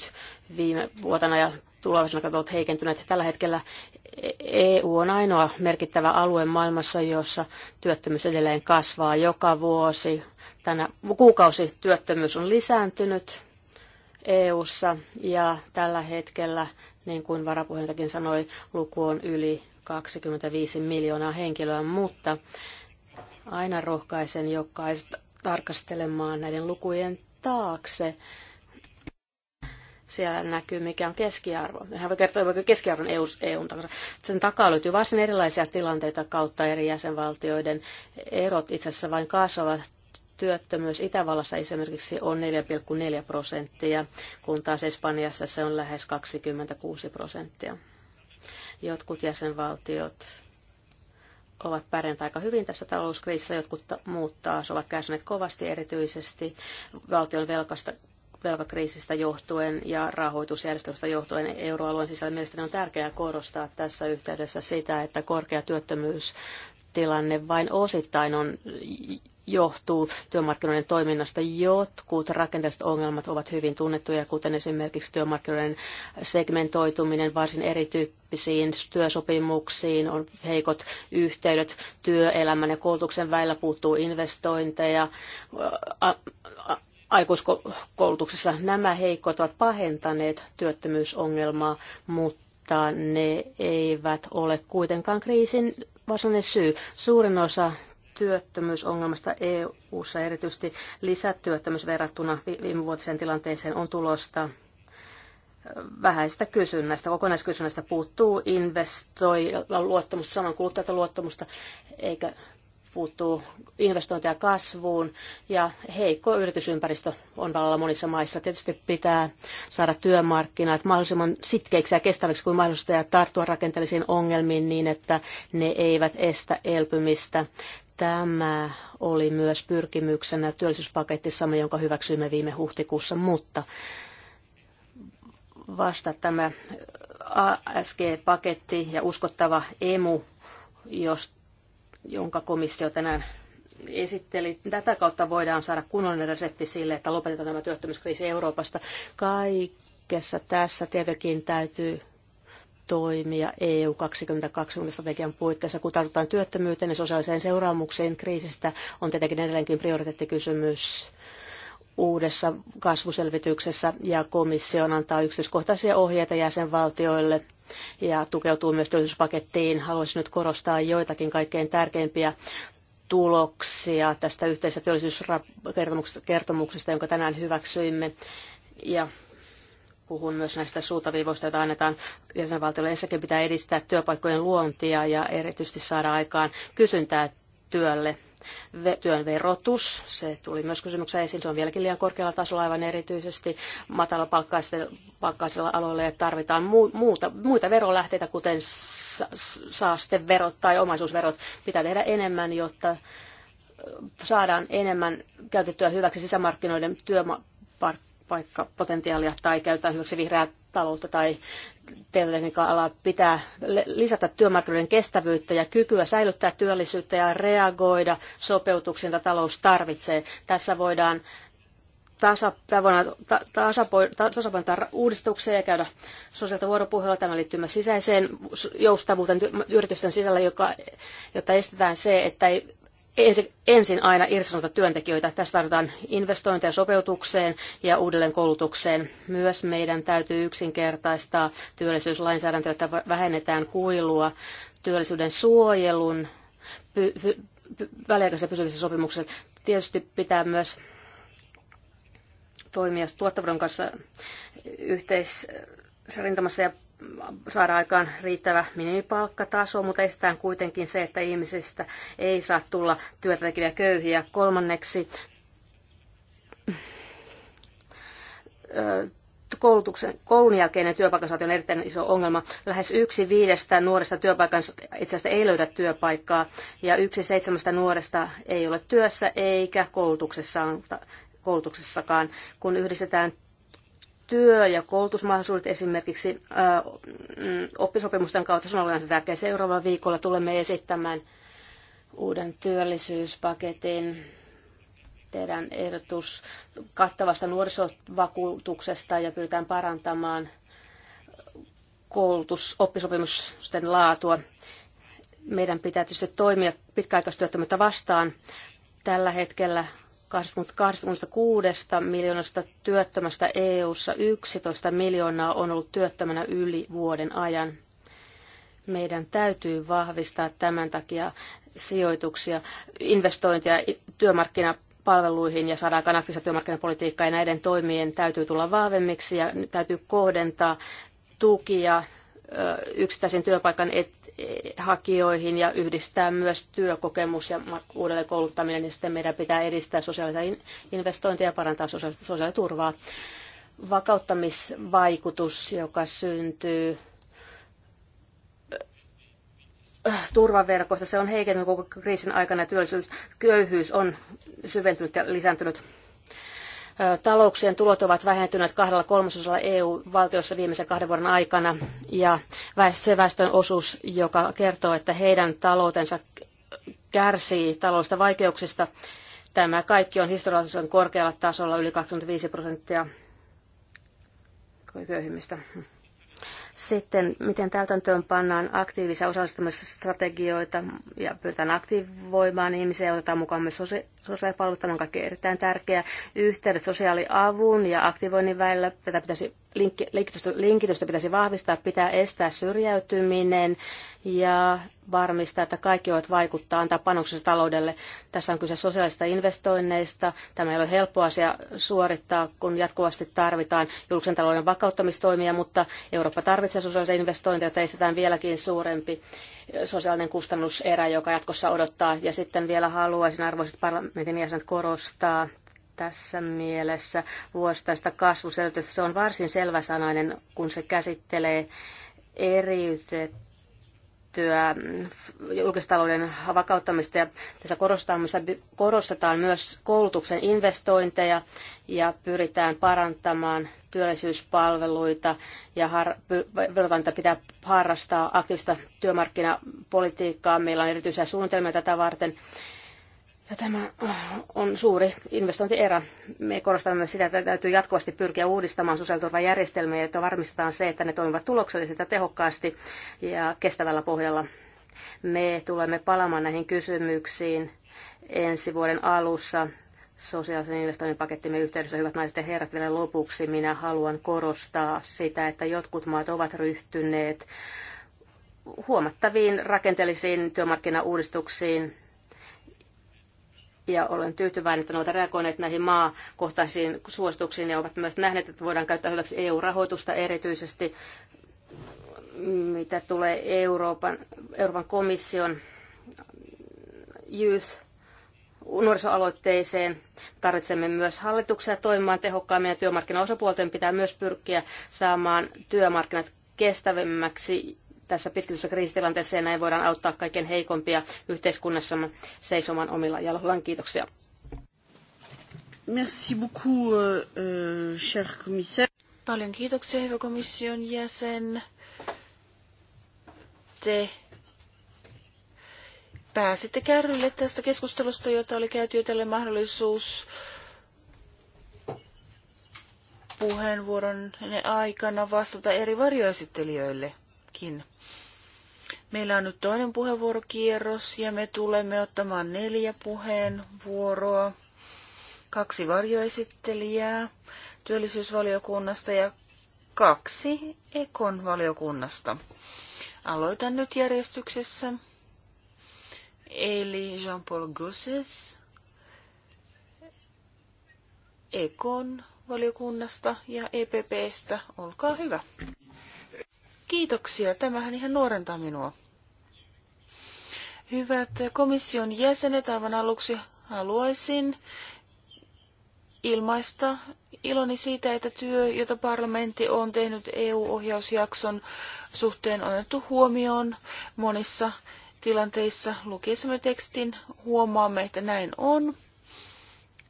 viime vuotena ja tulevaisuudessa ovat heikentyneet. Tällä hetkellä EU on ainoa merkittävä alue maailmassa, jossa työttömyys edelleen kasvaa joka vuosi. Tänä kuukausi työttömyys on lisääntynyt EU:ssa ja tällä hetkellä, niin kuin varapuheenjohtajakin sanoi, luku on yli 25 miljoonaa henkilöä, mutta aina rohkaisen jokaista tarkastelemaan näiden lukujen taakse siellä näkyy, mikä on keskiarvo. Mehän voi kertoa vaikka keskiarvon EU, EUn takana. Sen takaa löytyy varsin erilaisia tilanteita kautta eri jäsenvaltioiden. Erot itse asiassa vain kasvavat. Työttömyys Itävallassa esimerkiksi on 4,4 prosenttia, kun taas Espanjassa se on lähes 26 prosenttia. Jotkut jäsenvaltiot ovat pärjänneet aika hyvin tässä talouskriisissä, jotkut muut taas ovat kärsineet kovasti erityisesti valtion velkasta velkakriisistä johtuen ja rahoitusjärjestelmästä johtuen euroalueen sisällä. Mielestäni on tärkeää korostaa tässä yhteydessä sitä, että korkea työttömyystilanne vain osittain on johtuu työmarkkinoiden toiminnasta. Jotkut rakenteelliset ongelmat ovat hyvin tunnettuja, kuten esimerkiksi työmarkkinoiden segmentoituminen varsin erityyppisiin työsopimuksiin, on heikot yhteydet työelämän ja koulutuksen välillä, puuttuu investointeja, aikuiskoulutuksessa. Nämä heikot ovat pahentaneet työttömyysongelmaa, mutta ne eivät ole kuitenkaan kriisin varsinainen syy. Suurin osa työttömyysongelmasta EU-ssa, erityisesti lisätyöttömyys verrattuna viime vuotiseen tilanteeseen, on tulosta vähäisestä kysynnästä, kokonaiskysynnästä puuttuu investoi luottamusta, saman kuluttajat luottamusta, eikä puuttuu investointeja kasvuun ja heikko yritysympäristö on vallalla monissa maissa. Tietysti pitää saada työmarkkinat mahdollisimman sitkeiksi ja kestäviksi kuin mahdollista ja tarttua rakenteellisiin ongelmiin niin, että ne eivät estä elpymistä. Tämä oli myös pyrkimyksenä työllisyyspaketissamme, jonka hyväksyimme viime huhtikuussa, mutta vasta tämä ASG-paketti ja uskottava emu, jos jonka komissio tänään esitteli. Tätä kautta voidaan saada kunnollinen resepti sille, että lopetetaan nämä työttömyyskriisi Euroopasta. Kaikessa tässä tietenkin täytyy toimia EU 2020 strategian puitteissa. Kun tartutaan työttömyyteen ja sosiaaliseen seuraamukseen kriisistä, on tietenkin edelleenkin prioriteettikysymys uudessa kasvuselvityksessä ja komissio antaa yksityiskohtaisia ohjeita jäsenvaltioille ja tukeutuu myös työllisyyspakettiin. Haluaisin nyt korostaa joitakin kaikkein tärkeimpiä tuloksia tästä yhteisestä työllisyyskertomuksesta, jonka tänään hyväksyimme. Ja puhun myös näistä suuntaviivoista, joita annetaan jäsenvaltioille. Ensinnäkin pitää edistää työpaikkojen luontia ja erityisesti saada aikaan kysyntää työlle työn verotus, se tuli myös kysymyksessä esiin, se on vieläkin liian korkealla tasolla aivan erityisesti matalapalkkaisilla aloilla ja tarvitaan muuta, muita verolähteitä, kuten saasteverot tai omaisuusverot. Pitää tehdä enemmän, jotta saadaan enemmän käytettyä hyväksi sisämarkkinoiden työpaikkapotentiaalia tai käytetään hyväksi vihreää taloutta tai tietotekniikan pitää lisätä työmarkkinoiden kestävyyttä ja kykyä säilyttää työllisyyttä ja reagoida sopeutuksiin, joita talous tarvitsee. Tässä voidaan tasapainottaa uudistuksia ja käydä sosiaalista vuoropuhelua. Tämä liittyy myös sisäiseen joustavuuteen yritysten sisällä, joka, jotta estetään se, että ei ensin aina irtisanota työntekijöitä. Tässä tarvitaan investointeja sopeutukseen ja uudelleenkoulutukseen. Myös meidän täytyy yksinkertaistaa työllisyyslainsäädäntöä, että vähennetään kuilua työllisyyden suojelun py- py- py- väliaikaisessa pysyvissä sopimuksessa. Tietysti pitää myös toimia tuottavuuden kanssa yhteisessä rintamassa ja saada aikaan riittävä minimipalkkataso, mutta estetään kuitenkin se, että ihmisistä ei saa tulla työtä köyhiä. Kolmanneksi koulutuksen, koulun jälkeinen työpaikan on erittäin iso ongelma. Lähes yksi viidestä nuoresta työpaikan itse asiassa ei löydä työpaikkaa ja yksi seitsemästä nuoresta ei ole työssä eikä koulutuksessaan koulutuksessakaan. Kun yhdistetään työ- ja koulutusmahdollisuudet esimerkiksi mm, oppisopimusten kautta sanotaan tärkeä. Seuraavalla viikolla tulemme esittämään uuden työllisyyspaketin teidän ehdotus kattavasta nuorisovakuutuksesta ja pyritään parantamaan koulutus, oppisopimusten laatua. Meidän pitää tietysti toimia pitkäaikaistyöttömyyttä vastaan. Tällä hetkellä 26 miljoonasta työttömästä EU-ssa 11 miljoonaa on ollut työttömänä yli vuoden ajan. Meidän täytyy vahvistaa tämän takia sijoituksia, investointia työmarkkina palveluihin ja saada kannattavista työmarkkinapolitiikkaa ja näiden toimien täytyy tulla vahvemmiksi ja täytyy kohdentaa tukia yksittäisen työpaikan hakijoihin ja yhdistää myös työkokemus ja uudelleen kouluttaminen, niin sitten meidän pitää edistää sosiaalisia investointeja ja parantaa sosiaaliturvaa. Vakauttamisvaikutus, joka syntyy äh, turvaverkosta, se on heikentynyt koko kriisin aikana ja työllisyys, köyhyys on syventynyt ja lisääntynyt Talouksien tulot ovat vähentyneet kahdella kolmasosalla EU-valtiossa viimeisen kahden vuoden aikana, ja se väestön osuus, joka kertoo, että heidän taloutensa kärsii taloudellisista vaikeuksista, tämä kaikki on historiallisen korkealla tasolla, yli 25 prosenttia köyhimmistä. Sitten, miten täytäntöön pannaan aktiivisia osallistumisstrategioita ja pyritään aktivoimaan ihmisiä ja otetaan mukaan myös sosia- sosiaalipalvelut. Tämä on kaikki erittäin tärkeä. Yhteydet sosiaaliavun ja aktivoinnin välillä. Tätä pitäisi, linkki, linkitystä, linkitystä pitäisi vahvistaa, pitää estää syrjäytyminen ja varmistaa, että kaikki voivat vaikuttaa, antaa panoksensa taloudelle. Tässä on kyse sosiaalisista investoinneista. Tämä ei ole helppo asia suorittaa, kun jatkuvasti tarvitaan julkisen talouden vakauttamistoimia, mutta Eurooppa tarvitsee sosiaalisia investointeja, jotta esitetään vieläkin suurempi sosiaalinen kustannuserä, joka jatkossa odottaa. Ja sitten vielä haluaisin, arvoisat parlamentin jäsenet, korostaa tässä mielessä vuosittaista kasvuselvitystä. Se on varsin selväsanainen, kun se käsittelee eriytettä liittyä mm, julkistalouden vakauttamista ja tässä korostetaan myös koulutuksen investointeja ja pyritään parantamaan työllisyyspalveluita ja har- vedotaan, että pitää harrastaa aktiivista työmarkkinapolitiikkaa. Meillä on erityisiä suunnitelmia tätä varten ja tämä äh, on suuri investointierä. Me korostamme myös sitä, että täytyy jatkuvasti pyrkiä uudistamaan sosiaaliturvajärjestelmiä, jotta varmistetaan se, että ne toimivat tuloksellisesti ja tehokkaasti ja kestävällä pohjalla. Me tulemme palaamaan näihin kysymyksiin ensi vuoden alussa sosiaalisen investoinnin pakettimme yhteydessä. Hyvät naiset ja herrat, vielä lopuksi minä haluan korostaa sitä, että jotkut maat ovat ryhtyneet huomattaviin rakenteellisiin työmarkkinauudistuksiin ja olen tyytyväinen, että ne ovat reagoineet näihin maakohtaisiin suosituksiin ja ovat myös nähneet, että voidaan käyttää hyväksi EU-rahoitusta erityisesti, mitä tulee Euroopan, Euroopan komission youth nuorisoaloitteeseen. Tarvitsemme myös hallituksia toimimaan tehokkaammin ja työmarkkinaosapuolten pitää myös pyrkiä saamaan työmarkkinat kestävämmäksi tässä pitkässä kriisitilanteessa ja näin voidaan auttaa kaiken heikompia yhteiskunnassamme seisomaan omilla jaloillaan. Kiitoksia. Merci beaucoup, euh, euh, cher commissaire. Paljon kiitoksia, hyvä komission jäsen. Te pääsitte kärrylle tästä keskustelusta, jota oli käyty jo tälle mahdollisuus puheenvuoron aikana vastata eri varjoesittelijöillekin. Meillä on nyt toinen puheenvuorokierros ja me tulemme ottamaan neljä puheenvuoroa. Kaksi varjoesittelijää työllisyysvaliokunnasta ja kaksi Ekon valiokunnasta. Aloitan nyt järjestyksessä. Eli Jean-Paul Gusses Ekon valiokunnasta ja EPPstä. Olkaa hyvä. Kiitoksia. Tämähän ihan nuorentaa minua. Hyvät komission jäsenet, aivan aluksi haluaisin ilmaista iloni siitä, että työ, jota parlamentti on tehnyt EU-ohjausjakson suhteen, on otettu huomioon monissa tilanteissa. Lukiessamme tekstin huomaamme, että näin on,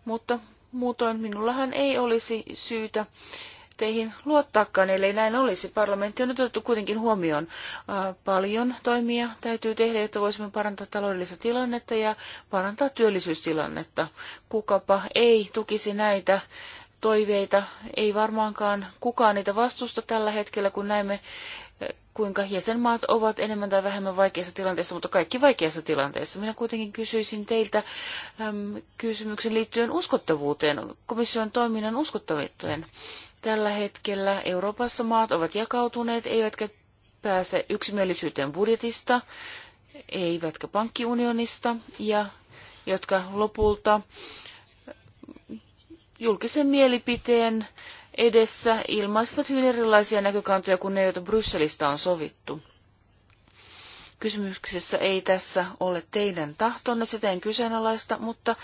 mutta muutoin minullahan ei olisi syytä teihin luottaakaan, ellei näin olisi. Parlamentti on nyt otettu kuitenkin huomioon. Paljon toimia täytyy tehdä, jotta voisimme parantaa taloudellista tilannetta ja parantaa työllisyystilannetta. Kukapa ei tukisi näitä toiveita, ei varmaankaan kukaan niitä vastusta tällä hetkellä, kun näemme kuinka jäsenmaat ovat enemmän tai vähemmän vaikeassa tilanteessa, mutta kaikki vaikeassa tilanteessa. Minä kuitenkin kysyisin teiltä äm, kysymyksen liittyen uskottavuuteen, komission toiminnan uskottavuuteen. Tällä hetkellä Euroopassa maat ovat jakautuneet, eivätkä pääse yksimielisyyteen budjetista, eivätkä pankkiunionista, ja jotka lopulta julkisen mielipiteen edessä ilmaisivat hyvin erilaisia näkökantoja kuin ne, joita Brysselistä on sovittu. Kysymyksessä ei tässä ole teidän tahtonne, sitä en kyseenalaista, mutta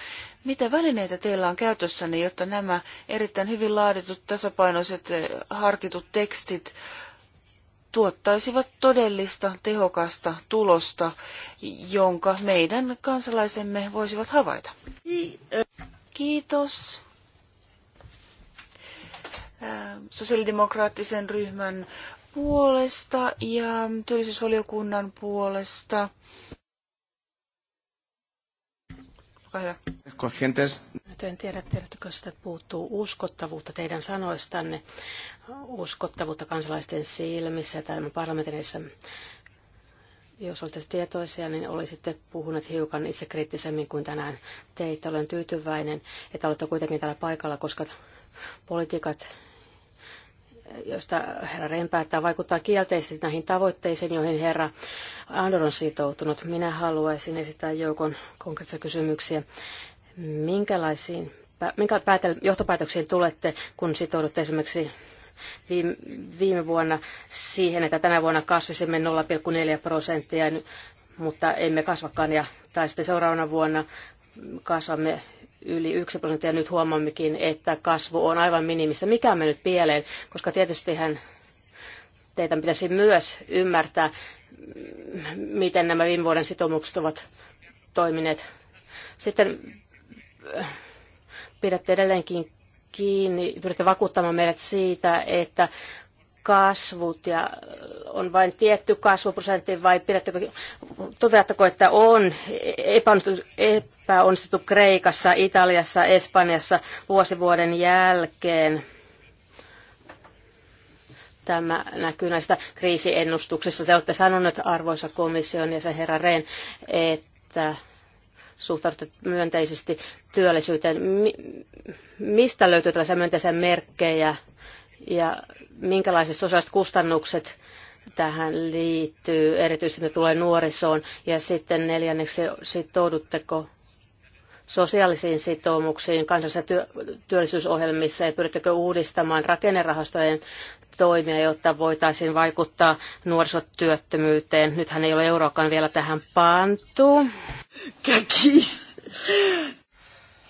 mitä välineitä teillä on käytössänne, jotta nämä erittäin hyvin laaditut, tasapainoiset, eh, harkitut tekstit tuottaisivat todellista, tehokasta tulosta, jonka meidän kansalaisemme voisivat havaita? Kiitos sosiaalidemokraattisen ryhmän puolesta ja työllisyysvaliokunnan puolesta. En tiedä, tiedättekö sitä, että puuttuu uskottavuutta teidän sanoistanne, uskottavuutta kansalaisten silmissä ja tämän parlamentin edessä. Jos olette tietoisia, niin olisitte puhuneet hiukan itsekriittisemmin kuin tänään teitä. Olen tyytyväinen, että olette kuitenkin täällä paikalla, koska politiikat josta herra päättää vaikuttaa kielteisesti näihin tavoitteisiin, joihin herra Andor on sitoutunut. Minä haluaisin esittää joukon konkreettisia kysymyksiä. Minkälaisiin, minkä johtopäätöksiin tulette, kun sitoudutte esimerkiksi viime, viime vuonna siihen, että tänä vuonna kasvisimme 0,4 prosenttia, mutta emme kasvakaan, ja, tai sitten seuraavana vuonna kasvamme yli 1 prosenttia. Nyt huomaammekin, että kasvu on aivan minimissä. Mikä on mennyt pieleen? Koska tietysti teitä pitäisi myös ymmärtää, miten nämä viime vuoden sitoumukset ovat toimineet. Sitten äh, pidätte edelleenkin kiinni, pyritte vakuuttamaan meidät siitä, että kasvut ja on vain tietty kasvuprosentti vai pidättekö, toteatteko, että on epäonnistu, epäonnistuttu Kreikassa, Italiassa, Espanjassa vuosi vuoden jälkeen? Tämä näkyy näistä kriisiennustuksissa. Te olette sanoneet, arvoisa komission ja se herra Rehn, että suhtaudutte myönteisesti työllisyyteen. mistä löytyy tällaisia myönteisiä merkkejä ja minkälaiset sosiaaliset kustannukset tähän liittyy, erityisesti ne tulee nuorisoon, ja sitten neljänneksi sitoudutteko sosiaalisiin sitoumuksiin kansallisissa työ, työllisyysohjelmissa ja pyrittekö uudistamaan rakennerahastojen toimia, jotta voitaisiin vaikuttaa nuorisotyöttömyyteen. Nythän ei ole euroakaan vielä tähän pantu. Käkis.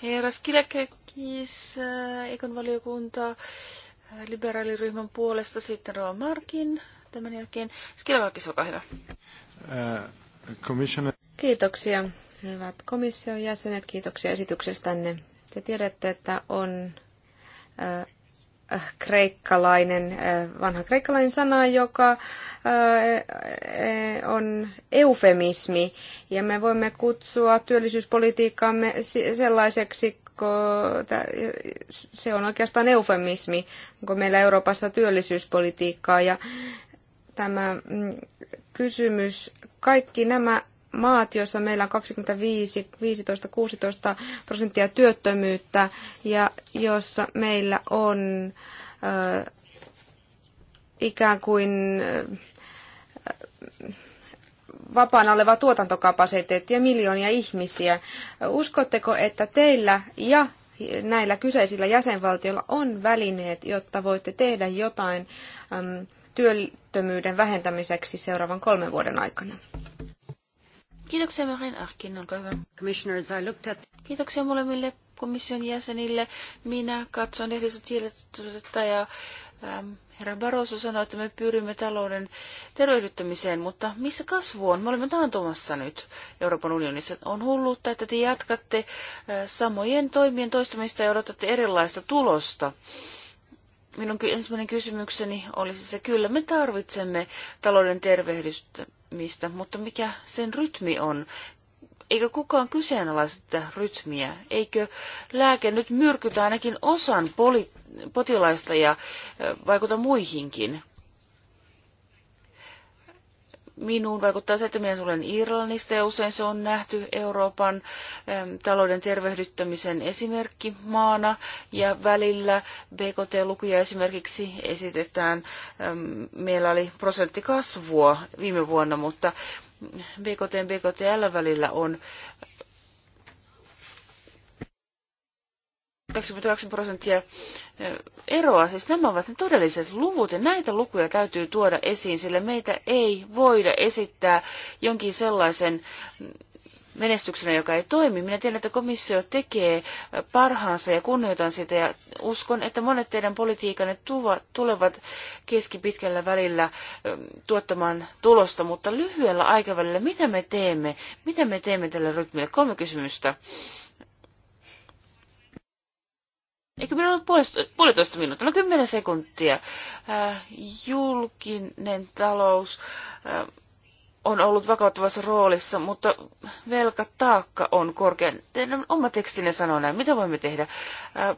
Herras käkis, äh, ekonvaliokunta Äh, liberaaliryhmän puolesta sitten Roa Markin tämän jälkeen. Skilvakis, olkaa hyvä. Äh, Kiitoksia, hyvät komission jäsenet. Kiitoksia esityksestänne. Te tiedätte, että on äh, kreikkalainen, äh, vanha kreikkalainen sana, joka äh, e, on eufemismi. Ja me voimme kutsua työllisyyspolitiikkaamme sellaiseksi Onko, se on oikeastaan eufemismi, onko meillä Euroopassa työllisyyspolitiikkaa ja tämä mm, kysymys, kaikki nämä maat, joissa meillä on 25, 15, 16 prosenttia työttömyyttä ja jossa meillä on äh, ikään kuin äh, vapaana tuotantokapasiteetti ja miljoonia ihmisiä. Uskotteko, että teillä ja näillä kyseisillä jäsenvaltioilla on välineet, jotta voitte tehdä jotain äm, työttömyyden vähentämiseksi seuraavan kolmen vuoden aikana? Kiitoksia Marin Arkin, olkaa hyvä. Commissioners, I looked at... Kiitoksia molemmille komission jäsenille. Minä katson ehdotustiedotetta ja ähm, Herra Barroso sanoi, että me pyrimme talouden tervehdyttämiseen, mutta missä kasvu on? Me olemme taantumassa nyt Euroopan unionissa. On hulluutta, että te jatkatte äh, samojen toimien toistamista ja odotatte erilaista tulosta. Minun ensimmäinen kysymykseni olisi se, kyllä me tarvitsemme talouden tervehdyttämistä, mutta mikä sen rytmi on? Eikö kukaan kyseenalaista rytmiä? Eikö lääke nyt myrkytä ainakin osan poliittista? potilaista ja vaikuta muihinkin. Minuun vaikuttaa se, että minä tulen Irlannista ja usein se on nähty Euroopan talouden tervehdyttämisen esimerkki maana ja välillä BKT-lukuja esimerkiksi esitetään. meillä oli prosenttikasvua viime vuonna, mutta BKT ja BKTL välillä on 22 prosenttia eh, eroa. Siis nämä ovat ne todelliset luvut ja näitä lukuja täytyy tuoda esiin, sillä meitä ei voida esittää jonkin sellaisen menestyksenä, joka ei toimi. Minä tiedän, että komissio tekee parhaansa ja kunnioitan sitä ja uskon, että monet teidän politiikanne tulevat keskipitkällä välillä eh, tuottamaan tulosta, mutta lyhyellä aikavälillä mitä me teemme? Mitä me teemme tällä rytmillä? Kolme kysymystä. Eikö minulla ollut puolitoista, puolitoista minuuttia? No kymmenen sekuntia. Äh, julkinen talous äh, on ollut vakauttavassa roolissa, mutta velkataakka on korkea. Teidän oma tekstinne sanoo näin. Mitä voimme tehdä? Äh,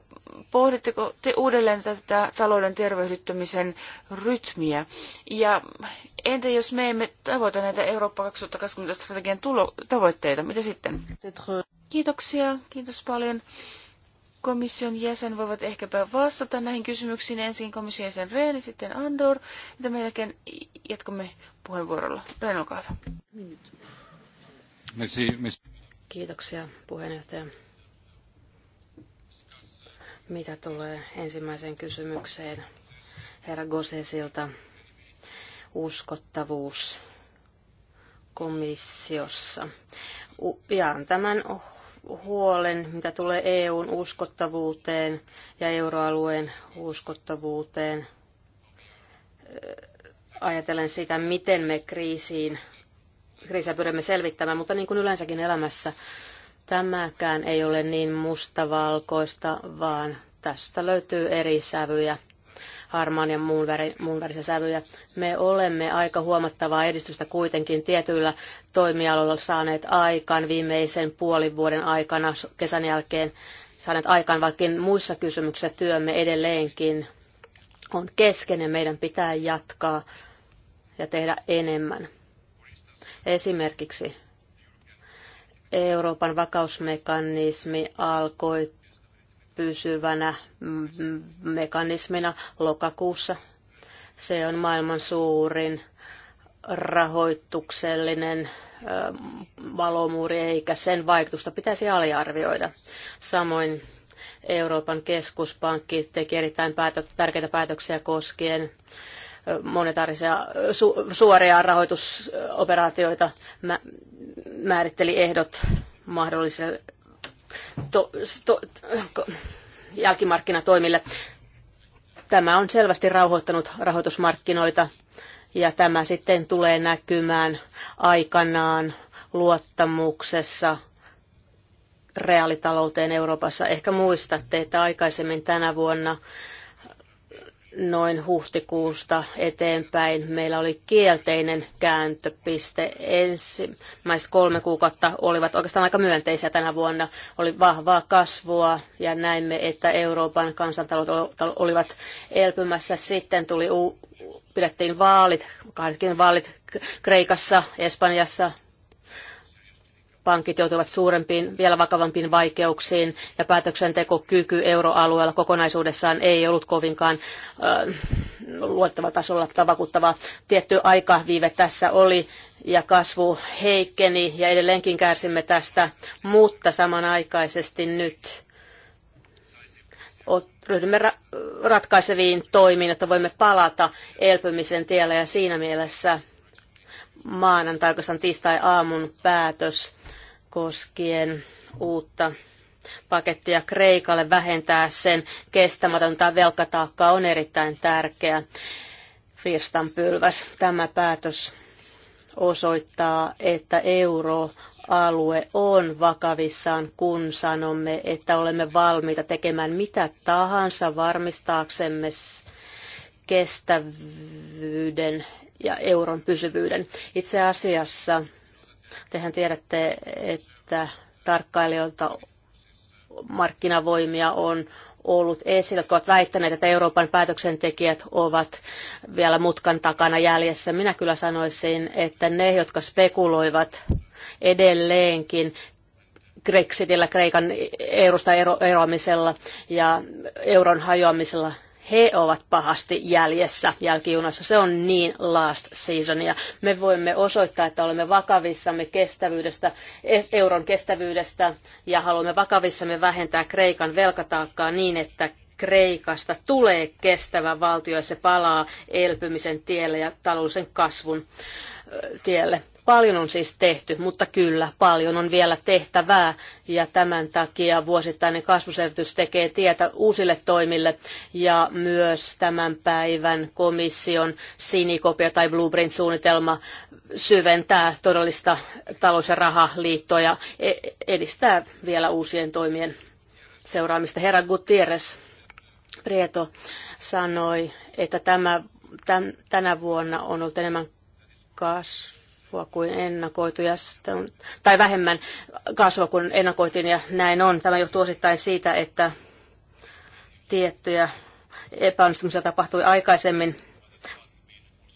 pohditteko te uudelleen tätä talouden tervehdyttämisen rytmiä? Ja entä jos me emme tavoita näitä Eurooppa 2020 strategian tulo- tavoitteita? Mitä sitten? Euh, Kiitoksia. Kiitos paljon komission jäsen voivat ehkäpä vastata näihin kysymyksiin. Ensin komission jäsen Rehn, sitten Andor. Ja tämän jälkeen jatkamme puheenvuorolla. Rehn, olkaa hyvä. Kiitoksia puheenjohtaja. Mitä tulee ensimmäiseen kysymykseen herra Gosesilta? Uskottavuus komissiossa. Jaan tämän huolen, mitä tulee EUn uskottavuuteen ja euroalueen uskottavuuteen. Ajatellen sitä, miten me kriisiin, kriisiä pyrimme selvittämään, mutta niin kuin yleensäkin elämässä, tämäkään ei ole niin mustavalkoista, vaan tästä löytyy eri sävyjä harmaan ja muun, väri, muun värisen sävyjä. Me olemme aika huomattavaa edistystä kuitenkin tietyillä toimialoilla saaneet aikaan viimeisen puolin vuoden aikana kesän jälkeen saaneet aikaan, vaikka muissa kysymyksissä työmme edelleenkin on kesken ja meidän pitää jatkaa ja tehdä enemmän. Esimerkiksi Euroopan vakausmekanismi alkoi pysyvänä mm, mekanismina lokakuussa. Se on maailman suurin rahoituksellinen valomuuri, eikä sen vaikutusta pitäisi aliarvioida. Samoin Euroopan keskuspankki teki erittäin päätö- tärkeitä päätöksiä koskien monetaarisia su- suoria rahoitusoperaatioita, mä- määritteli ehdot mahdolliselle to, to, jälkimarkkinatoimille. Tämä on selvästi rauhoittanut rahoitusmarkkinoita ja tämä sitten tulee näkymään aikanaan luottamuksessa reaalitalouteen Euroopassa. Ehkä muistatte, että aikaisemmin tänä vuonna noin huhtikuusta eteenpäin meillä oli kielteinen kääntöpiste. Ensimmäiset kolme kuukautta olivat oikeastaan aika myönteisiä tänä vuonna. Oli vahvaa kasvua ja näimme, että Euroopan kansantalot olivat elpymässä. Sitten tuli u- pidettiin vaalit, kahdetkin vaalit Kreikassa, Espanjassa, pankit joutuvat suurempiin, vielä vakavampiin vaikeuksiin ja päätöksentekokyky euroalueella kokonaisuudessaan ei ollut kovinkaan äh, tasolla tai vakuuttavaa. Tietty aikaviive tässä oli ja kasvu heikkeni ja edelleenkin kärsimme tästä, mutta samanaikaisesti nyt ryhdymme ra- ratkaiseviin toimiin, että voimme palata elpymisen tiellä ja siinä mielessä – maanantai, oikeastaan tiistai-aamun päätös koskien uutta pakettia Kreikalle vähentää sen kestämätöntä velkataakkaa on erittäin tärkeä virstanpylväs. Tämä päätös osoittaa, että euroalue on vakavissaan, kun sanomme, että olemme valmiita tekemään mitä tahansa varmistaaksemme kestävyyden ja euron pysyvyyden. Itse asiassa tehän tiedätte, että tarkkailijoilta markkinavoimia on ollut esillä, jotka ovat väittäneet, että Euroopan päätöksentekijät ovat vielä mutkan takana jäljessä. Minä kyllä sanoisin, että ne, jotka spekuloivat edelleenkin Grexitillä, Kreikan eurosta ero, eroamisella ja euron hajoamisella, he ovat pahasti jäljessä jälkijunassa. Se on niin last season ja me voimme osoittaa, että olemme vakavissamme kestävyydestä, euron kestävyydestä ja haluamme vakavissamme vähentää Kreikan velkataakkaa niin, että Kreikasta tulee kestävä valtio ja se palaa elpymisen tielle ja taloudellisen kasvun tielle. Paljon on siis tehty, mutta kyllä, paljon on vielä tehtävää ja tämän takia vuosittainen kasvuselvitys tekee tietä uusille toimille ja myös tämän päivän komission sinikopia tai blueprint-suunnitelma syventää todellista talous- ja rahaliittoa ja e-, edistää vielä uusien toimien seuraamista. Herra Gutierrez Prieto sanoi, että tämä, tämän, tänä vuonna on ollut enemmän kasvu kasvua kuin ennakoitu ja, tai vähemmän kasvua kuin ennakoitiin ja näin on. Tämä johtuu osittain siitä, että tiettyjä epäonnistumisia tapahtui aikaisemmin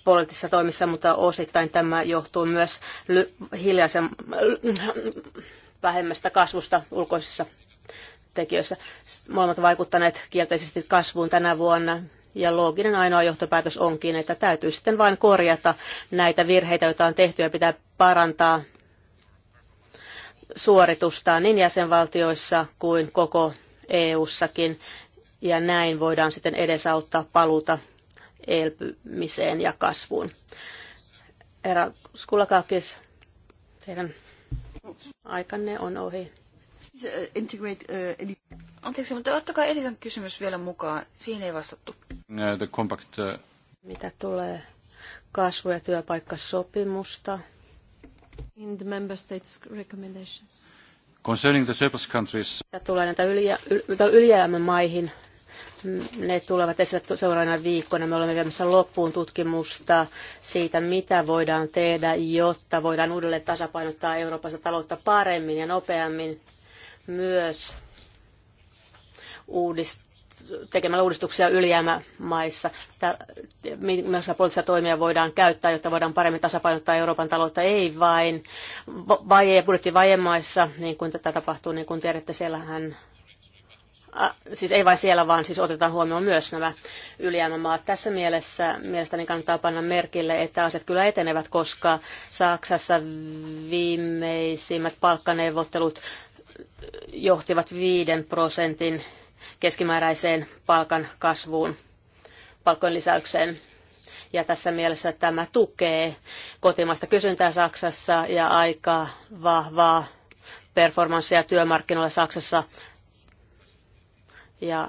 poliittisissa toimissa, mutta osittain tämä johtuu myös ly- hiljaisen äh, vähemmästä kasvusta ulkoisissa tekijöissä. Molemmat vaikuttaneet kielteisesti kasvuun tänä vuonna. Ja looginen ainoa johtopäätös onkin, että täytyy sitten vain korjata näitä virheitä, joita on tehty ja pitää parantaa suoritustaan niin jäsenvaltioissa kuin koko EU-ssakin. Ja näin voidaan sitten edesauttaa paluuta elpymiseen ja kasvuun. Herra Skulakakis, teidän aikanne on ohi. Uh, uh, Anteeksi, mutta ottakaa Elisan kysymys vielä mukaan. Siinä ei vastattu. Äh, the compact, uh... Mitä tulee kasvu- ja työpaikkasopimusta? In the member states recommendations. Concerning the surplus countries. Mitä tulee näitä ylijä, yl, ylijäämän maihin, mm, ne tulevat esille seuraavana viikkoina. Me olemme viemässä loppuun tutkimusta siitä, mitä voidaan tehdä, jotta voidaan uudelleen tasapainottaa Euroopassa taloutta paremmin ja nopeammin myös uudist- tekemällä uudistuksia ylijäämämaissa. Millaisia poliittisia toimia voidaan käyttää, jotta voidaan paremmin tasapainottaa Euroopan taloutta, ei vain vaje- ja budjettivajemaissa, niin kuin tätä tapahtuu, niin kuin tiedätte, siellähän siis ei vain siellä, vaan siis otetaan huomioon myös nämä ylijäämämaat. Tässä mielessä mielestäni kannattaa panna merkille, että asiat kyllä etenevät, koska Saksassa viimeisimmät palkkaneuvottelut johtivat 5 prosentin keskimääräiseen palkan kasvuun, palkkojen lisäykseen. Ja tässä mielessä tämä tukee kotimaista kysyntää Saksassa ja aika vahvaa performanssia työmarkkinoilla Saksassa ja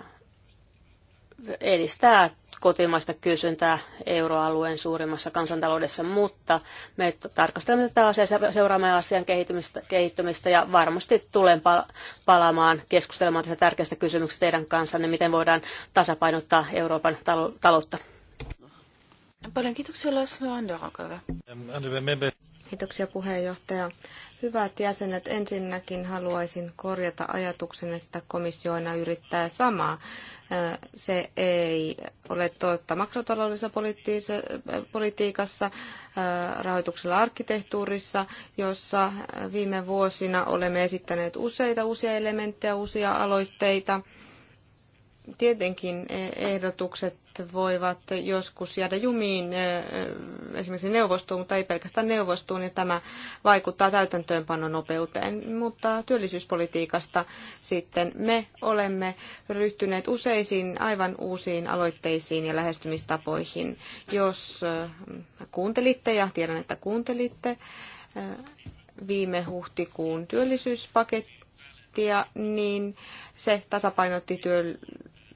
edistää kotimaista kysyntää euroalueen suurimmassa kansantaloudessa, mutta me tarkastelemme tätä asiaa, seuraamme asian kehittymistä, kehittymistä ja varmasti tulen palaamaan keskustelemaan tästä tärkeästä kysymyksestä teidän kanssanne, miten voidaan tasapainottaa Euroopan taloutta. Paljon kiitoksia, Lars Kiitoksia puheenjohtaja. Hyvät jäsenet, ensinnäkin haluaisin korjata ajatuksen, että komissio aina yrittää samaa. Se ei ole totta makrotaloudellisessa politiikassa, rahoituksella arkkitehtuurissa, jossa viime vuosina olemme esittäneet useita uusia elementtejä, uusia aloitteita – Tietenkin e, ehdotukset voivat joskus jäädä jumiin e, e, esimerkiksi neuvostoon, mutta ei pelkästään neuvostoon, ja tämä vaikuttaa täytäntöönpanon nopeuteen. Mutta työllisyyspolitiikasta sitten me olemme ryhtyneet useisiin aivan uusiin aloitteisiin ja lähestymistapoihin. Jos kuuntelitte, ja tiedän, että kuuntelitte, viime huhtikuun työllisyyspakettia, niin se tasapainotti työ,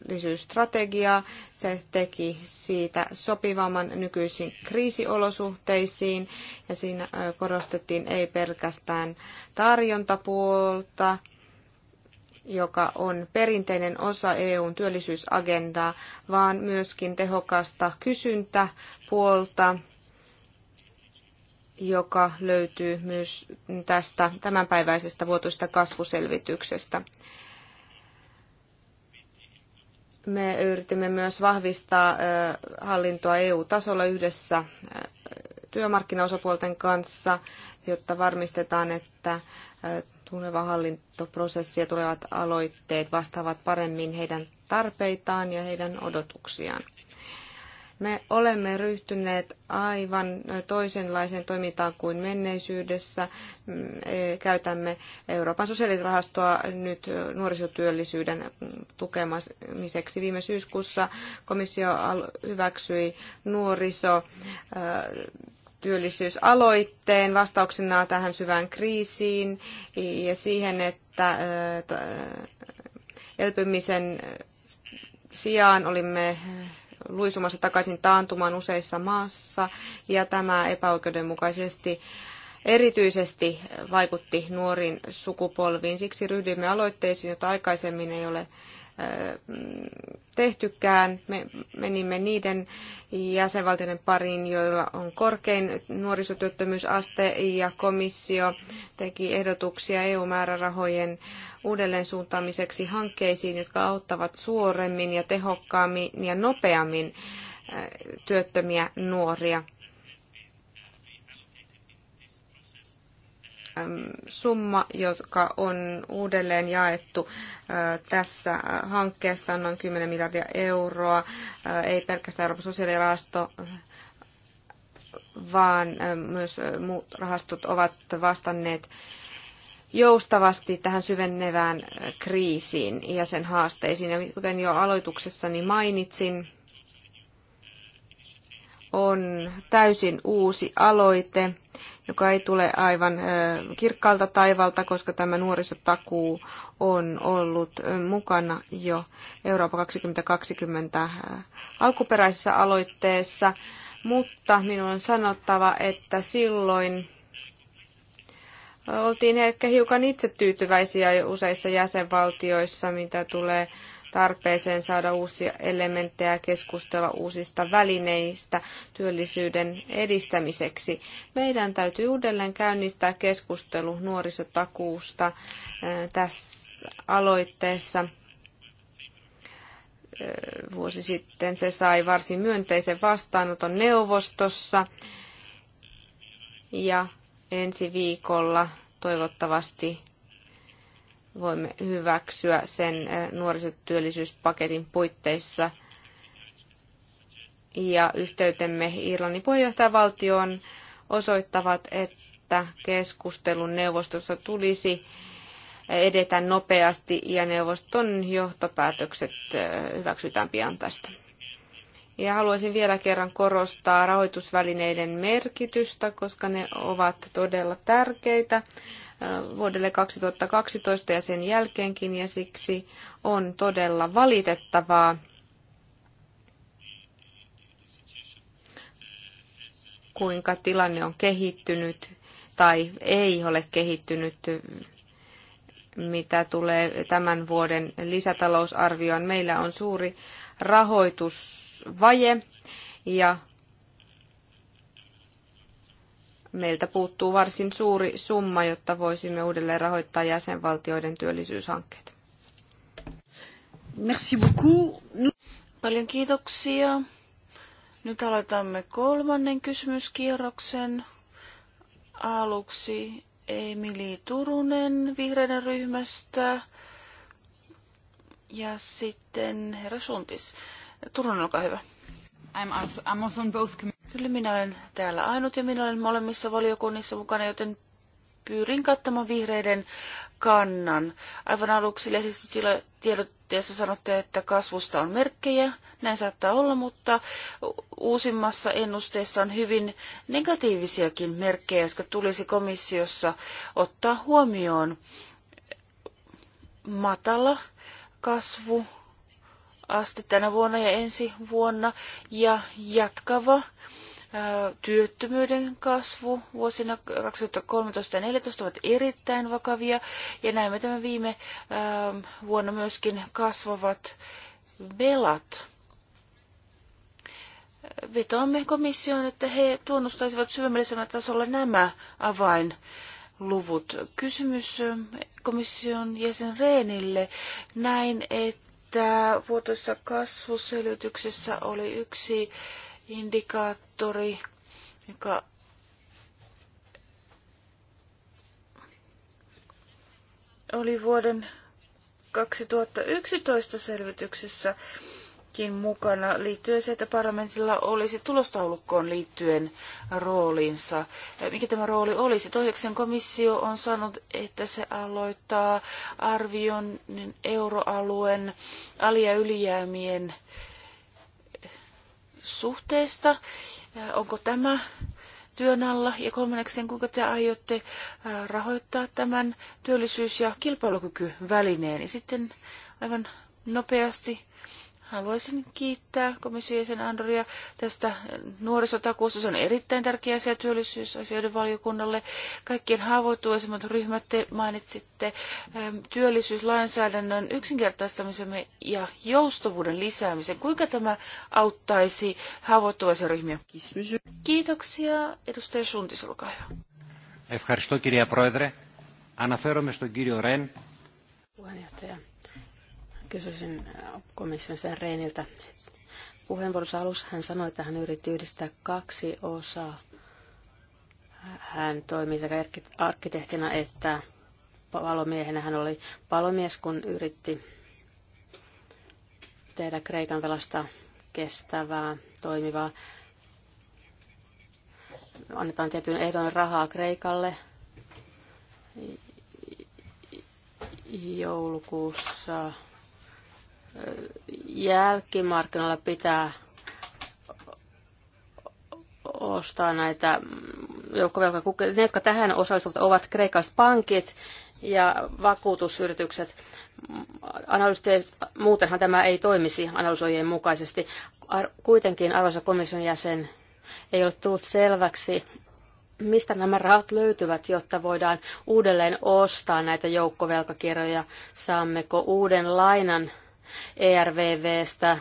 työllisyysstrategiaa. Se teki siitä sopivamman nykyisiin kriisiolosuhteisiin ja siinä korostettiin ei pelkästään tarjontapuolta, joka on perinteinen osa EUn työllisyysagendaa, vaan myöskin tehokasta kysyntäpuolta, joka löytyy myös tästä tämänpäiväisestä vuotuista kasvuselvityksestä. Me yritimme myös vahvistaa hallintoa EU-tasolla yhdessä työmarkkinaosapuolten kanssa, jotta varmistetaan, että tuleva hallintoprosessi ja tulevat aloitteet vastaavat paremmin heidän tarpeitaan ja heidän odotuksiaan. Me olemme ryhtyneet aivan toisenlaiseen toimintaan kuin menneisyydessä. Mm, e, käytämme Euroopan sosiaalirahastoa nyt nuorisotyöllisyyden tukemiseksi. Viime syyskuussa komissio hyväksyi nuoriso työllisyysaloitteen vastauksena tähän syvään kriisiin ja siihen, että elpymisen sijaan olimme luisumassa takaisin taantumaan useissa maassa ja tämä epäoikeudenmukaisesti erityisesti vaikutti nuoriin sukupolviin. Siksi ryhdyimme aloitteisiin, joita aikaisemmin ei ole tehtykään. Me menimme niiden jäsenvaltioiden pariin, joilla on korkein nuorisotyöttömyysaste ja komissio teki ehdotuksia EU-määrärahojen uudelleensuuntaamiseksi hankkeisiin, jotka auttavat suoremmin ja tehokkaammin ja nopeammin työttömiä nuoria. summa, joka on uudelleen jaettu äh, tässä äh, hankkeessa, on noin 10 miljardia euroa. Äh, ei pelkästään Euroopan sosiaalirahasto, vaan myös muut rahastot ovat vastanneet joustavasti tähän syvennevään kriisiin ja sen haasteisiin. Ja kuten jo aloituksessani mainitsin, on täysin uusi aloite joka ei tule aivan kirkkaalta taivalta, koska tämä nuorisotakuu on ollut mukana jo Eurooppa 2020 alkuperäisessä aloitteessa. Mutta minun on sanottava, että silloin oltiin ehkä hiukan itsetyytyväisiä useissa jäsenvaltioissa, mitä tulee tarpeeseen saada uusia elementtejä ja keskustella uusista välineistä työllisyyden edistämiseksi. Meidän täytyy uudelleen käynnistää keskustelu nuorisotakuusta äh, tässä aloitteessa äh, vuosi sitten se sai varsin myönteisen vastaanoton neuvostossa. Ja ensi viikolla toivottavasti voimme hyväksyä sen nuorisotyöllisyyspaketin puitteissa. Ja yhteytemme Irlannin puheenjohtajavaltioon osoittavat, että keskustelun neuvostossa tulisi edetä nopeasti ja neuvoston johtopäätökset hyväksytään pian tästä. Ja haluaisin vielä kerran korostaa rahoitusvälineiden merkitystä, koska ne ovat todella tärkeitä vuodelle 2012 ja sen jälkeenkin, ja siksi on todella valitettavaa, kuinka tilanne on kehittynyt tai ei ole kehittynyt, mitä tulee tämän vuoden lisätalousarvioon. Meillä on suuri rahoitusvaje ja meiltä puuttuu varsin suuri summa, jotta voisimme uudelleen rahoittaa jäsenvaltioiden työllisyyshankkeet. Merci beaucoup. Paljon kiitoksia. Nyt aloitamme kolmannen kysymyskierroksen. Aluksi Emili Turunen vihreiden ryhmästä ja sitten herra Suntis. Turunen, olkaa hyvä. I'm also, I'm also on both Kyllä minä olen täällä ainut ja minä olen molemmissa valiokunnissa mukana, joten pyrin kattamaan vihreiden kannan. Aivan aluksi lehdistötiedotteessa sanotte, että kasvusta on merkkejä. Näin saattaa olla, mutta uusimmassa ennusteessa on hyvin negatiivisiakin merkkejä, jotka tulisi komissiossa ottaa huomioon. Matala kasvu aste tänä vuonna ja ensi vuonna ja jatkava työttömyyden kasvu vuosina 2013 ja 2014 ovat erittäin vakavia ja näemme tämän viime vuonna myöskin kasvavat velat. Vetoamme komissioon, että he tunnustaisivat syvemmällisellä tasolla nämä avain luvut. Kysymys komission jäsen Reenille. Näin, että vuotuisessa kasvuselvityksessä oli yksi indikaattori sektori, joka oli vuoden 2011 selvityksessäkin mukana liittyen se, että parlamentilla olisi tulostaulukkoon liittyen roolinsa. Mikä tämä rooli olisi? Toiseksi komissio on sanonut, että se aloittaa arvion euroalueen alia ylijäämien suhteesta. Onko tämä työn alla? Ja kolmanneksi, kuinka te aiotte rahoittaa tämän työllisyys- ja kilpailukykyvälineen? Ja sitten aivan nopeasti Haluaisin kiittää komission jäsen Andoria tästä nuorisotakuusta. Se on erittäin tärkeä asia työllisyysasioiden valiokunnalle. Kaikkien haavoittuvaisemmat ryhmät te mainitsitte ähm, työllisyyslainsäädännön yksinkertaistamisen ja joustavuuden lisäämisen. Kuinka tämä auttaisi haavoittuvaisia ryhmiä? Kiitoksia. Edustaja Suntis, olkaa hyvä. Ευχαριστώ κυρία Πρόεδρε. Αναφέρομαι στον κύριο Ρεν. Puheenjohtaja. Kysyisin komission sen Reiniltä. Puheenvuoronsa alussa hän sanoi, että hän yritti yhdistää kaksi osaa. Hän toimi sekä arkkitehtina että palomiehenä. Hän oli palomies, kun yritti tehdä Kreikan velasta kestävää, toimivaa. Annetaan tietyn ehdon rahaa Kreikalle. Joulukuussa jälkimarkkinoilla pitää ostaa näitä joukkovelka Ne, jotka tähän osallistuvat, ovat kreikkalaiset pankit ja vakuutusyritykset. analyysteet muutenhan tämä ei toimisi analysoijien mukaisesti. kuitenkin, arvoisa komission jäsen, ei ole tullut selväksi, mistä nämä rahat löytyvät, jotta voidaan uudelleen ostaa näitä joukkovelkakirjoja. Saammeko uuden lainan ERVVstä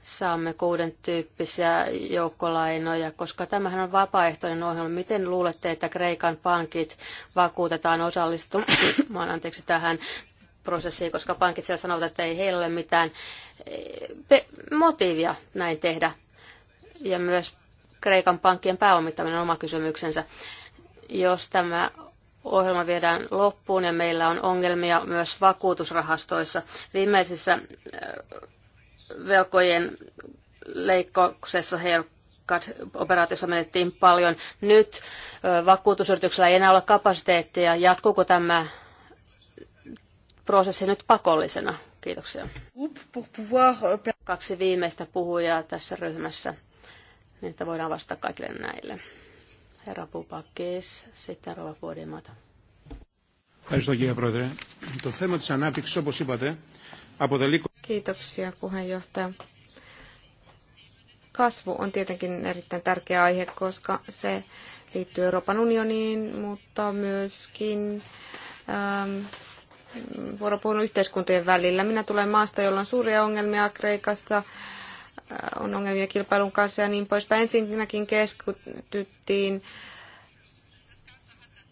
saamme kuuden tyyppisiä joukkolainoja, koska tämähän on vapaaehtoinen ohjelma. Miten luulette, että Kreikan pankit vakuutetaan osallistumaan *coughs* anteeksi, tähän prosessiin, koska pankit siellä sanovat, että ei heillä ole mitään eh, motiivia näin tehdä. Ja myös Kreikan pankkien pääomittaminen on oma kysymyksensä. Jos tämä ohjelma viedään loppuun ja meillä on ongelmia myös vakuutusrahastoissa. Viimeisessä äh, velkojen leikkauksessa operaatiossa menettiin paljon. Nyt äh, vakuutusyrityksellä ei enää ole kapasiteettia. Jatkuuko tämä prosessi nyt pakollisena? Kiitoksia. Euh, Kaksi viimeistä puhujaa tässä ryhmässä, niin että voidaan vastata kaikille näille. Herra Παπακές, sitten Rova Podimata. Ευχαριστώ κύριε Πρόεδρε. Το θέμα της ανάπτυξης, όπως είπατε, αποτελεί... Kiitoksia puheenjohtaja. Kasvu on tietenkin erittäin tärkeä aihe, koska se liittyy Euroopan unioniin, mutta myöskin ähm, vuoropuhelun yhteiskuntien välillä. Minä tulen maasta, jolla on suuria ongelmia Kreikasta, Äh, on ongelmia kilpailun kanssa ja niin poispäin. Ensinnäkin keskityttiin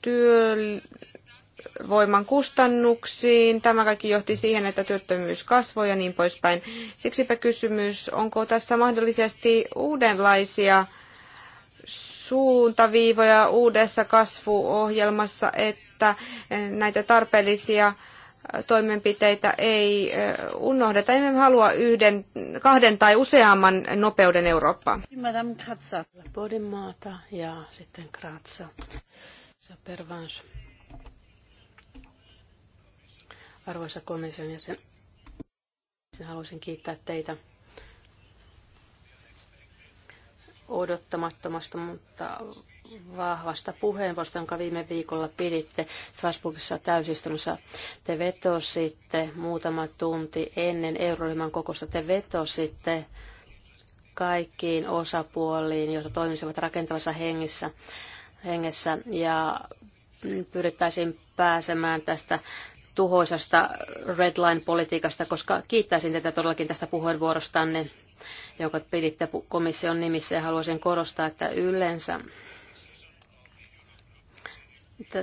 työvoiman kustannuksiin. Tämä kaikki johti siihen, että työttömyys kasvoi ja niin poispäin. Siksipä kysymys, onko tässä mahdollisesti uudenlaisia suuntaviivoja uudessa kasvuohjelmassa, että näitä tarpeellisia toimenpiteitä ei unohdeta. Emme halua yhden, kahden tai useamman nopeuden Eurooppaa. Madame Kratsa. Bodemaata ja sitten Kratsa. Arvoisa komission jäsen, haluaisin kiittää teitä odottamattomasta, mutta vahvasta puheenvuorosta, jonka viime viikolla piditte Strasbourgissa täysistunnossa. Te vetositte muutama tunti ennen euroryhmän kokousta, te vetositte kaikkiin osapuoliin, jotka toimisivat rakentavassa hengissä, hengessä ja pyrittäisiin pääsemään tästä tuhoisasta redline-politiikasta, koska kiittäisin teitä todellakin tästä puheenvuorostanne, jonka piditte komission nimissä ja haluaisin korostaa, että yleensä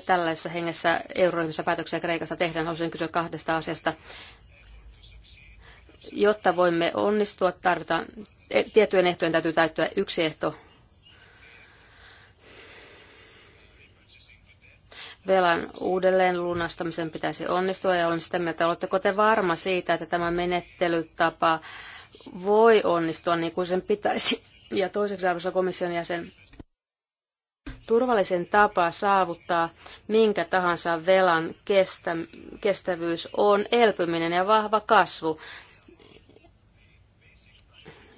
tällaisessa hengessä euroryhmässä päätöksiä Kreikassa tehdään. Haluaisin kysyä kahdesta asiasta. Jotta voimme onnistua, tarvitaan, e, tiettyjen ehtojen täytyy täyttyä yksi ehto velan uudelleen lunastamisen pitäisi onnistua ja olen sitä mieltä, oletteko te varma siitä, että tämä menettelytapa voi onnistua niin kuin sen pitäisi? Ja toiseksi arvoisa komission jäsen, turvallisen tapa saavuttaa minkä tahansa velan kestä, kestävyys on elpyminen ja vahva kasvu.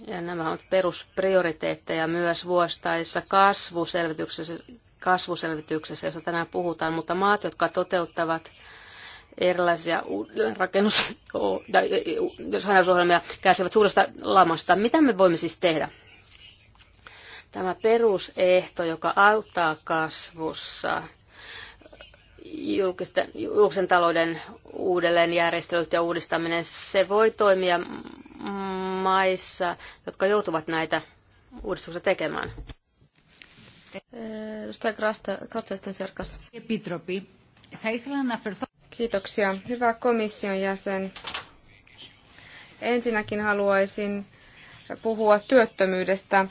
Ja nämä ovat perusprioriteetteja myös vuostaissa kasvuselvityksessä, kasvuselvityksessä, josta tänään puhutaan, mutta maat, jotka toteuttavat erilaisia rakennus- tai, e-, kärsivät suuresta lamasta. Mitä me voimme siis tehdä? Tämä perusehto, joka auttaa kasvussa, julkisten, julkisen talouden uudelleenjärjestelyt ja uudistaminen, se voi toimia maissa, jotka joutuvat näitä uudistuksia tekemään. Epitropi. Kiitoksia. Hyvä komission jäsen. Ensinnäkin haluaisin puhua työttömyydestä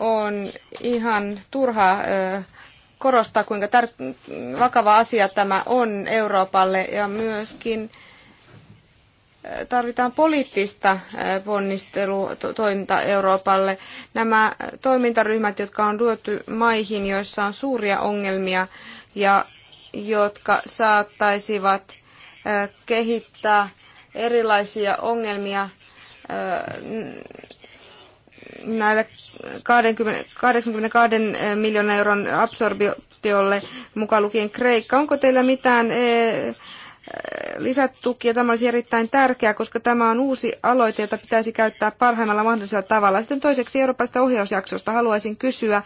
on ihan turha korostaa, kuinka tär- vakava asia tämä on Euroopalle ja myöskin tarvitaan poliittista ponnistelutoiminta Euroopalle. Nämä toimintaryhmät, jotka on luotu maihin, joissa on suuria ongelmia ja jotka saattaisivat kehittää erilaisia ongelmia näille 20, 82 miljoonan euron absorptiolle mukaan lukien Kreikka. Onko teillä mitään eh, eh, lisätukia? Tämä olisi erittäin tärkeää, koska tämä on uusi aloite, jota pitäisi käyttää parhaimmalla mahdollisella tavalla. Sitten toiseksi Euroopasta ohjausjaksosta haluaisin kysyä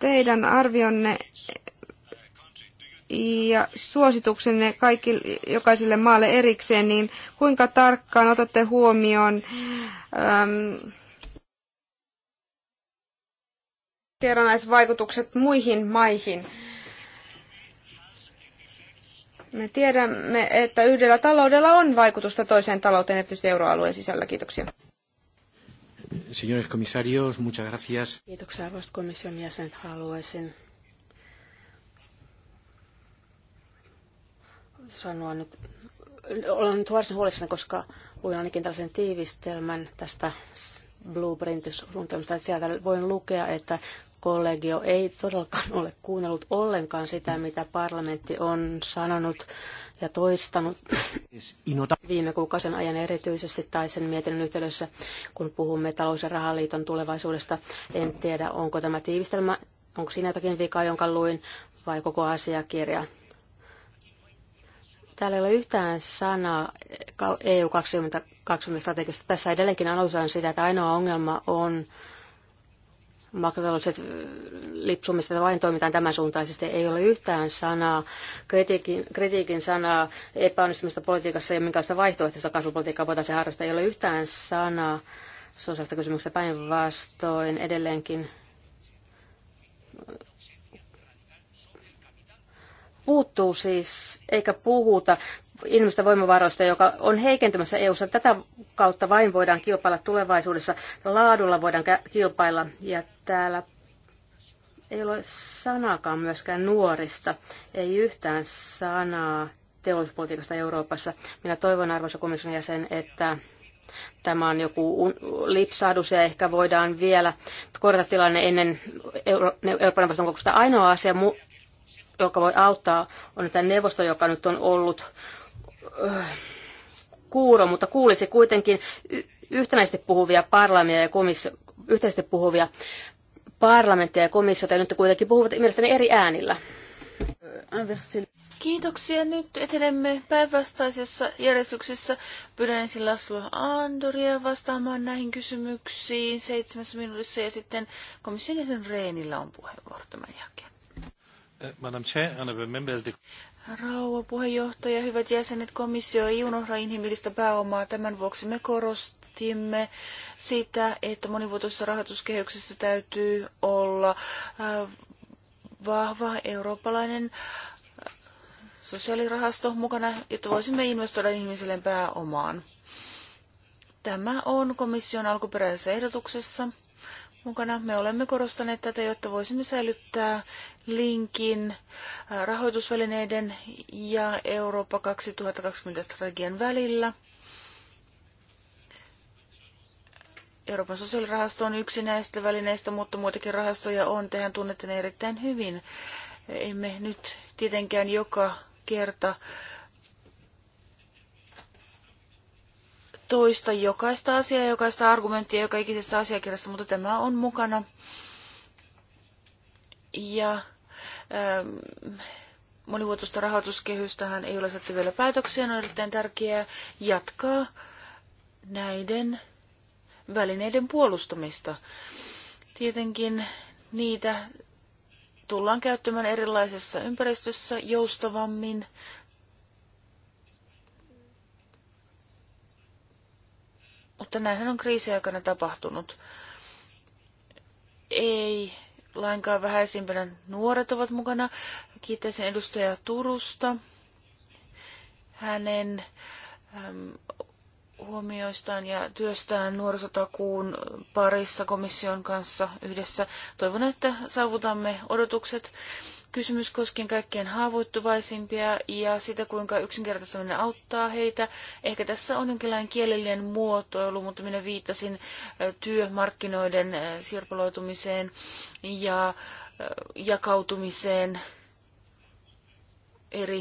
teidän arvionne ja suosituksenne kaikille, jokaiselle maalle erikseen, niin kuinka tarkkaan otatte huomioon äm, kerranaisvaikutukset muihin maihin? Me tiedämme, että yhdellä taloudella on vaikutusta toiseen talouteen, erityisesti euroalueen sisällä. Kiitoksia. Señores comisarios, muchas gracias. Kiitoksia arvoisat komission jäsenet. Haluaisin sanoa nyt, olen nyt varsin huolissani, koska luin ainakin tällaisen tiivistelmän tästä blueprintisuunnitelmasta, että sieltä voin lukea, että kollegio ei todellakaan ole kuunnellut ollenkaan sitä, mitä parlamentti on sanonut ja toistanut viime kuukausien ajan erityisesti tai sen mietinnön yhteydessä, kun puhumme talous- ja rahaliiton tulevaisuudesta. En tiedä, onko tämä tiivistelmä, onko siinä jotakin vikaa, jonka luin, vai koko asiakirja Täällä ei ole yhtään sanaa EU 2020 strategiasta. Tässä edelleenkin analysoin sitä, että ainoa ongelma on makrotaloudelliset lipsumista, että vain toimitaan tämän suuntaisesti. Ei ole yhtään sanaa, kritiikin, kritiikin sanaa epäonnistumista politiikassa ja minkälaista vaihtoehtoista kasvupolitiikkaa voitaisiin harrastaa. Ei ole yhtään sanaa sosiaalista kysymyksestä päinvastoin edelleenkin Puuttuu siis, eikä puhuta inhimillisistä voimavaroista, joka on heikentymässä EU-ssa. Tätä kautta vain voidaan kilpailla tulevaisuudessa. Laadulla voidaan kilpailla ja täällä ei ole sanakaan myöskään nuorista, ei yhtään sanaa teollisuuspolitiikasta Euroopassa. Minä toivon, arvoisa komission jäsen, että tämä on joku lipsahdus ja ehkä voidaan vielä korjata tilanne ennen Euroopan neuvoston kokousta. Ainoa asia, joka voi auttaa, on tämä neuvosto, joka nyt on ollut öö, kuuro, mutta kuulisi kuitenkin yhtenäisesti puhuvia parlamia ja komissio, yhteisesti puhuvia parlamenttia ja komissiota, ja nyt kuitenkin puhuvat mielestäni eri äänillä. Kiitoksia. Nyt etenemme päinvastaisessa järjestyksessä. Pyydän ensin Laslo Andoria vastaamaan näihin kysymyksiin seitsemässä minuutissa ja sitten komission jäsen Reenillä on puheenvuoro tämän jälkeen. Madam Chair, honorable members, the... puheenjohtaja, hyvät jäsenet, komissio ei unohda inhimillistä pääomaa. Tämän vuoksi me korostimme sitä, että monivuotoisessa rahoituskehyksessä täytyy olla äh, vahva eurooppalainen äh, sosiaalirahasto mukana, jotta voisimme investoida ihmisille pääomaan. Tämä on komission alkuperäisessä ehdotuksessa mukana. Me olemme korostaneet tätä, jotta voisimme säilyttää linkin äh, rahoitusvälineiden ja Eurooppa 2020 strategian välillä. Euroopan sosiaalirahasto on yksi näistä välineistä, mutta muitakin rahastoja on. Tehän tunnette ne erittäin hyvin. Emme nyt tietenkään joka kerta äh, toista jokaista asiaa, jokaista argumenttia joka ikisessä asiakirjassa, mutta tämä on mukana. Ja ähm, monivuotoista rahoituskehystähän ei ole saatu vielä päätöksiä, on erittäin tärkeää jatkaa näiden välineiden puolustamista. Tietenkin niitä tullaan käyttämään erilaisessa ympäristössä joustavammin Mutta näinhän on kriisiaikana tapahtunut. Ei lainkaan vähäisimpänä nuoret ovat mukana. Kiittäisin edustaja Turusta hänen äm, huomioistaan ja työstään nuorisotakuun parissa komission kanssa yhdessä. Toivon, että saavutamme odotukset kysymys koskien kaikkein haavoittuvaisimpia ja sitä, kuinka yksinkertaistaminen auttaa heitä. Ehkä tässä on jonkinlainen kielellinen muotoilu, mutta minä viittasin työmarkkinoiden sirpaloitumiseen ja jakautumiseen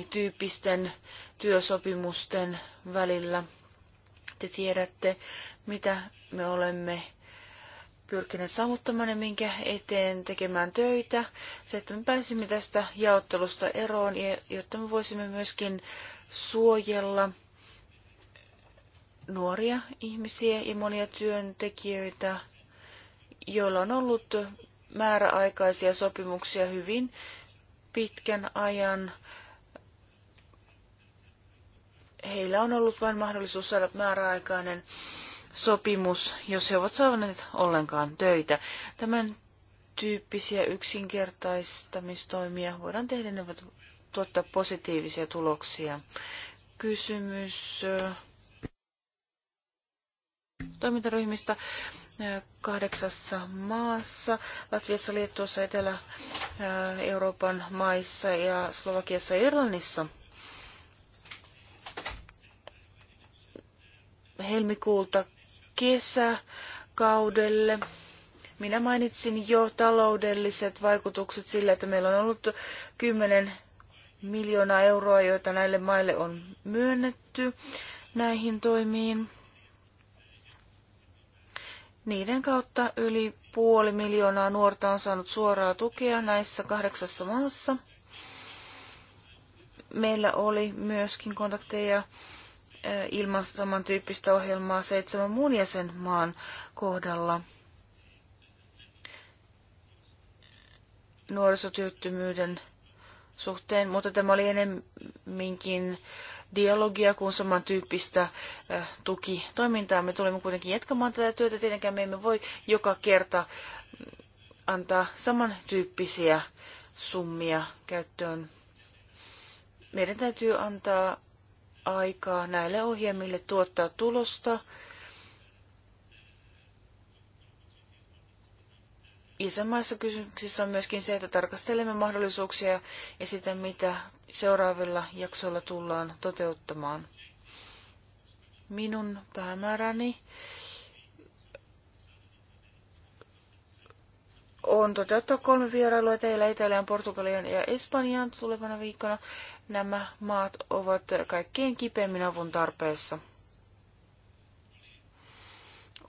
tyyppisten työsopimusten välillä. Te tiedätte, mitä me olemme pyrkineet sammuttamaan ja minkä eteen tekemään töitä. Se, että me pääsimme tästä jaottelusta eroon, jotta me voisimme myöskin suojella nuoria ihmisiä ja monia työntekijöitä, joilla on ollut määräaikaisia sopimuksia hyvin pitkän ajan. Heillä on ollut vain mahdollisuus saada määräaikainen sopimus, jos he ovat saaneet ollenkaan töitä. Tämän tyyppisiä yksinkertaistamistoimia voidaan tehdä, ne voivat tuottaa positiivisia tuloksia. Kysymys äh, toimintaryhmistä äh, kahdeksassa maassa, Latviassa, Liettuossa, Etelä-Euroopan äh, maissa ja Slovakiassa ja Irlannissa. Helmikuulta kesäkaudelle. Minä mainitsin jo taloudelliset vaikutukset sillä, että meillä on ollut 10 miljoonaa euroa, joita näille maille on myönnetty näihin toimiin. Niiden kautta yli puoli miljoonaa nuorta on saanut suoraa tukea näissä kahdeksassa maassa. Meillä oli myöskin kontakteja Eh, ilman samantyyppistä ohjelmaa seitsemän muun jäsenmaan kohdalla. nuorisotyöttömyyden suhteen, mutta tämä oli enemminkin dialogia kuin samantyyppistä eh, tukitoimintaa. Me tulemme kuitenkin jatkamaan tätä työtä. Tietenkään me emme voi joka kerta mm, antaa samantyyppisiä summia käyttöön. Meidän täytyy antaa aikaa näille ohjelmille tuottaa tulosta. Isämaissa kysymyksissä on myöskin se, että tarkastelemme mahdollisuuksia ja sitä, mitä seuraavilla jaksoilla tullaan toteuttamaan. Minun päämääräni on toteuttaa kolme vierailua teillä Italian, Portugalian ja Espanjan tulevana viikkona. Nämä maat ovat kaikkein kipeimmin avun tarpeessa.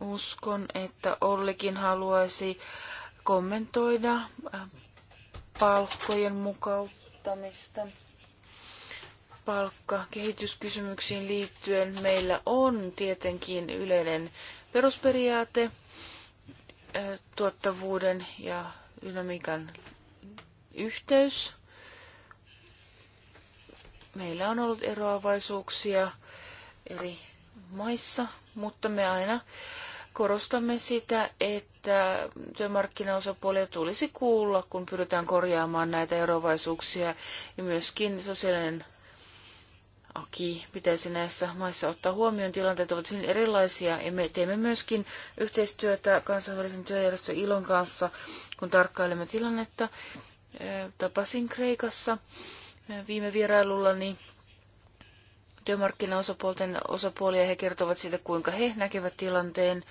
Uskon, että Ollikin haluaisi kommentoida palkkojen mukauttamista palkkakehityskysymyksiin liittyen. Meillä on tietenkin yleinen perusperiaate, tuottavuuden ja dynamiikan yhteys. Meillä on ollut eroavaisuuksia eri maissa, mutta me aina korostamme sitä, että työmarkkinaosapuolia tulisi kuulla, kun pyritään korjaamaan näitä eroavaisuuksia ja myöskin sosiaalinen aki pitäisi näissä maissa ottaa huomioon. Tilanteet ovat hyvin erilaisia ja me teemme myöskin yhteistyötä kansainvälisen työjärjestö ILON kanssa, kun tarkkailemme tilannetta. Tapasin Kreikassa viime vierailullani työmarkkinaosapuolten osapuolia. He kertovat siitä, kuinka he näkevät tilanteen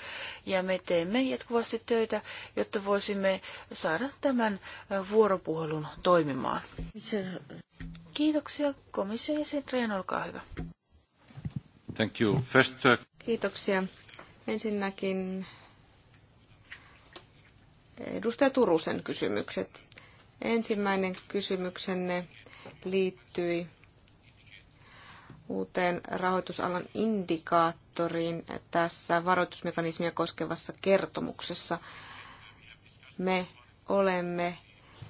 ja me teemme jatkuvasti töitä, jotta voisimme saada tämän vuoropuhelun toimimaan. Kiitoksia. Komission jäsen Rehn, olkaa hyvä. Thank you. First, uh, Kiitoksia. Ensinnäkin edustaja Turusen kysymykset. Ensimmäinen kysymyksenne liittyi uuteen rahoitusalan indikaattoriin tässä varoitusmekanismia koskevassa kertomuksessa. Me olemme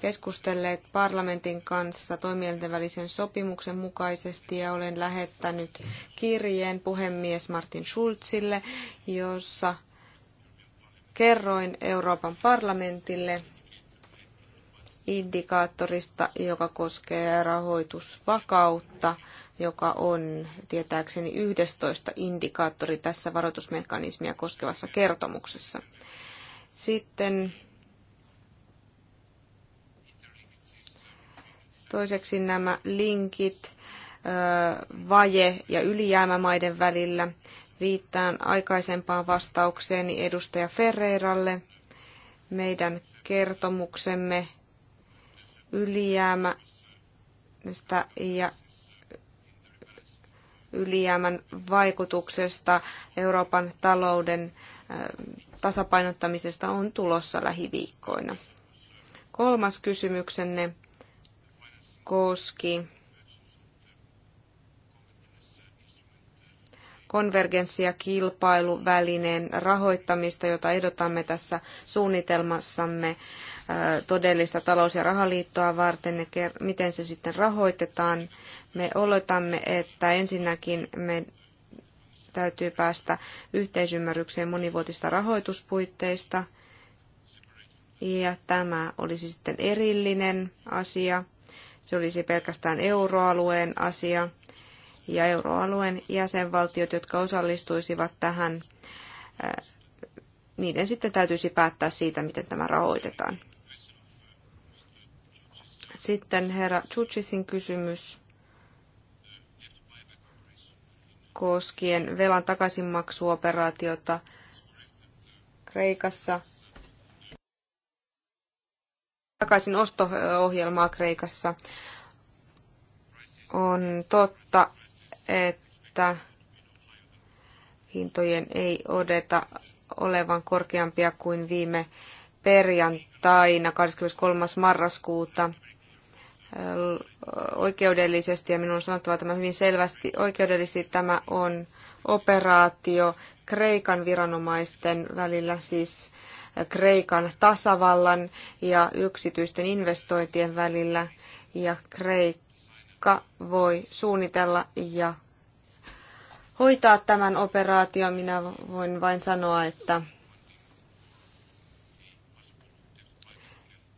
keskustelleet parlamentin kanssa toimielinten välisen sopimuksen mukaisesti ja olen lähettänyt kirjeen puhemies Martin Schulzille, jossa kerroin Euroopan parlamentille indikaattorista, joka koskee rahoitusvakautta, joka on tietääkseni 11 indikaattori tässä varoitusmekanismia koskevassa kertomuksessa. Sitten Toiseksi nämä linkit vaje- ja ylijäämämaiden välillä. Viittaan aikaisempaan vastaukseeni edustaja Ferreiralle. Meidän kertomuksemme ylijäämästä ja ylijäämän vaikutuksesta Euroopan talouden tasapainottamisesta on tulossa lähiviikkoina. Kolmas kysymyksenne koski konvergenssi- ja kilpailuvälineen rahoittamista, jota ehdotamme tässä suunnitelmassamme todellista talous- ja rahaliittoa varten ja miten se sitten rahoitetaan. Me oletamme, että ensinnäkin me täytyy päästä yhteisymmärrykseen monivuotista rahoituspuitteista, ja tämä olisi sitten erillinen asia – se olisi pelkästään euroalueen asia ja euroalueen jäsenvaltiot, jotka osallistuisivat tähän, äh, niiden sitten täytyisi päättää siitä, miten tämä rahoitetaan. Sitten herra Tsutsisin kysymys koskien velan takaisinmaksuoperaatiota Kreikassa – takaisin osto-ohjelmaa Kreikassa. On totta, että hintojen ei odeta olevan korkeampia kuin viime perjantaina 23. marraskuuta oikeudellisesti, ja minun on sanottava tämä hyvin selvästi, oikeudellisesti tämä on operaatio Kreikan viranomaisten välillä, siis Kreikan tasavallan ja yksityisten investointien välillä ja Kreikka voi suunnitella ja hoitaa tämän operaation. Minä voin vain sanoa, että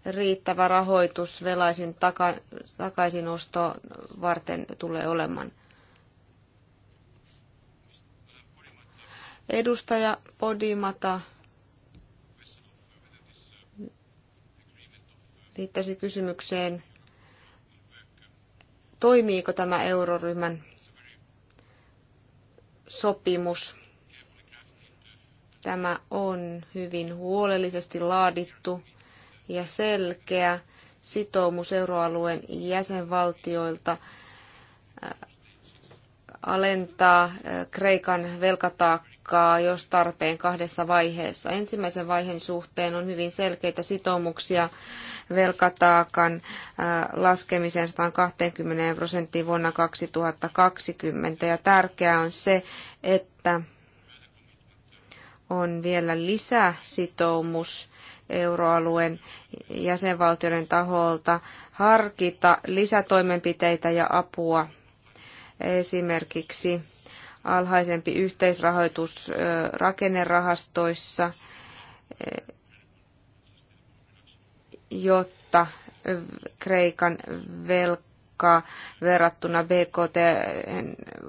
riittävä rahoitus velaisin taka, takaisinosto varten tulee olemaan. Edustaja Podimata viittasi kysymykseen, toimiiko tämä euroryhmän sopimus. Tämä on hyvin huolellisesti laadittu ja selkeä sitoumus euroalueen jäsenvaltioilta äh, alentaa äh, Kreikan velkataakkaa, jos tarpeen kahdessa vaiheessa. Ensimmäisen vaiheen suhteen on hyvin selkeitä sitoumuksia velkataakan laskemiseen 120 prosenttiin vuonna 2020. Ja tärkeää on se, että on vielä lisäsitoumus euroalueen jäsenvaltioiden taholta harkita lisätoimenpiteitä ja apua esimerkiksi alhaisempi yhteisrahoitus rakennerahastoissa jotta Kreikan velka verrattuna BKT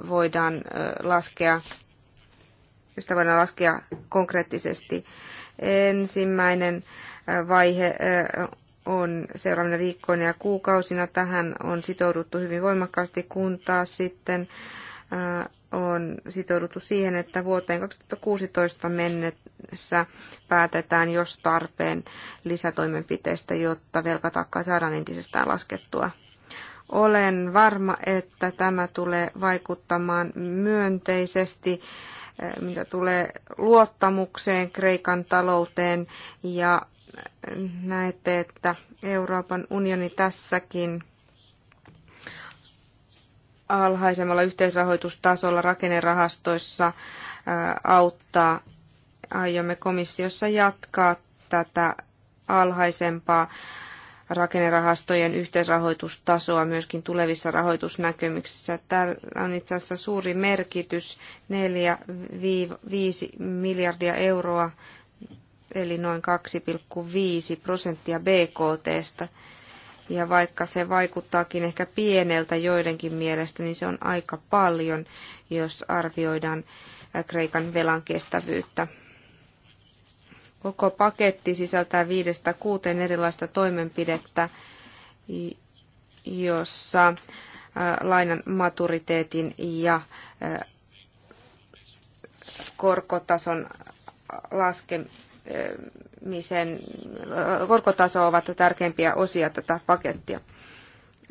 voidaan laskea, sitä voidaan laskea konkreettisesti. Ensimmäinen vaihe on seuraavina viikkoina ja kuukausina. Tähän on sitouduttu hyvin voimakkaasti, kun taas sitten on sitouduttu siihen, että vuoteen 2016 mennessä päätetään, jos tarpeen lisätoimenpiteistä, jotta velkataakkaa saadaan entisestään laskettua. Olen varma, että tämä tulee vaikuttamaan myönteisesti mitä tulee luottamukseen Kreikan talouteen ja näette, että Euroopan unioni tässäkin alhaisemmalla yhteisrahoitustasolla rakennerahastoissa auttaa. Aiomme komissiossa jatkaa tätä alhaisempaa rakennerahastojen yhteisrahoitustasoa myöskin tulevissa rahoitusnäkymyksissä. Täällä on itse asiassa suuri merkitys 4-5 miljardia euroa, eli noin 2,5 prosenttia BKTstä. Ja vaikka se vaikuttaakin ehkä pieneltä joidenkin mielestä, niin se on aika paljon, jos arvioidaan äh, Kreikan velan kestävyyttä. Koko paketti sisältää viidestä kuuteen erilaista toimenpidettä, jossa äh, lainan maturiteetin ja äh, korkotason laskemisen misen korkotaso ovat tärkeimpiä osia tätä pakettia.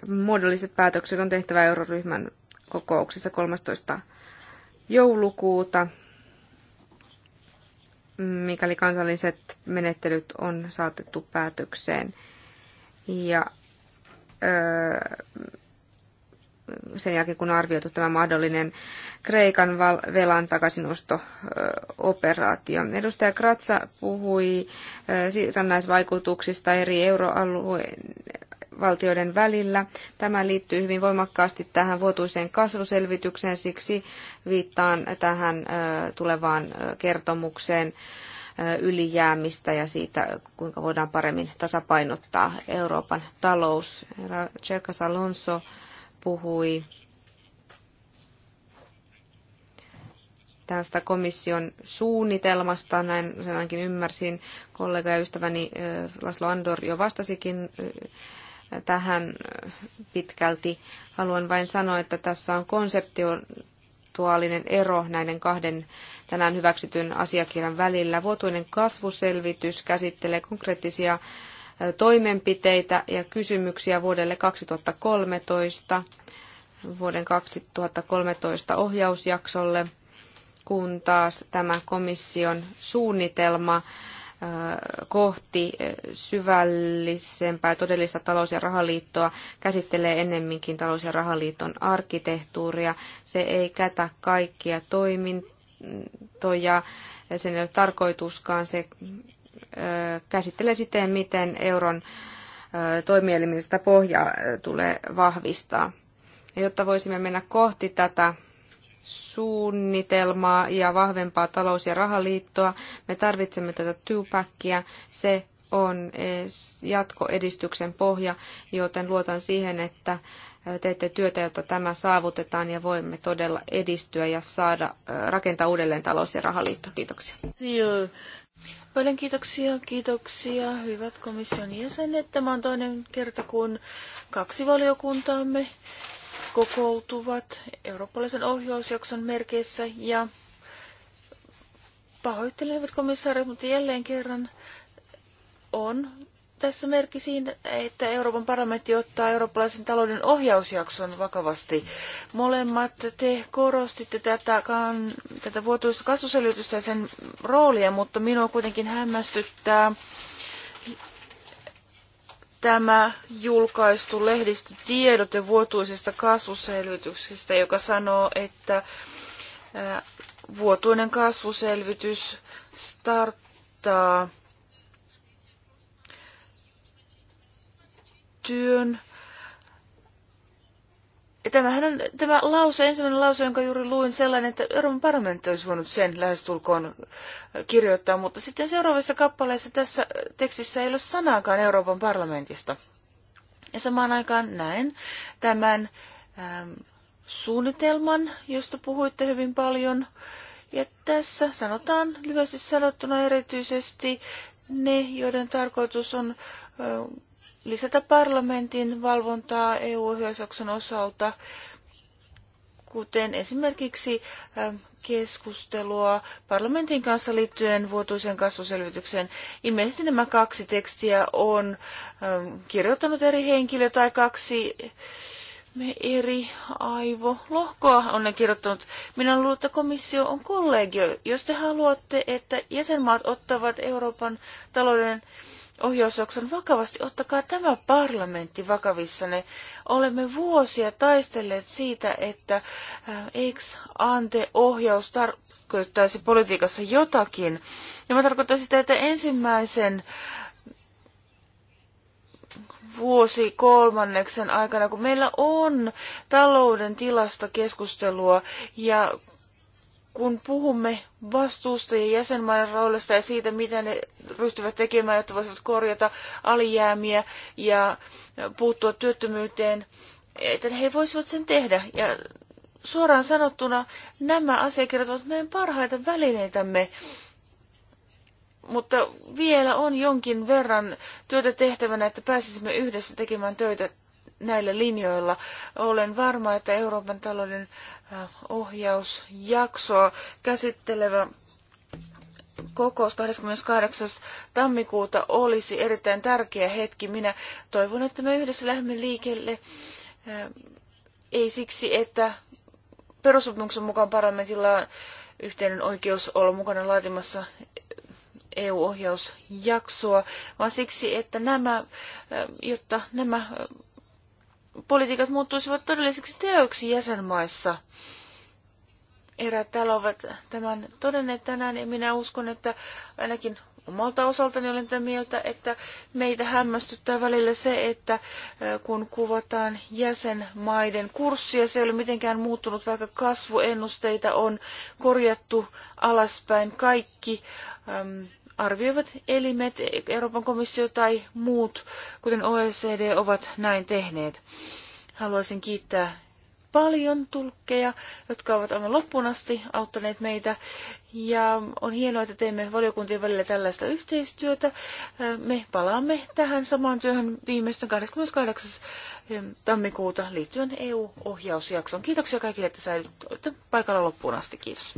Muodolliset päätökset on tehtävä euroryhmän kokouksessa 13. joulukuuta, mikäli kansalliset menettelyt on saatettu päätökseen. Ja öö, sen jälkeen, kun on arvioitu tämä mahdollinen Kreikan velan takaisinosto-operaatio. Edustaja Kratsa puhui siirrännäisvaikutuksista eri euroalueen valtioiden välillä. Tämä liittyy hyvin voimakkaasti tähän vuotuiseen kasvuselvitykseen, siksi viittaan tähän tulevaan kertomukseen ylijäämistä ja siitä, kuinka voidaan paremmin tasapainottaa Euroopan talous. Herra Alonso puhui tästä komission suunnitelmasta, näin sen ainakin ymmärsin. Kollega ja ystäväni Laslo Andor jo vastasikin tähän pitkälti. Haluan vain sanoa, että tässä on konseptuaalinen ero näiden kahden tänään hyväksytyn asiakirjan välillä. Vuotuinen kasvuselvitys käsittelee konkreettisia toimenpiteitä ja kysymyksiä vuodelle 2013, vuoden 2013 ohjausjaksolle, kun taas tämä komission suunnitelma kohti syvällisempää todellista talous- ja rahaliittoa käsittelee ennemminkin talous- ja rahaliiton arkkitehtuuria. Se ei kätä kaikkia toimintoja, sen ei ole tarkoituskaan, se käsittelee siten, miten euron toimielimistä pohjaa tulee vahvistaa. Ja jotta voisimme mennä kohti tätä suunnitelmaa ja vahvempaa talous- ja rahaliittoa, me tarvitsemme tätä two-packia. Se on e, jatkoedistyksen pohja, joten luotan siihen, että teette työtä, jotta tämä saavutetaan ja voimme todella edistyä ja saada rakentaa uudelleen talous- ja rahaliitto. Kiitoksia. Paljon kiitoksia, kiitoksia hyvät komission jäsenet. Tämä on toinen kerta, kun kaksi valiokuntaamme kokoutuvat eurooppalaisen ohjausjakson merkeissä ja pahoittelevat komissaarit, mutta jälleen kerran on tässä merkki siinä, että Euroopan parlamentti ottaa eurooppalaisen talouden ohjausjakson vakavasti. Molemmat te korostitte tätä, kan, tätä vuotuista kasvuselvitystä ja sen roolia, mutta minua kuitenkin hämmästyttää tämä julkaistu lehdistötiedote vuotuisesta kasvuselvityksestä, joka sanoo, että vuotuinen kasvuselvitys starttaa – työn. tämähän on tämä lause, ensimmäinen lause, jonka juuri luin sellainen, että Euroopan parlamentti olisi voinut sen lähestulkoon kirjoittaa, mutta sitten seuraavassa kappaleessa tässä tekstissä ei ole sanaakaan Euroopan parlamentista. Ja samaan aikaan näen tämän ähm, suunnitelman, josta puhuitte hyvin paljon. Ja tässä sanotaan lyhyesti sanottuna erityisesti ne, joiden tarkoitus on äh, lisätä parlamentin valvontaa EU-ohjausjakson osalta, kuten esimerkiksi keskustelua parlamentin kanssa liittyen vuotuisen kasvuselvitykseen. Ilmeisesti nämä kaksi tekstiä on kirjoittanut eri henkilö tai kaksi me eri aivolohkoa on ne kirjoittanut. Minä luulen, että komissio on kollegio. Jos te haluatte, että jäsenmaat ottavat Euroopan talouden ohjausjakson vakavasti. Ottakaa tämä parlamentti vakavissanne. Olemme vuosia taistelleet siitä, että äh, ex ante ohjaus tarkoittaisi politiikassa jotakin. Ja mä tarkoitan sitä, että ensimmäisen vuosi kolmanneksen aikana, kun meillä on talouden tilasta keskustelua ja kun puhumme vastuusta ja jäsenmaiden roolista ja siitä, mitä ne ryhtyvät tekemään, jotta voisivat korjata alijäämiä ja puuttua työttömyyteen, että he voisivat sen tehdä. Ja suoraan sanottuna nämä asiakirjat ovat meidän parhaita välineitämme, mutta vielä on jonkin verran työtä tehtävänä, että pääsisimme yhdessä tekemään töitä näillä linjoilla. Olen varma, että Euroopan talouden ohjausjaksoa käsittelevä kokous 28. tammikuuta olisi erittäin tärkeä hetki. Minä toivon, että me yhdessä lähdemme liikelle. Ei siksi, että perussopimuksen mukaan parlamentilla on yhteinen oikeus olla mukana laatimassa EU-ohjausjaksoa, vaan siksi, että nämä, jotta nämä politiikat muuttuisivat todellisiksi teoiksi jäsenmaissa. Erät täällä ovat tämän todenneet tänään ja minä uskon, että ainakin omalta osaltani olen tätä mieltä, että meitä hämmästyttää välillä se, että kun kuvataan jäsenmaiden kurssia, se ei ole mitenkään muuttunut, vaikka kasvuennusteita on korjattu alaspäin. Kaikki arvioivat elimet, Euroopan komissio tai muut, kuten OECD, ovat näin tehneet. Haluaisin kiittää paljon tulkkeja, jotka ovat aivan loppuun asti auttaneet meitä. Ja on hienoa, että teemme valiokuntien välillä tällaista yhteistyötä. Me palaamme tähän samaan työhön viimeistään 28. Eh, tammikuuta liittyen EU-ohjausjaksoon. Kiitoksia kaikille, että säilytte paikalla loppuun asti. Kiitos.